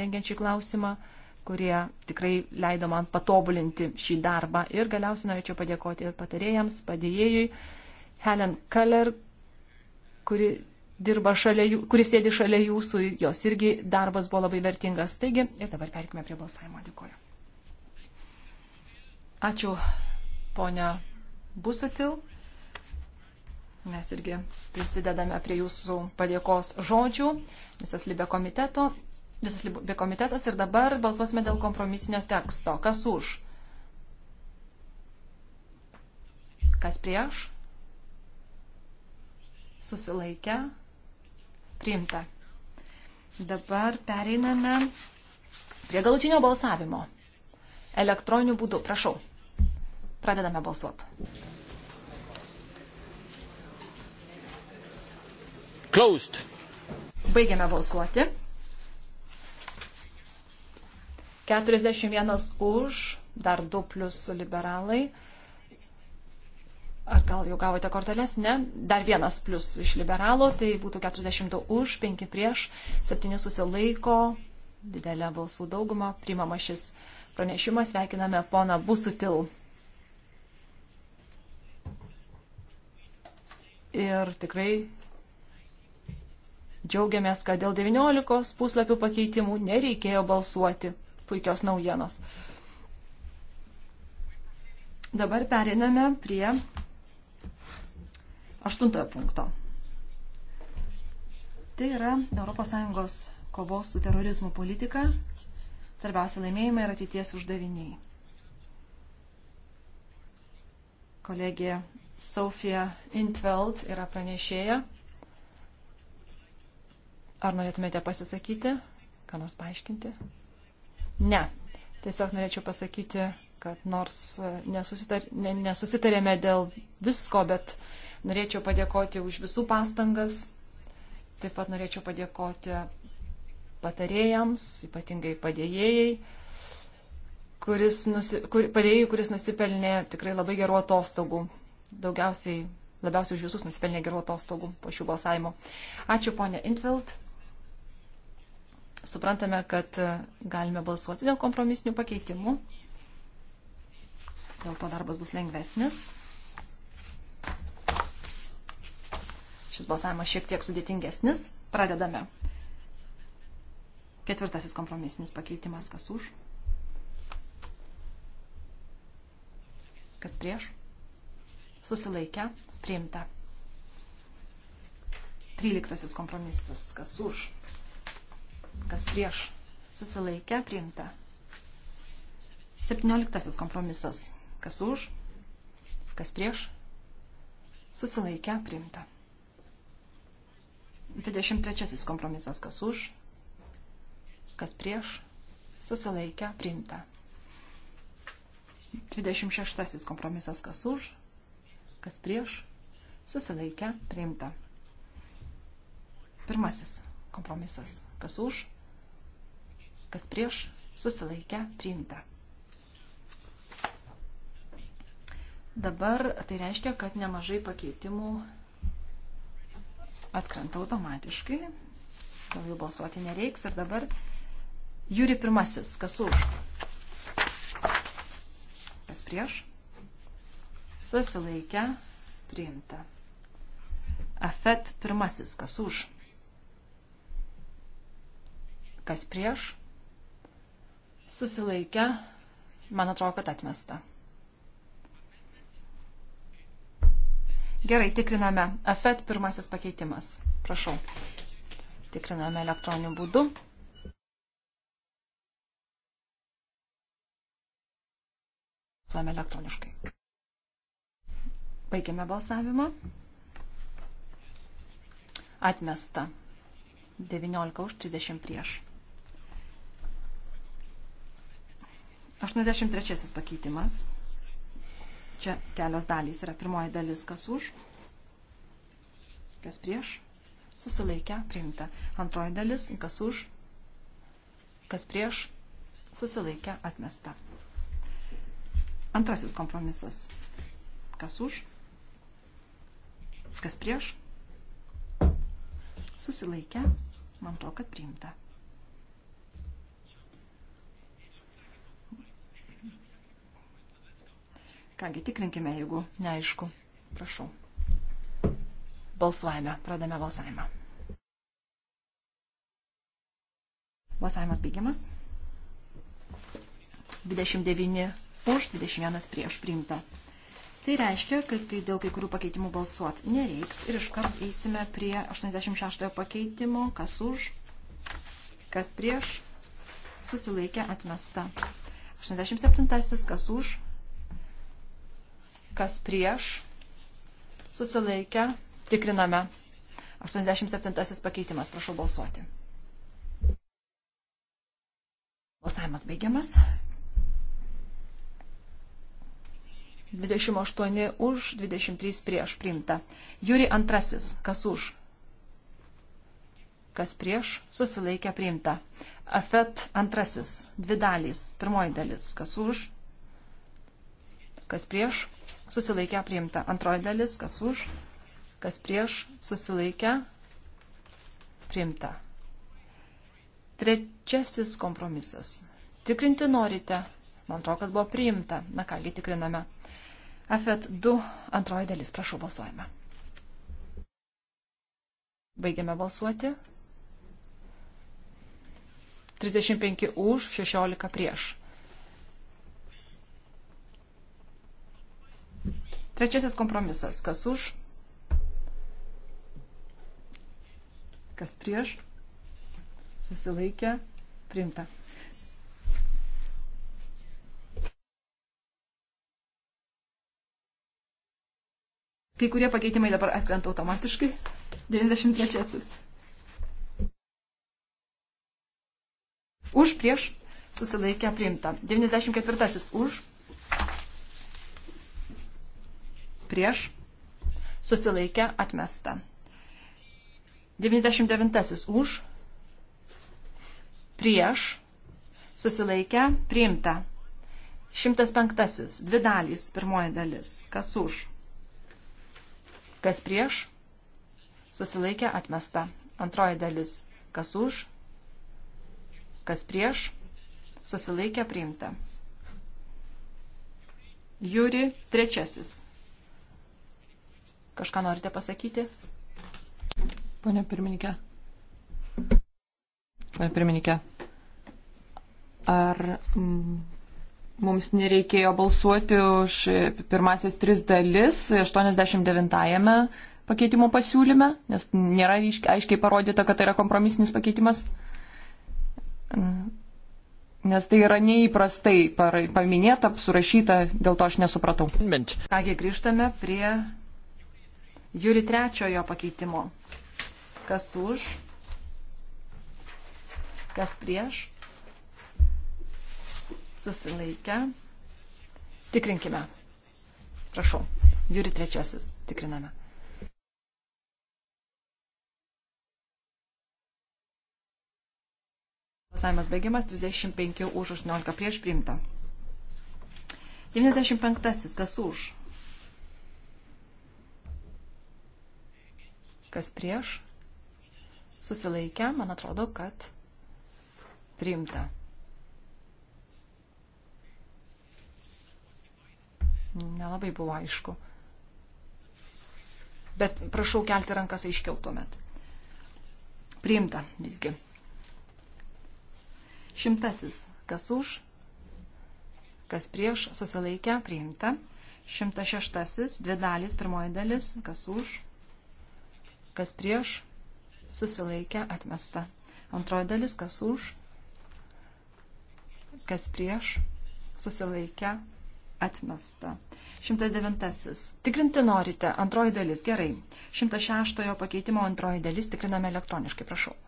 rengiant šį klausimą kurie tikrai leido man patobulinti šį darbą. Ir galiausiai norėčiau padėkoti patarėjams, padėjėjui, Helen Keller, kuri dirba šalia, jų, kuris sėdi šalia jūsų, jos irgi darbas buvo labai vertingas. Taigi, ir dabar perkime prie balsavimo. Dėkuoju. Ačiū, ponia Busutil. Mes irgi prisidedame prie jūsų padėkos žodžių, visas Libė komiteto visas Libė komitetas ir dabar balsuosime dėl kompromisinio teksto. Kas už? Kas prieš? Susilaikę? Priimta. Dabar pereiname prie galutinio balsavimo. Elektroniniu būdu, prašau. Pradedame balsuoti. Closed. Baigiame balsuoti. 41 už, dar 2 plus liberalai. Ar gal jau gavote korteles? Ne. Dar vienas plus iš liberalo, tai būtų 42 už, 5 prieš, 7 susilaiko, didelė balsų dauguma, primama šis pranešimas, sveikiname poną Busutil. Ir tikrai džiaugiamės, kad dėl 19 puslapių pakeitimų nereikėjo balsuoti puikios naujienos. Dabar periname prie aštuntojo punkto. Tai yra ES kovos su terorizmu politika, svarbiausia laimėjimai ir ateities uždaviniai. Kolegė Sofija Intveld yra pranešėja. Ar norėtumėte pasisakyti, ką nors paaiškinti? Ne. Tiesiog norėčiau pasakyti, kad nors e, nesusitar, ne, nesusitarėme dėl visko, bet norėčiau padėkoti už visų pastangas. Taip pat norėčiau padėkoti patarėjams, ypatingai padėjėjai, kuris, nusi, kur, padėjėjai, kuris nusipelnė tikrai labai gerų atostogų. Daugiausiai, labiausiai už visus nusipelnė gerų atostogų po šių balsavimo. Ačiū, ponė Intvilt suprantame, kad e, galime balsuoti dėl kompromisinių pakeitimų. Dėl to darbas bus lengvesnis. Šis balsavimas šiek tiek sudėtingesnis. Pradedame. Ketvirtasis kompromisinis pakeitimas. Kas už? Kas prieš? Susilaikę. Priimta. Tryliktasis kompromisas. Kas už? kas prieš susilaikė priimta. 17 kompromisas, kas už, kas prieš susilaikė priimta. 23 kompromisas, kas už, kas prieš susilaikė priimta. 26 kompromisas, kas už, kas prieš susilaikė priimta. Pirmasis kompromisas. Kas už, kas prieš, susilaikę, priimta. Dabar tai reiškia, kad nemažai pakeitimų atkrenta automatiškai. Daugiau balsuoti nereiks. Ir dabar Jūri pirmasis. Kas už? Kas prieš? Susilaikę, priimta. Afet pirmasis. Kas už? Kas prieš? Susilaikę. Man atrodo, kad atmesta. Gerai, tikriname. AFET pirmasis pakeitimas. Prašau. Tikriname elektroniniu būdu. Suojame elektroniškai. Baigiame balsavimą. Atmesta. 19 už 30 prieš. 83 pakeitimas. Čia kelios dalys yra pirmoji dalis, kas už, kas prieš, susilaikę, priimta. Antroji dalis, kas už, kas prieš, susilaikę, atmesta. Antrasis kompromisas, kas už, kas prieš, susilaikę, man to, kad priimta. Kągi, tikrinkime, jeigu neaišku. Prašau. Balsuojame, pradame balsavimą. Balsavimas baigiamas. 29 už, 21 prieš priimta. Tai reiškia, kad kai dėl kai kurių pakeitimų balsuot nereiks ir iškart eisime prie 86 pakeitimo, kas už, kas prieš, susilaikė atmesta. 87 kas už, kas prieš, susilaikę, tikriname. 87 pakeitimas, prašau balsuoti. Balsavimas baigiamas. 28 už, 23 prieš priimta. Jūri antrasis, kas už, kas prieš, susilaikė priimta. Afet antrasis, dvi dalys, pirmoji dalis, kas už, kas prieš, susilaikę priimta. Antroji dalis, kas už, kas prieš, susilaikę priimta. Trečiasis kompromisas. Tikrinti norite. Man atrodo, kad buvo priimta. Na kągi, tikriname. AFET 2, antroji dalis, prašau, balsuojame. Baigiame balsuoti. 35 už, 16 prieš. Trečiasis kompromisas. Kas už? Kas prieš? Susilaikė. Primta. Kai kurie pakeitimai dabar atkrenta automatiškai. 93. Už prieš susilaikę priimta. 94. Už prieš, susilaikė, atmesta. 99 už, prieš, susilaikė, priimta. 105. Dvi dalys, pirmoji dalis. Kas už? Kas prieš? Susilaikė, atmesta. Antroji dalis. Kas už? Kas prieš? Susilaikė, priimta. Jūri trečiasis. Kažką norite pasakyti? Pone pirmininkė. Pone pirmininkė. Ar mm, mums nereikėjo balsuoti už pirmasis tris dalis 89-ame pakeitimo pasiūlyme, nes nėra aiškiai parodyta, kad tai yra kompromisinis pakeitimas? Nes tai yra neįprastai paminėta, surašyta, dėl to aš nesupratau. Kągi grįžtame prie Jūri trečiojo pakeitimo. Kas už? Kas prieš? Susilaikę. Tikrinkime. Prašau. Jūri trečiasis. Tikriname. Balsavimas baigiamas 35 už 18 prieš priimta. 95. Kas už? kas prieš, susilaikę, man atrodo, kad priimta. Nelabai buvo aišku. Bet prašau kelti rankas aiškiau tuomet. Priimta visgi. Šimtasis. Kas už? Kas prieš? Susilaikę? Priimta. Šimtas šeštasis. Dvi dalis. Pirmoji dalis. Kas už? kas prieš, susilaikę, atmesta. Antroji dalis, kas už, kas prieš, susilaikę, atmesta. 109. Tikrinti norite, antroji dalis, gerai. 106 pakeitimo antroji dalis tikriname elektroniškai, prašau.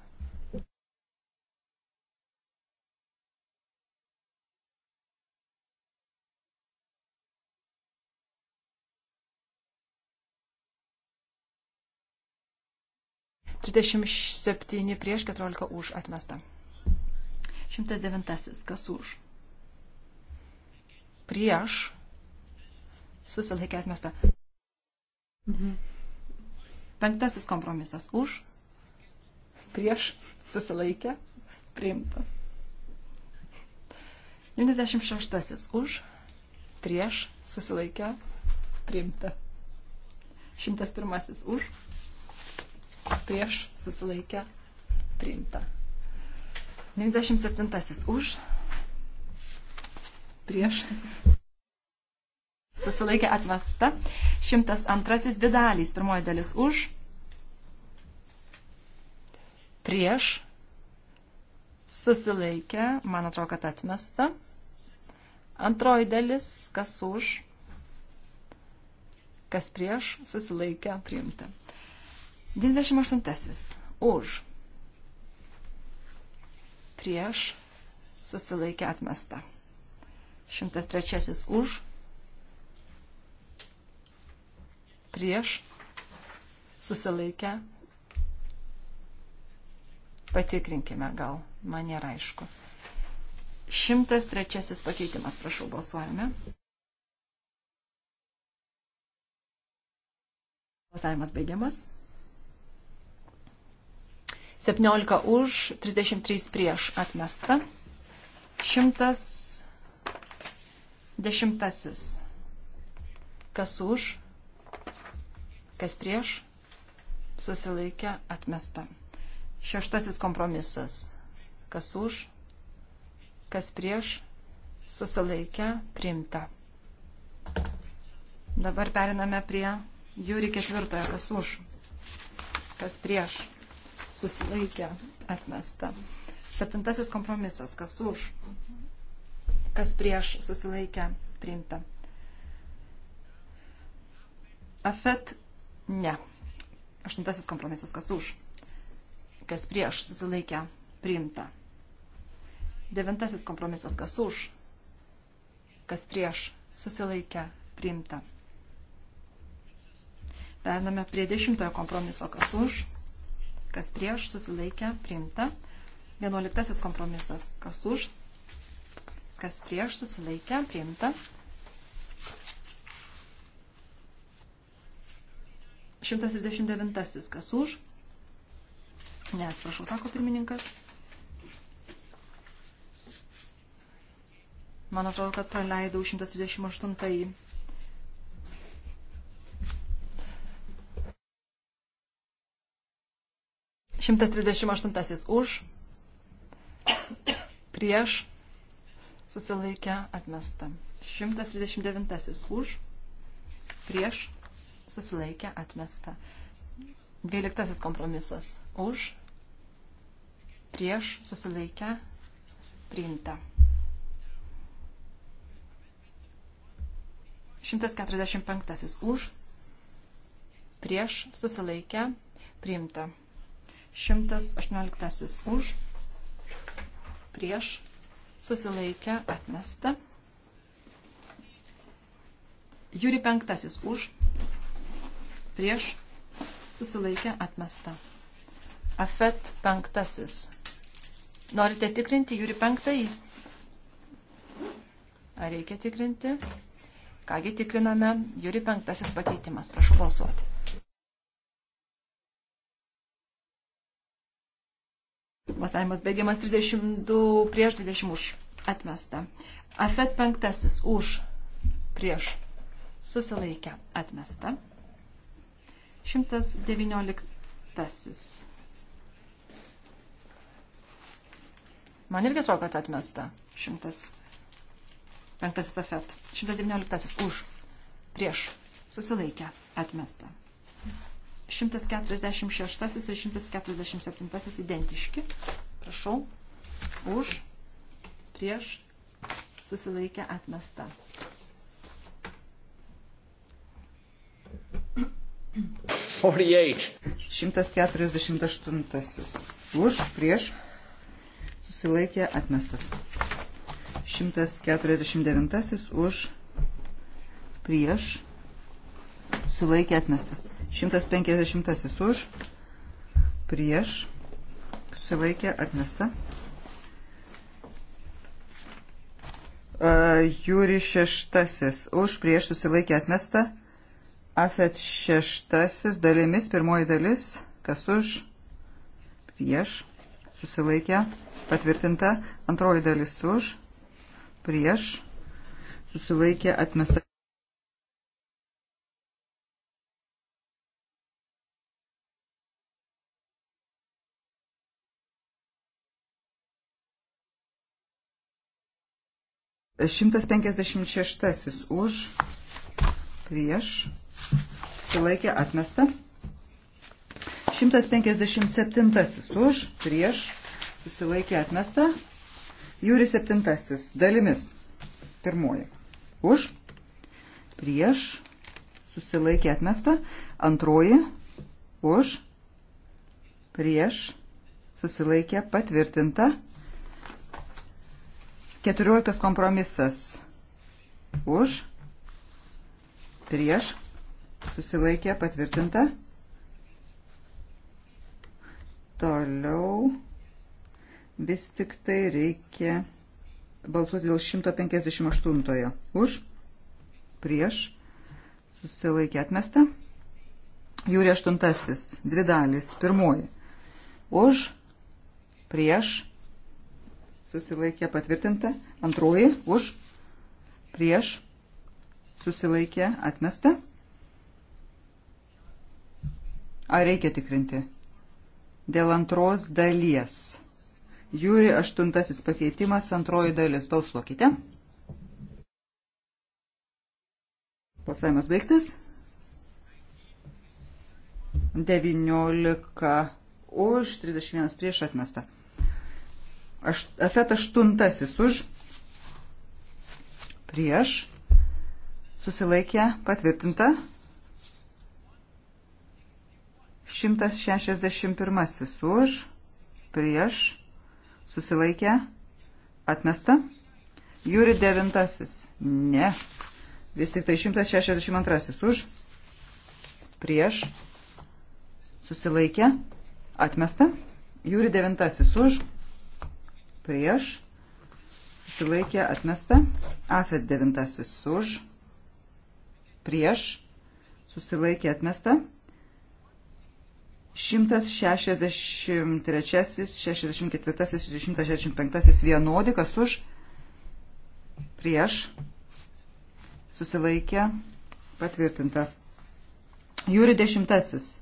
27 prieš 14 už atmesta. 109. Kas už? Prieš susilaikė atmesta. Mhm. Penktasis kompromisas už. Prieš susilaikė. Priimta. 96. Už. Prieš susilaikė. Priimta. 101. Už prieš susilaikę priimta. 97 už prieš susilaikė atmesta. 102 dvi dalys. Pirmoji dalis už prieš susilaikė, man atrodo, kad atmesta. Antroji dalis, kas už, kas prieš, susilaikė, priimta. 98. Už. Prieš. Susilaikė atmesta. 103. Už. Prieš. Susilaikė. Patikrinkime, gal man nėra aišku. 103 pakeitimas, prašau, balsuojame. Balsavimas baigiamas. 17 už, 33 prieš atmesta. 110. Kas už, kas prieš, susilaikė atmesta. Šeštasis kompromisas. Kas už, kas prieš, susilaikė priimta. Dabar periname prie jūri ketvirtojo. Kas už, kas prieš susilaikė atmesta. Septintasis kompromisas, kas už, kas prieš susilaikė priimta. Afet ne. Aštuntasis kompromisas, kas už, kas prieš susilaikė priimta. Devintasis kompromisas, kas už, kas prieš susilaikė priimta. Pername prie dešimtojo kompromiso, kas už, kas prieš, susilaikė, priimta. Vienuoliktasis kompromisas, kas už, kas prieš, susilaikė, priimta. 139. Kas už? Ne, atsiprašau, sako pirmininkas. Man atrodo, kad praleidau 138 138 už, prieš, susilaikę, atmesta. 139 už, prieš, susilaikę, atmesta. 12 kompromisas už, prieš, susilaikę, priimta. 145 už, prieš, susilaikę, priimta. 118 už, prieš, susilaikę, atmesta. Jūri penktasis už, prieš, susilaikę, atmesta. Afet penktasis. Norite tikrinti Jūri penktąjį? Ar reikia tikrinti? Kągi tikriname Jūri penktasis pakeitimas. Prašau balsuoti. Balsavimas baigiamas 32 prieš 20 už. Atmesta. Afet penktasis už. Prieš. Susilaikę. Atmesta. 119. Man irgi atrodo, kad atmesta. 105 afet. 119 už. Prieš. Susilaikę. Atmesta. 146 ir 147 identiški. Prašau. Už, prieš, susilaikę atmestą. Šimtas keturiasdešimt aštuntasis. Už, prieš, susilaikė atmestas. Šimtas keturiasdešimt devintasis. Už, prieš, susilaikė atmestas. 150 už, prieš, susilaikė, atmesta. E, Jūri šeštasis už, prieš, susilaikė, atmesta. Afet šeštasis dalimis, pirmoji dalis, kas už, prieš, susilaikė, patvirtinta, antroji dalis už, prieš, susilaikė, atmesta. 156 už, prieš, sulaikė atmesta. 157 už, prieš, susilaikė atmesta. Jūri 7 dalimis. Pirmoji. Už, prieš, susilaikė atmesta. Antroji. Už, prieš, susilaikė patvirtinta. 14 kompromisas už, prieš, susilaikė patvirtinta. Toliau vis tik tai reikia balsuoti dėl 158. Už, prieš, susilaikė atmesta. Jūri aštuntasis, dvi dalys, pirmoji. Už, prieš, susilaikė patvirtinta, antroji už, prieš, susilaikė atmesta. Ar reikia tikrinti? Dėl antros dalies. Jūri aštuntasis pakeitimas, antroji dalis. Balsuokite. Balsavimas baigtas. 19 už, 31 prieš atmestą. Aš, afet aštuntasis už, prieš, susilaikė, patvirtinta. 161 už, prieš, susilaikė, atmesta. Jūri devintasis, ne. Vis tik tai 162 už, prieš, susilaikė, atmesta. Jūri devintasis už, prieš prieš, susilaikė atmesta, afet devintasis už, prieš, susilaikė atmesta, 163, 64, 165 vienodi, kas už, prieš, susilaikė patvirtinta. Jūri dešimtasis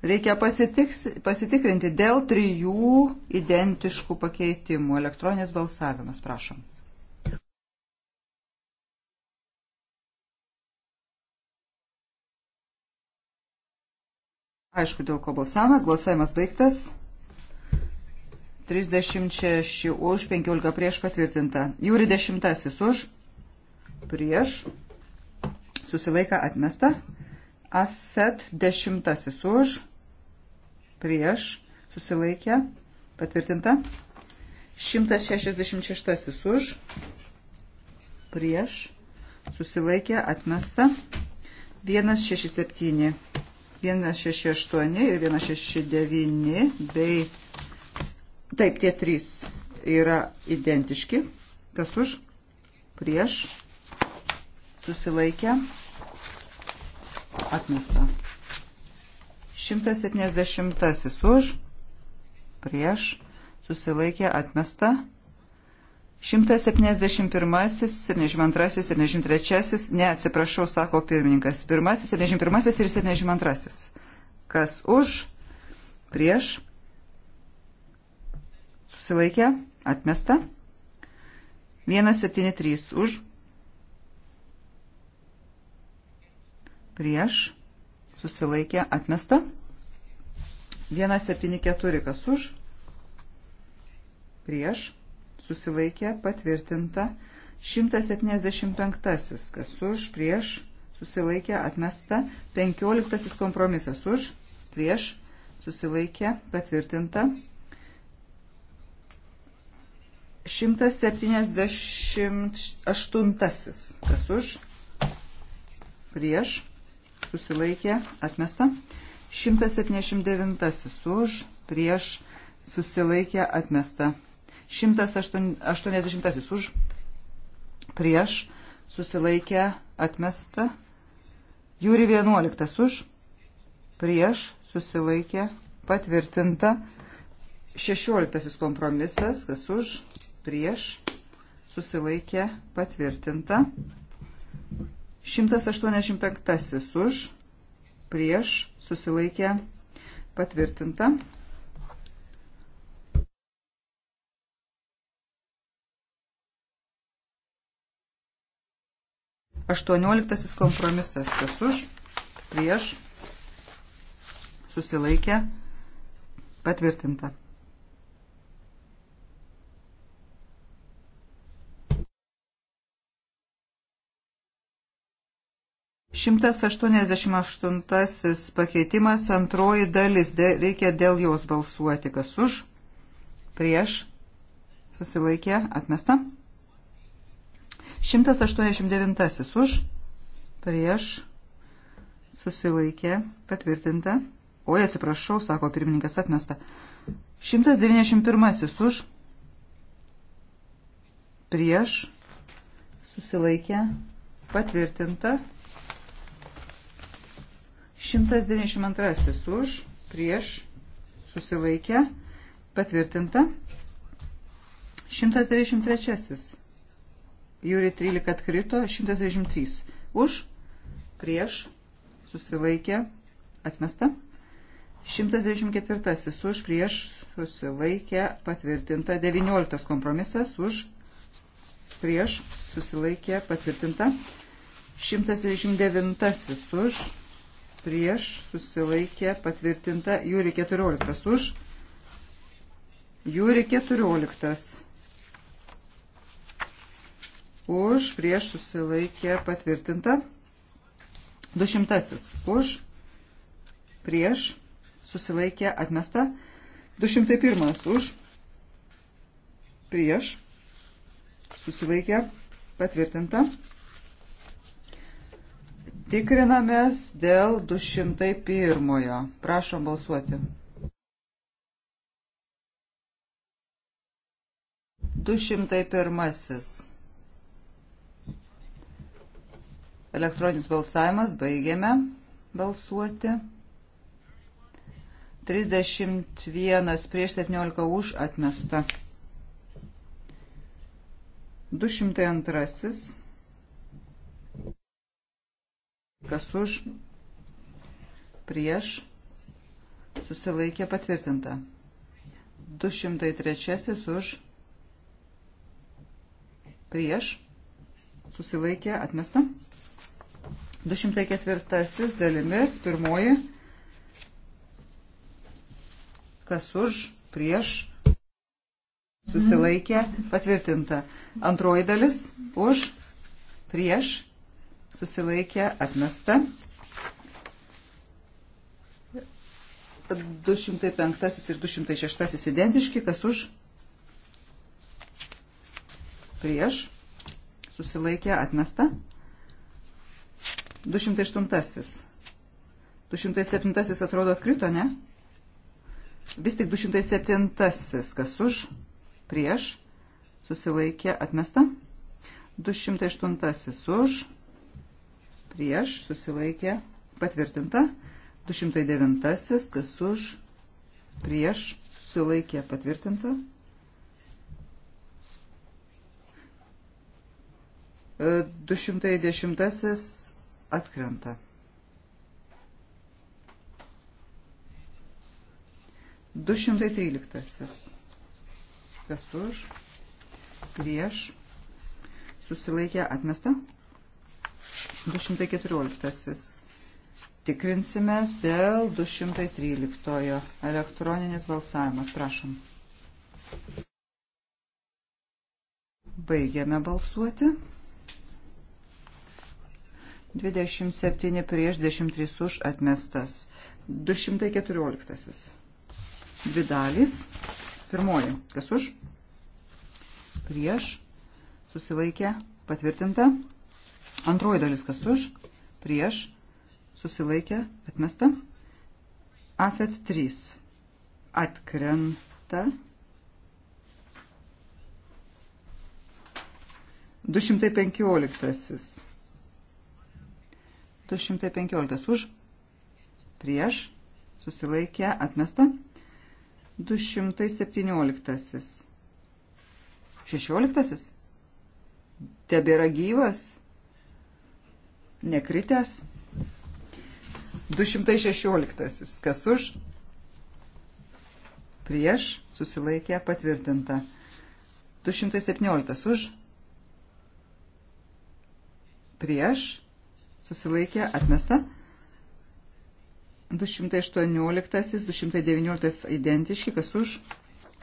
Reikia pasitiks, pasitikrinti dėl trijų identiškų pakeitimų. Elektroninis balsavimas, prašom. Aišku, dėl ko balsavome. Balsavimas baigtas. 36 už, 15 prieš patvirtinta. Jūri 10 už, prieš, susilaika atmesta. Afet 10 už prieš, susilaikė, patvirtinta. 166 už, prieš, susilaikė, atmesta. 167, 168 ir 169 bei taip tie trys yra identiški. Kas už, prieš, susilaikė, atmesta. 170 už, prieš, susilaikė atmesta. 171, 72 ir 73, ne atsiprašau, sako pirmininkas, 1, 71 ir 72. Kas už, prieš, susilaikė, atmesta. 173 už, prieš, susilaikė atmesta. 174 kas už, prieš, susilaikė patvirtinta. 175 kas už, prieš, susilaikė atmesta. 15 kompromisas už, prieš, susilaikė patvirtinta. 178 kas už, prieš, susilaikė, atmesta. 179 už, prieš, susilaikė, atmesta. 180 už, prieš, susilaikė, atmesta. Jūri 11 už, prieš, susilaikė, patvirtinta. 16 kompromisas, kas už, prieš, susilaikė, patvirtinta. 185 už, prieš, susilaikė, patvirtinta. Aštuonioliktasis kompromisas, kas už, prieš, susilaikė, patvirtinta. 188 pakeitimas antroji dalis. De, reikia dėl jos balsuoti. Kas už? Prieš? Susilaikė? Atmesta? 189 už? Prieš? Susilaikė? Patvirtinta? Oi, atsiprašau, sako pirmininkas atmesta. 191 už? Prieš? Susilaikė? Patvirtinta? 192 už, prieš, susilaikė, patvirtinta. 193. Jūri 13 atkrito, 193. Už, prieš, susilaikė, atmesta. 124 už prieš susilaikė patvirtinta 19 kompromisas už prieš susilaikė patvirtinta 129 už prieš susilaikė patvirtinta Jūri 14 už. Jūri 14 už prieš susilaikė patvirtinta. 200 už prieš susilaikė atmesta. 201 už prieš susilaikė patvirtinta. Tikrinamės dėl 201. Prašom balsuoti. 201. Elektroninis balsavimas. Baigiame balsuoti. 31 prieš 17 už atmesta. 202. Kas už? Prieš. Susilaikė patvirtinta. 203 už. Prieš. Susilaikė atmesta. 204 dalimis. Pirmoji. Kas už? Prieš. Susilaikė patvirtinta. Antroji dalis. Už. Prieš susilaikė, atmesta. 205 ir 206 identiški, kas už, prieš, susilaikė, atmesta. 208. 207 atrodo atkrito, ne? Vis tik 207, kas už, prieš, susilaikė, atmesta. 208 už, prieš, susilaikė, patvirtinta. 209, kas už, prieš, susilaikė, patvirtinta. Du šimtai dešimtasis atkrenta. Du šimtai tryliktasis. Kas už, prieš, susilaikė, atmesta. 214. Tikrinsime dėl 213. Elektroninis balsavimas. Prašom. Baigiame balsuoti. 27 prieš 23 už atmestas. 214. Dvi dalys. Pirmoji. Kas už? Prieš. Susilaikė. Patvirtinta. Antroji dalis kas už, prieš, susilaikė, atmesta. Afet 3 atkrenta. 215. 215 už, prieš, susilaikė, atmesta. 217. 16. Tebėra gyvas nekritęs. 216. Kas už? Prieš susilaikė patvirtinta. 217. Už? Prieš susilaikė atmesta. 218, 219 identiški, kas už,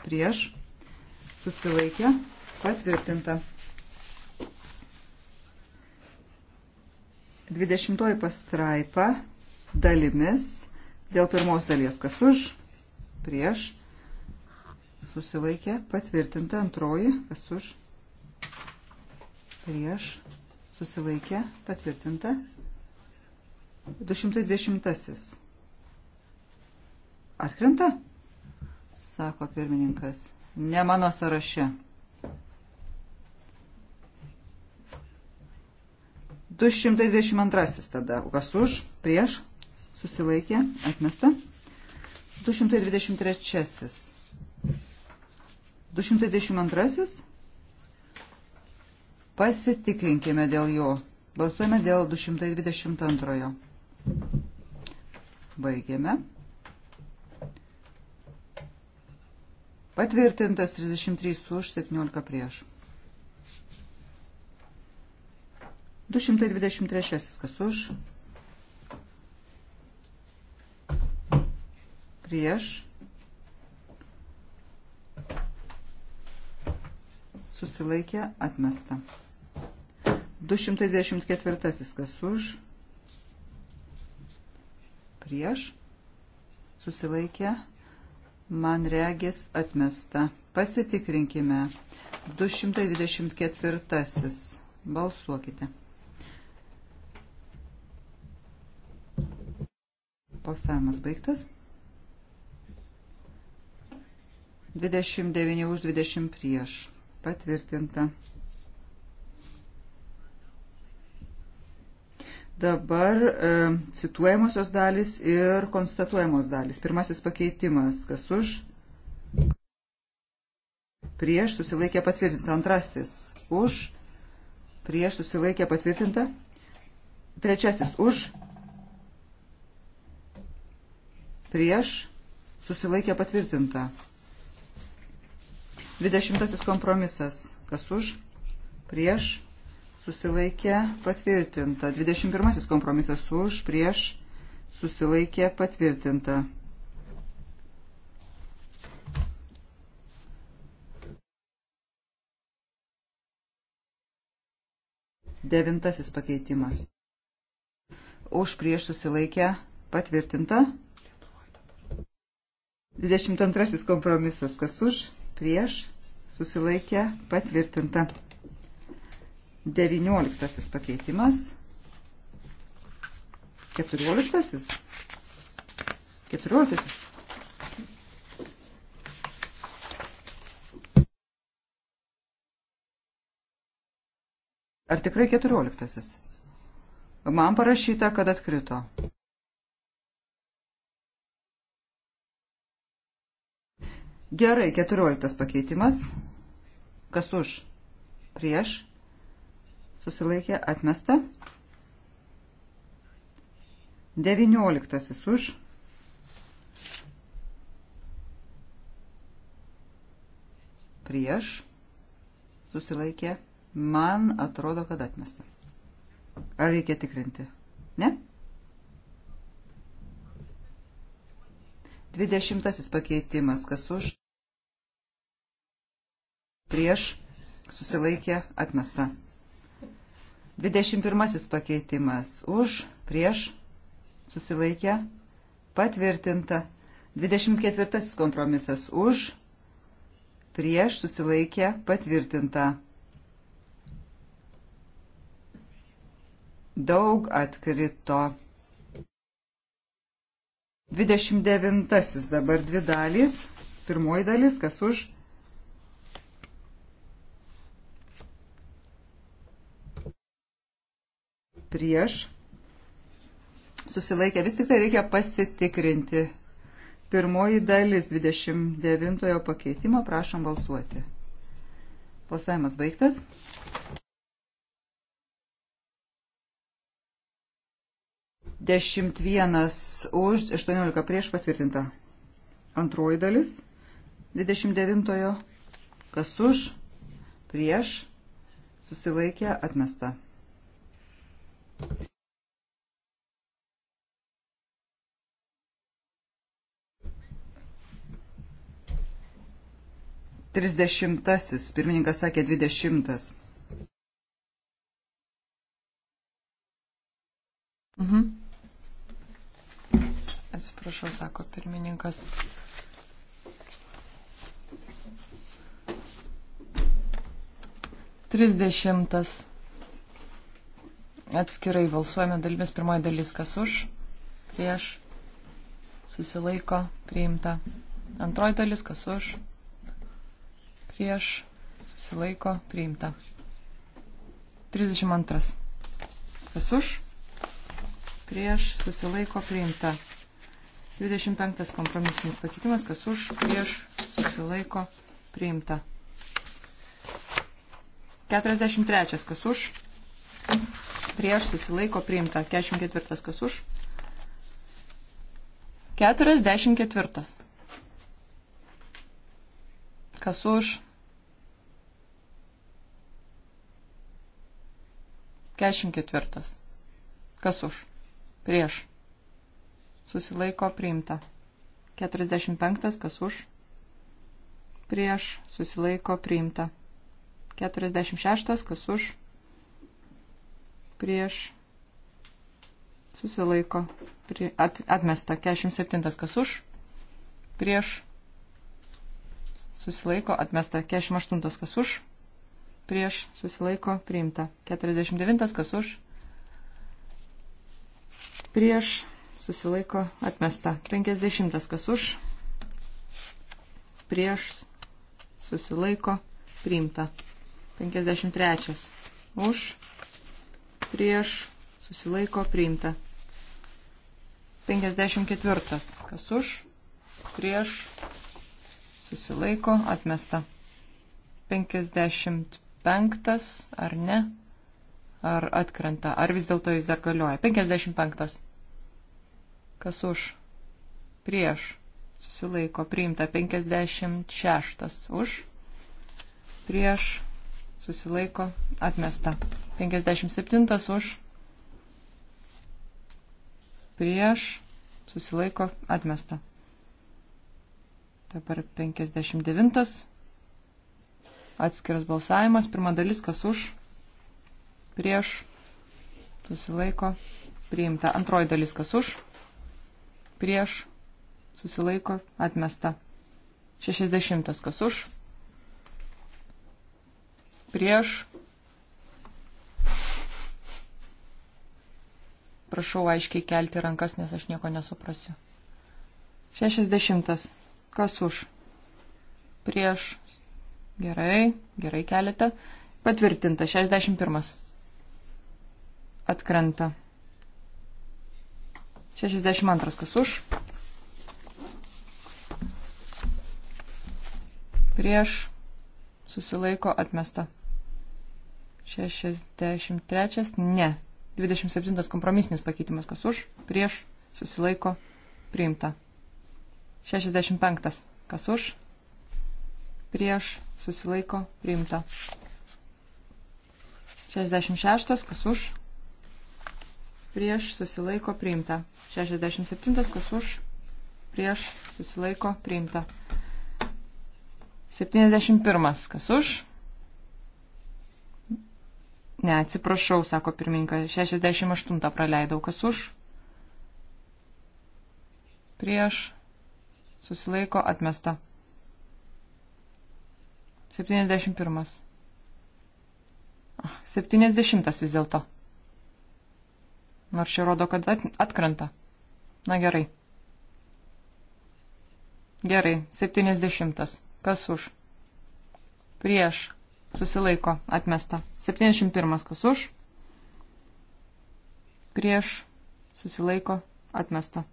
prieš, susilaikė, patvirtinta. 20 pastraipa dalimis dėl pirmos dalies kas už, prieš, susilaikė, patvirtinta antroji, kas už, prieš, susilaikė, patvirtinta 220. Atkrenta, sako pirmininkas, ne mano sąraše. 222 tada. Kas už, prieš, susilaikė, atmesta. 223. 222. Pasitikrinkime dėl jo. Balsuojame dėl 222. Baigėme. Patvirtintas 33 už 17 prieš. 223 kas už. Prieš. Susilaikė atmesta. 224 kas už. Prieš. Susilaikė. Man regis atmesta. Pasitikrinkime. 224. Balsuokite. Balsavimas baigtas. 29 už 20 prieš. Patvirtinta. Dabar e, cituojamosios dalys ir konstatuojamos dalys. Pirmasis pakeitimas. Kas už? Prieš susilaikė patvirtinta. Antrasis. Už. Prieš susilaikė patvirtinta. Trečiasis. Už prieš susilaikė patvirtinta. 20 kompromisas. Kas už? Prieš susilaikė patvirtinta. 21 kompromisas už, prieš susilaikė patvirtinta. Devintasis pakeitimas. Už prieš susilaikę patvirtinta. 22 kompromisas, kas už, prieš, susilaikė, patvirtinta. 19 pakeitimas. 14. 14. Ar tikrai keturioliktasis? Man parašyta, kad atkrito. Gerai, keturioliktas pakeitimas. Kas už? Prieš. Susilaikė atmesta. Devynioliktasis už. Prieš. Susilaikė. Man atrodo, kad atmesta. Ar reikia tikrinti? Ne? Ne. Dvidešimtasis pakeitimas, kas už, prieš, susilaikė, atmesta. Dvidešimt pirmasis pakeitimas, už, prieš, susilaikė, patvirtinta. Dvidešimt ketvirtasis kompromisas, už, prieš, susilaikė, patvirtinta. Daug atkrito. 29 dabar dvi dalys. Pirmoji dalis, kas už. Prieš. Susilaikė. Vis tik tai reikia pasitikrinti. Pirmoji dalis 29 pakeitimo. Prašom balsuoti. Balsavimas baigtas. 21 už, 18 prieš patvirtinta. Antroji dalis 29-ojo, kas už, prieš, susilaikė, atmesta. Trisdešimtasis, pirmininkas sakė dvidešimtas. Mhm. Atsiprašau, sako pirmininkas. Trisdešimtas. Atskirai valsuojame dalimis. Pirmoji dalis, kas už, prieš, susilaiko, priimta. Antroji dalis, kas už, prieš, susilaiko, priimta. 32. Kas už, prieš, susilaiko, priimta. 25 kompromisinis pakeitimas, kas už, prieš, susilaiko, priimta. 43 kas už, prieš, susilaiko, priimta. 44 kas už. 44. Kas už? 44. Kas už? Prieš susilaiko priimta. 45 kas už, prieš susilaiko priimta. 46 kas už, prieš susilaiko pri, at, atmesta. 47 kas už, prieš susilaiko atmesta. 48 kas už, prieš susilaiko priimta. 49 kas už, prieš susilaiko atmesta. 50 kas už, prieš, susilaiko priimta. 53 už, prieš, susilaiko priimta. 54 kas už, prieš, susilaiko atmesta. 55 ar ne? Ar atkrenta? Ar vis dėlto jis dar galioja? 55. Kas už? Prieš. Susilaiko. Priimta. 56. Už. Prieš. Susilaiko. Atmesta. 57. Už. Prieš. Susilaiko. Atmesta. Dabar 59. Atskiras balsavimas. Pirma dalis, kas už. Prieš. Susilaiko. Priimta. Antroji dalis, kas už prieš, susilaiko, atmesta. 60 kas už, prieš. Prašau aiškiai kelti rankas, nes aš nieko nesuprasiu. 60 kas už, prieš. Gerai, gerai keliate. Patvirtinta. 61 atkrenta. 62 kas už. Prieš susilaiko atmesta. 63 ne. 27 kompromisinis pakeitimas kas už. Prieš susilaiko priimta. 65 kas už. Prieš susilaiko priimta. 66 kas už prieš susilaiko priimta. 67 kas už, prieš susilaiko priimta. 71 kas už. Ne, atsiprašau, sako pirmininkas. 68 praleidau kas už. Prieš susilaiko atmesta. 71. 70 ah, vis dėlto. Nors čia rodo, kad atkrenta. Na gerai. Gerai, 70. Kas už? Prieš. Susilaiko. Atmesta. 71. Kas už? Prieš. Susilaiko. Atmesta.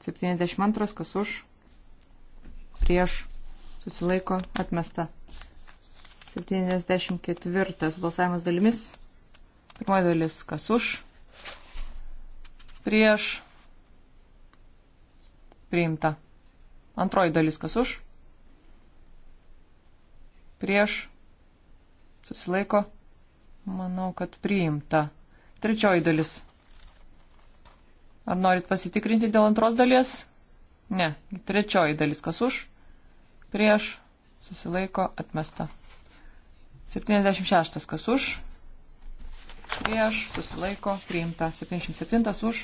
72. Kas už? Prieš. Susilaiko. Atmesta. 74. Balsavimas dalimis. Pirmoji dalis. Kas už? prieš priimta. Antroji dalis kas už, prieš susilaiko, manau, kad priimta. Trečioji dalis. Ar norit pasitikrinti dėl antros dalies? Ne. Trečioji dalis kas už, prieš susilaiko, atmesta. 76 kas už, prieš, susilaiko, priimta. 77 už,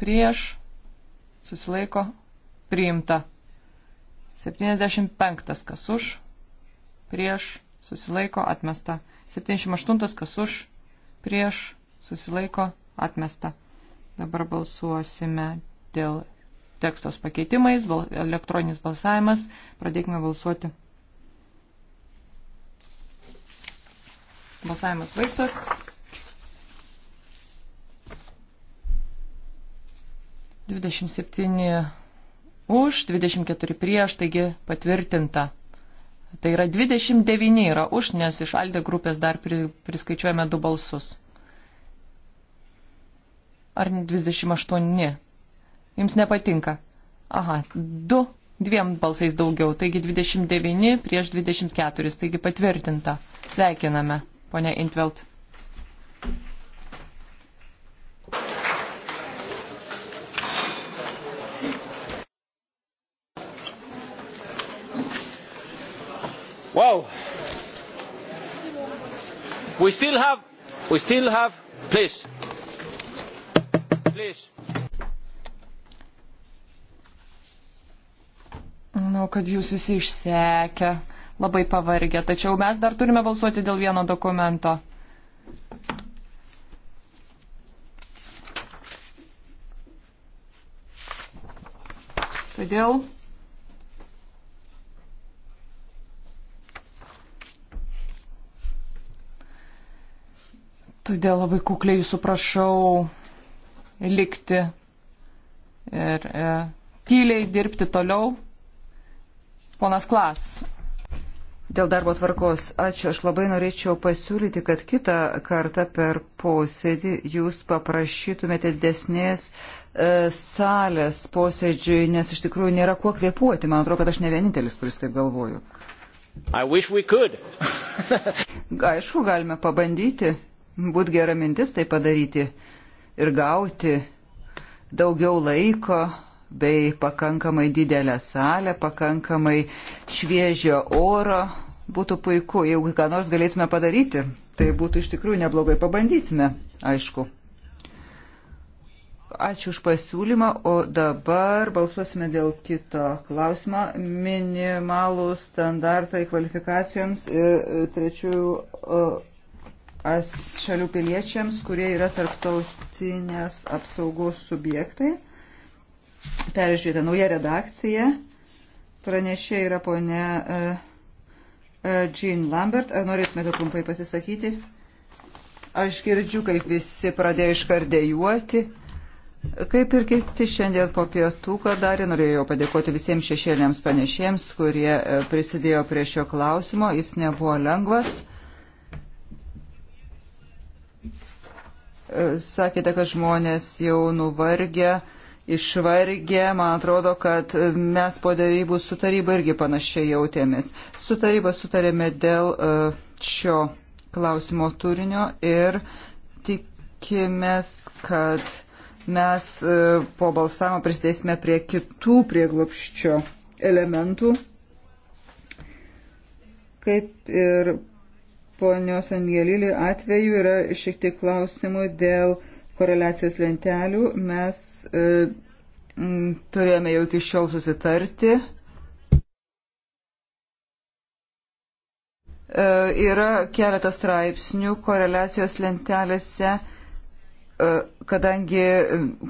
prieš, susilaiko, priimta. 75 kas už, prieš, susilaiko, atmesta. 78 kas už, prieš, susilaiko, atmesta. Dabar balsuosime dėl tekstos pakeitimais, elektroninis balsavimas, pradėkime balsuoti. Balsavimas baigtas. Dvidešimt septyni už, 24 prieš, taigi patvirtinta. Tai yra 29 yra už, nes iš Aldė grupės dar pri, priskaičiuojame du balsus. Ar 28? Jums nepatinka. Aha, du, dviem balsais daugiau, taigi 29 prieš 24, taigi patvirtinta. Sveikiname ponia Intvelt. Wow. We still have, we still have, please. Please. Manau, kad jūs visi išsekę labai pavargę, tačiau mes dar turime balsuoti dėl vieno dokumento. Todėl Todėl labai kukliai jūsų prašau likti ir e, tyliai dirbti toliau. Ponas Klas, Dėl darbo tvarkos, ačiū, aš labai norėčiau pasiūlyti, kad kitą kartą per posėdį jūs paprašytumėte didesnės e, salės posėdžiui, nes iš tikrųjų nėra kuo kvepuoti. Man atrodo, kad aš ne vienintelis, kuris taip galvoju. Aišku, galime pabandyti, būt gera mintis tai padaryti ir gauti daugiau laiko bei pakankamai didelę salę, pakankamai šviežio oro, Būtų puiku, jeigu ką nors galėtume padaryti, tai būtų iš tikrųjų neblogai. Pabandysime, aišku. Ačiū už pasiūlymą, o dabar balsuosime dėl kito klausimo. Minimalų standartai kvalifikacijoms e, trečiųjų šalių piliečiams, kurie yra tarptautinės apsaugos subjektai. Peržiūrėta nauja redakcija. Pranešė yra ponė. Uh, e, E, Jean Lambert, ar e, norėtumėte trumpai pasisakyti? Aš girdžiu, kaip visi pradėjo iškardėjuoti. Kaip ir kiti šiandien po pietų, ką darė, norėjau padėkoti visiems šešėliams panešėjams, kurie e, prisidėjo prie šio klausimo. Jis nebuvo lengvas. Sakėte, kad žmonės jau nuvargė išvargę, man atrodo, kad mes po darybų su taryba irgi panašiai jautėmės. Su taryba sutarėme dėl e, šio klausimo turinio ir tikimės, kad mes e, po balsavimo prisidėsime prie kitų prieglopščio elementų, kaip ir ponios Angelilį atveju yra šiek tiek klausimų dėl uh, koreliacijos lentelių mes e, m, turėjome jau iki šiol susitarti. E, yra keletas straipsnių koreliacijos lentelėse, e, kadangi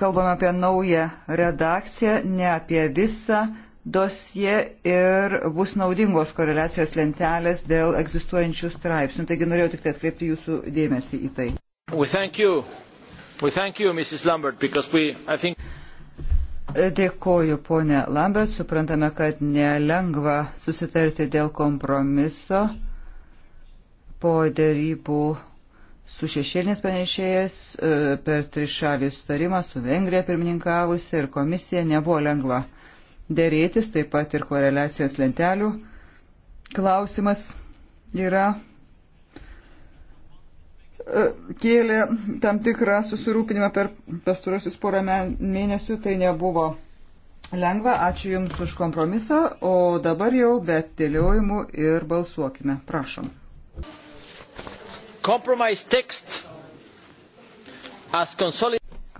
kalbame apie naują redakciją, ne apie visą dosie ir bus naudingos koreliacijos lentelės dėl egzistuojančių straipsnių. Taigi norėjau tik tai atkreipti jūsų dėmesį į tai. We thank you. You, Lambert, we, think... Dėkoju, ponė Lambert. Suprantame, kad nelengva susitarti dėl kompromiso po dėrybų su šešėlinės panešėjas e, per trišalį sutarimą su Vengrija pirmininkavusi ir komisija nebuvo lengva dėrėtis, taip pat ir koreliacijos lentelių klausimas yra E, kėlė tam tikrą susirūpinimą per pastarosius porą mėnesių, tai nebuvo lengva. Ačiū Jums už kompromisą, o dabar jau be tėliojimų ir balsuokime. Prašom.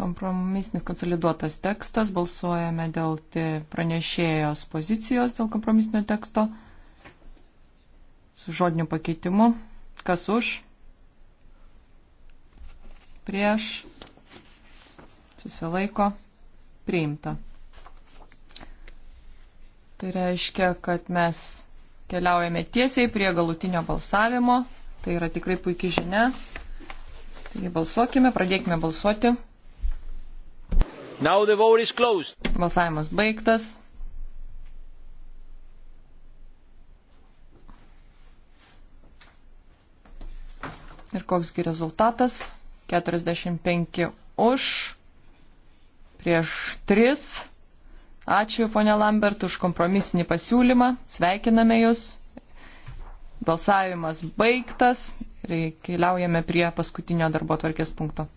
Kompromisinis konsoliduotas tekstas, balsuojame dėl pranešėjos pozicijos dėl kompromisinio teksto su žodiniu pakeitimu. Kas už? prieš, susilaiko, priimta. Tai reiškia, kad mes keliaujame tiesiai prie galutinio balsavimo. Tai yra tikrai puikia žinia. Taigi balsuokime, pradėkime balsuoti. Balsavimas baigtas. Ir koksgi rezultatas? 45 už, prieš 3. Ačiū, ponia Lambert, už kompromisinį pasiūlymą. Sveikiname Jūs. Balsavimas baigtas. Keliaujame prie paskutinio darbo tvarkės punkto.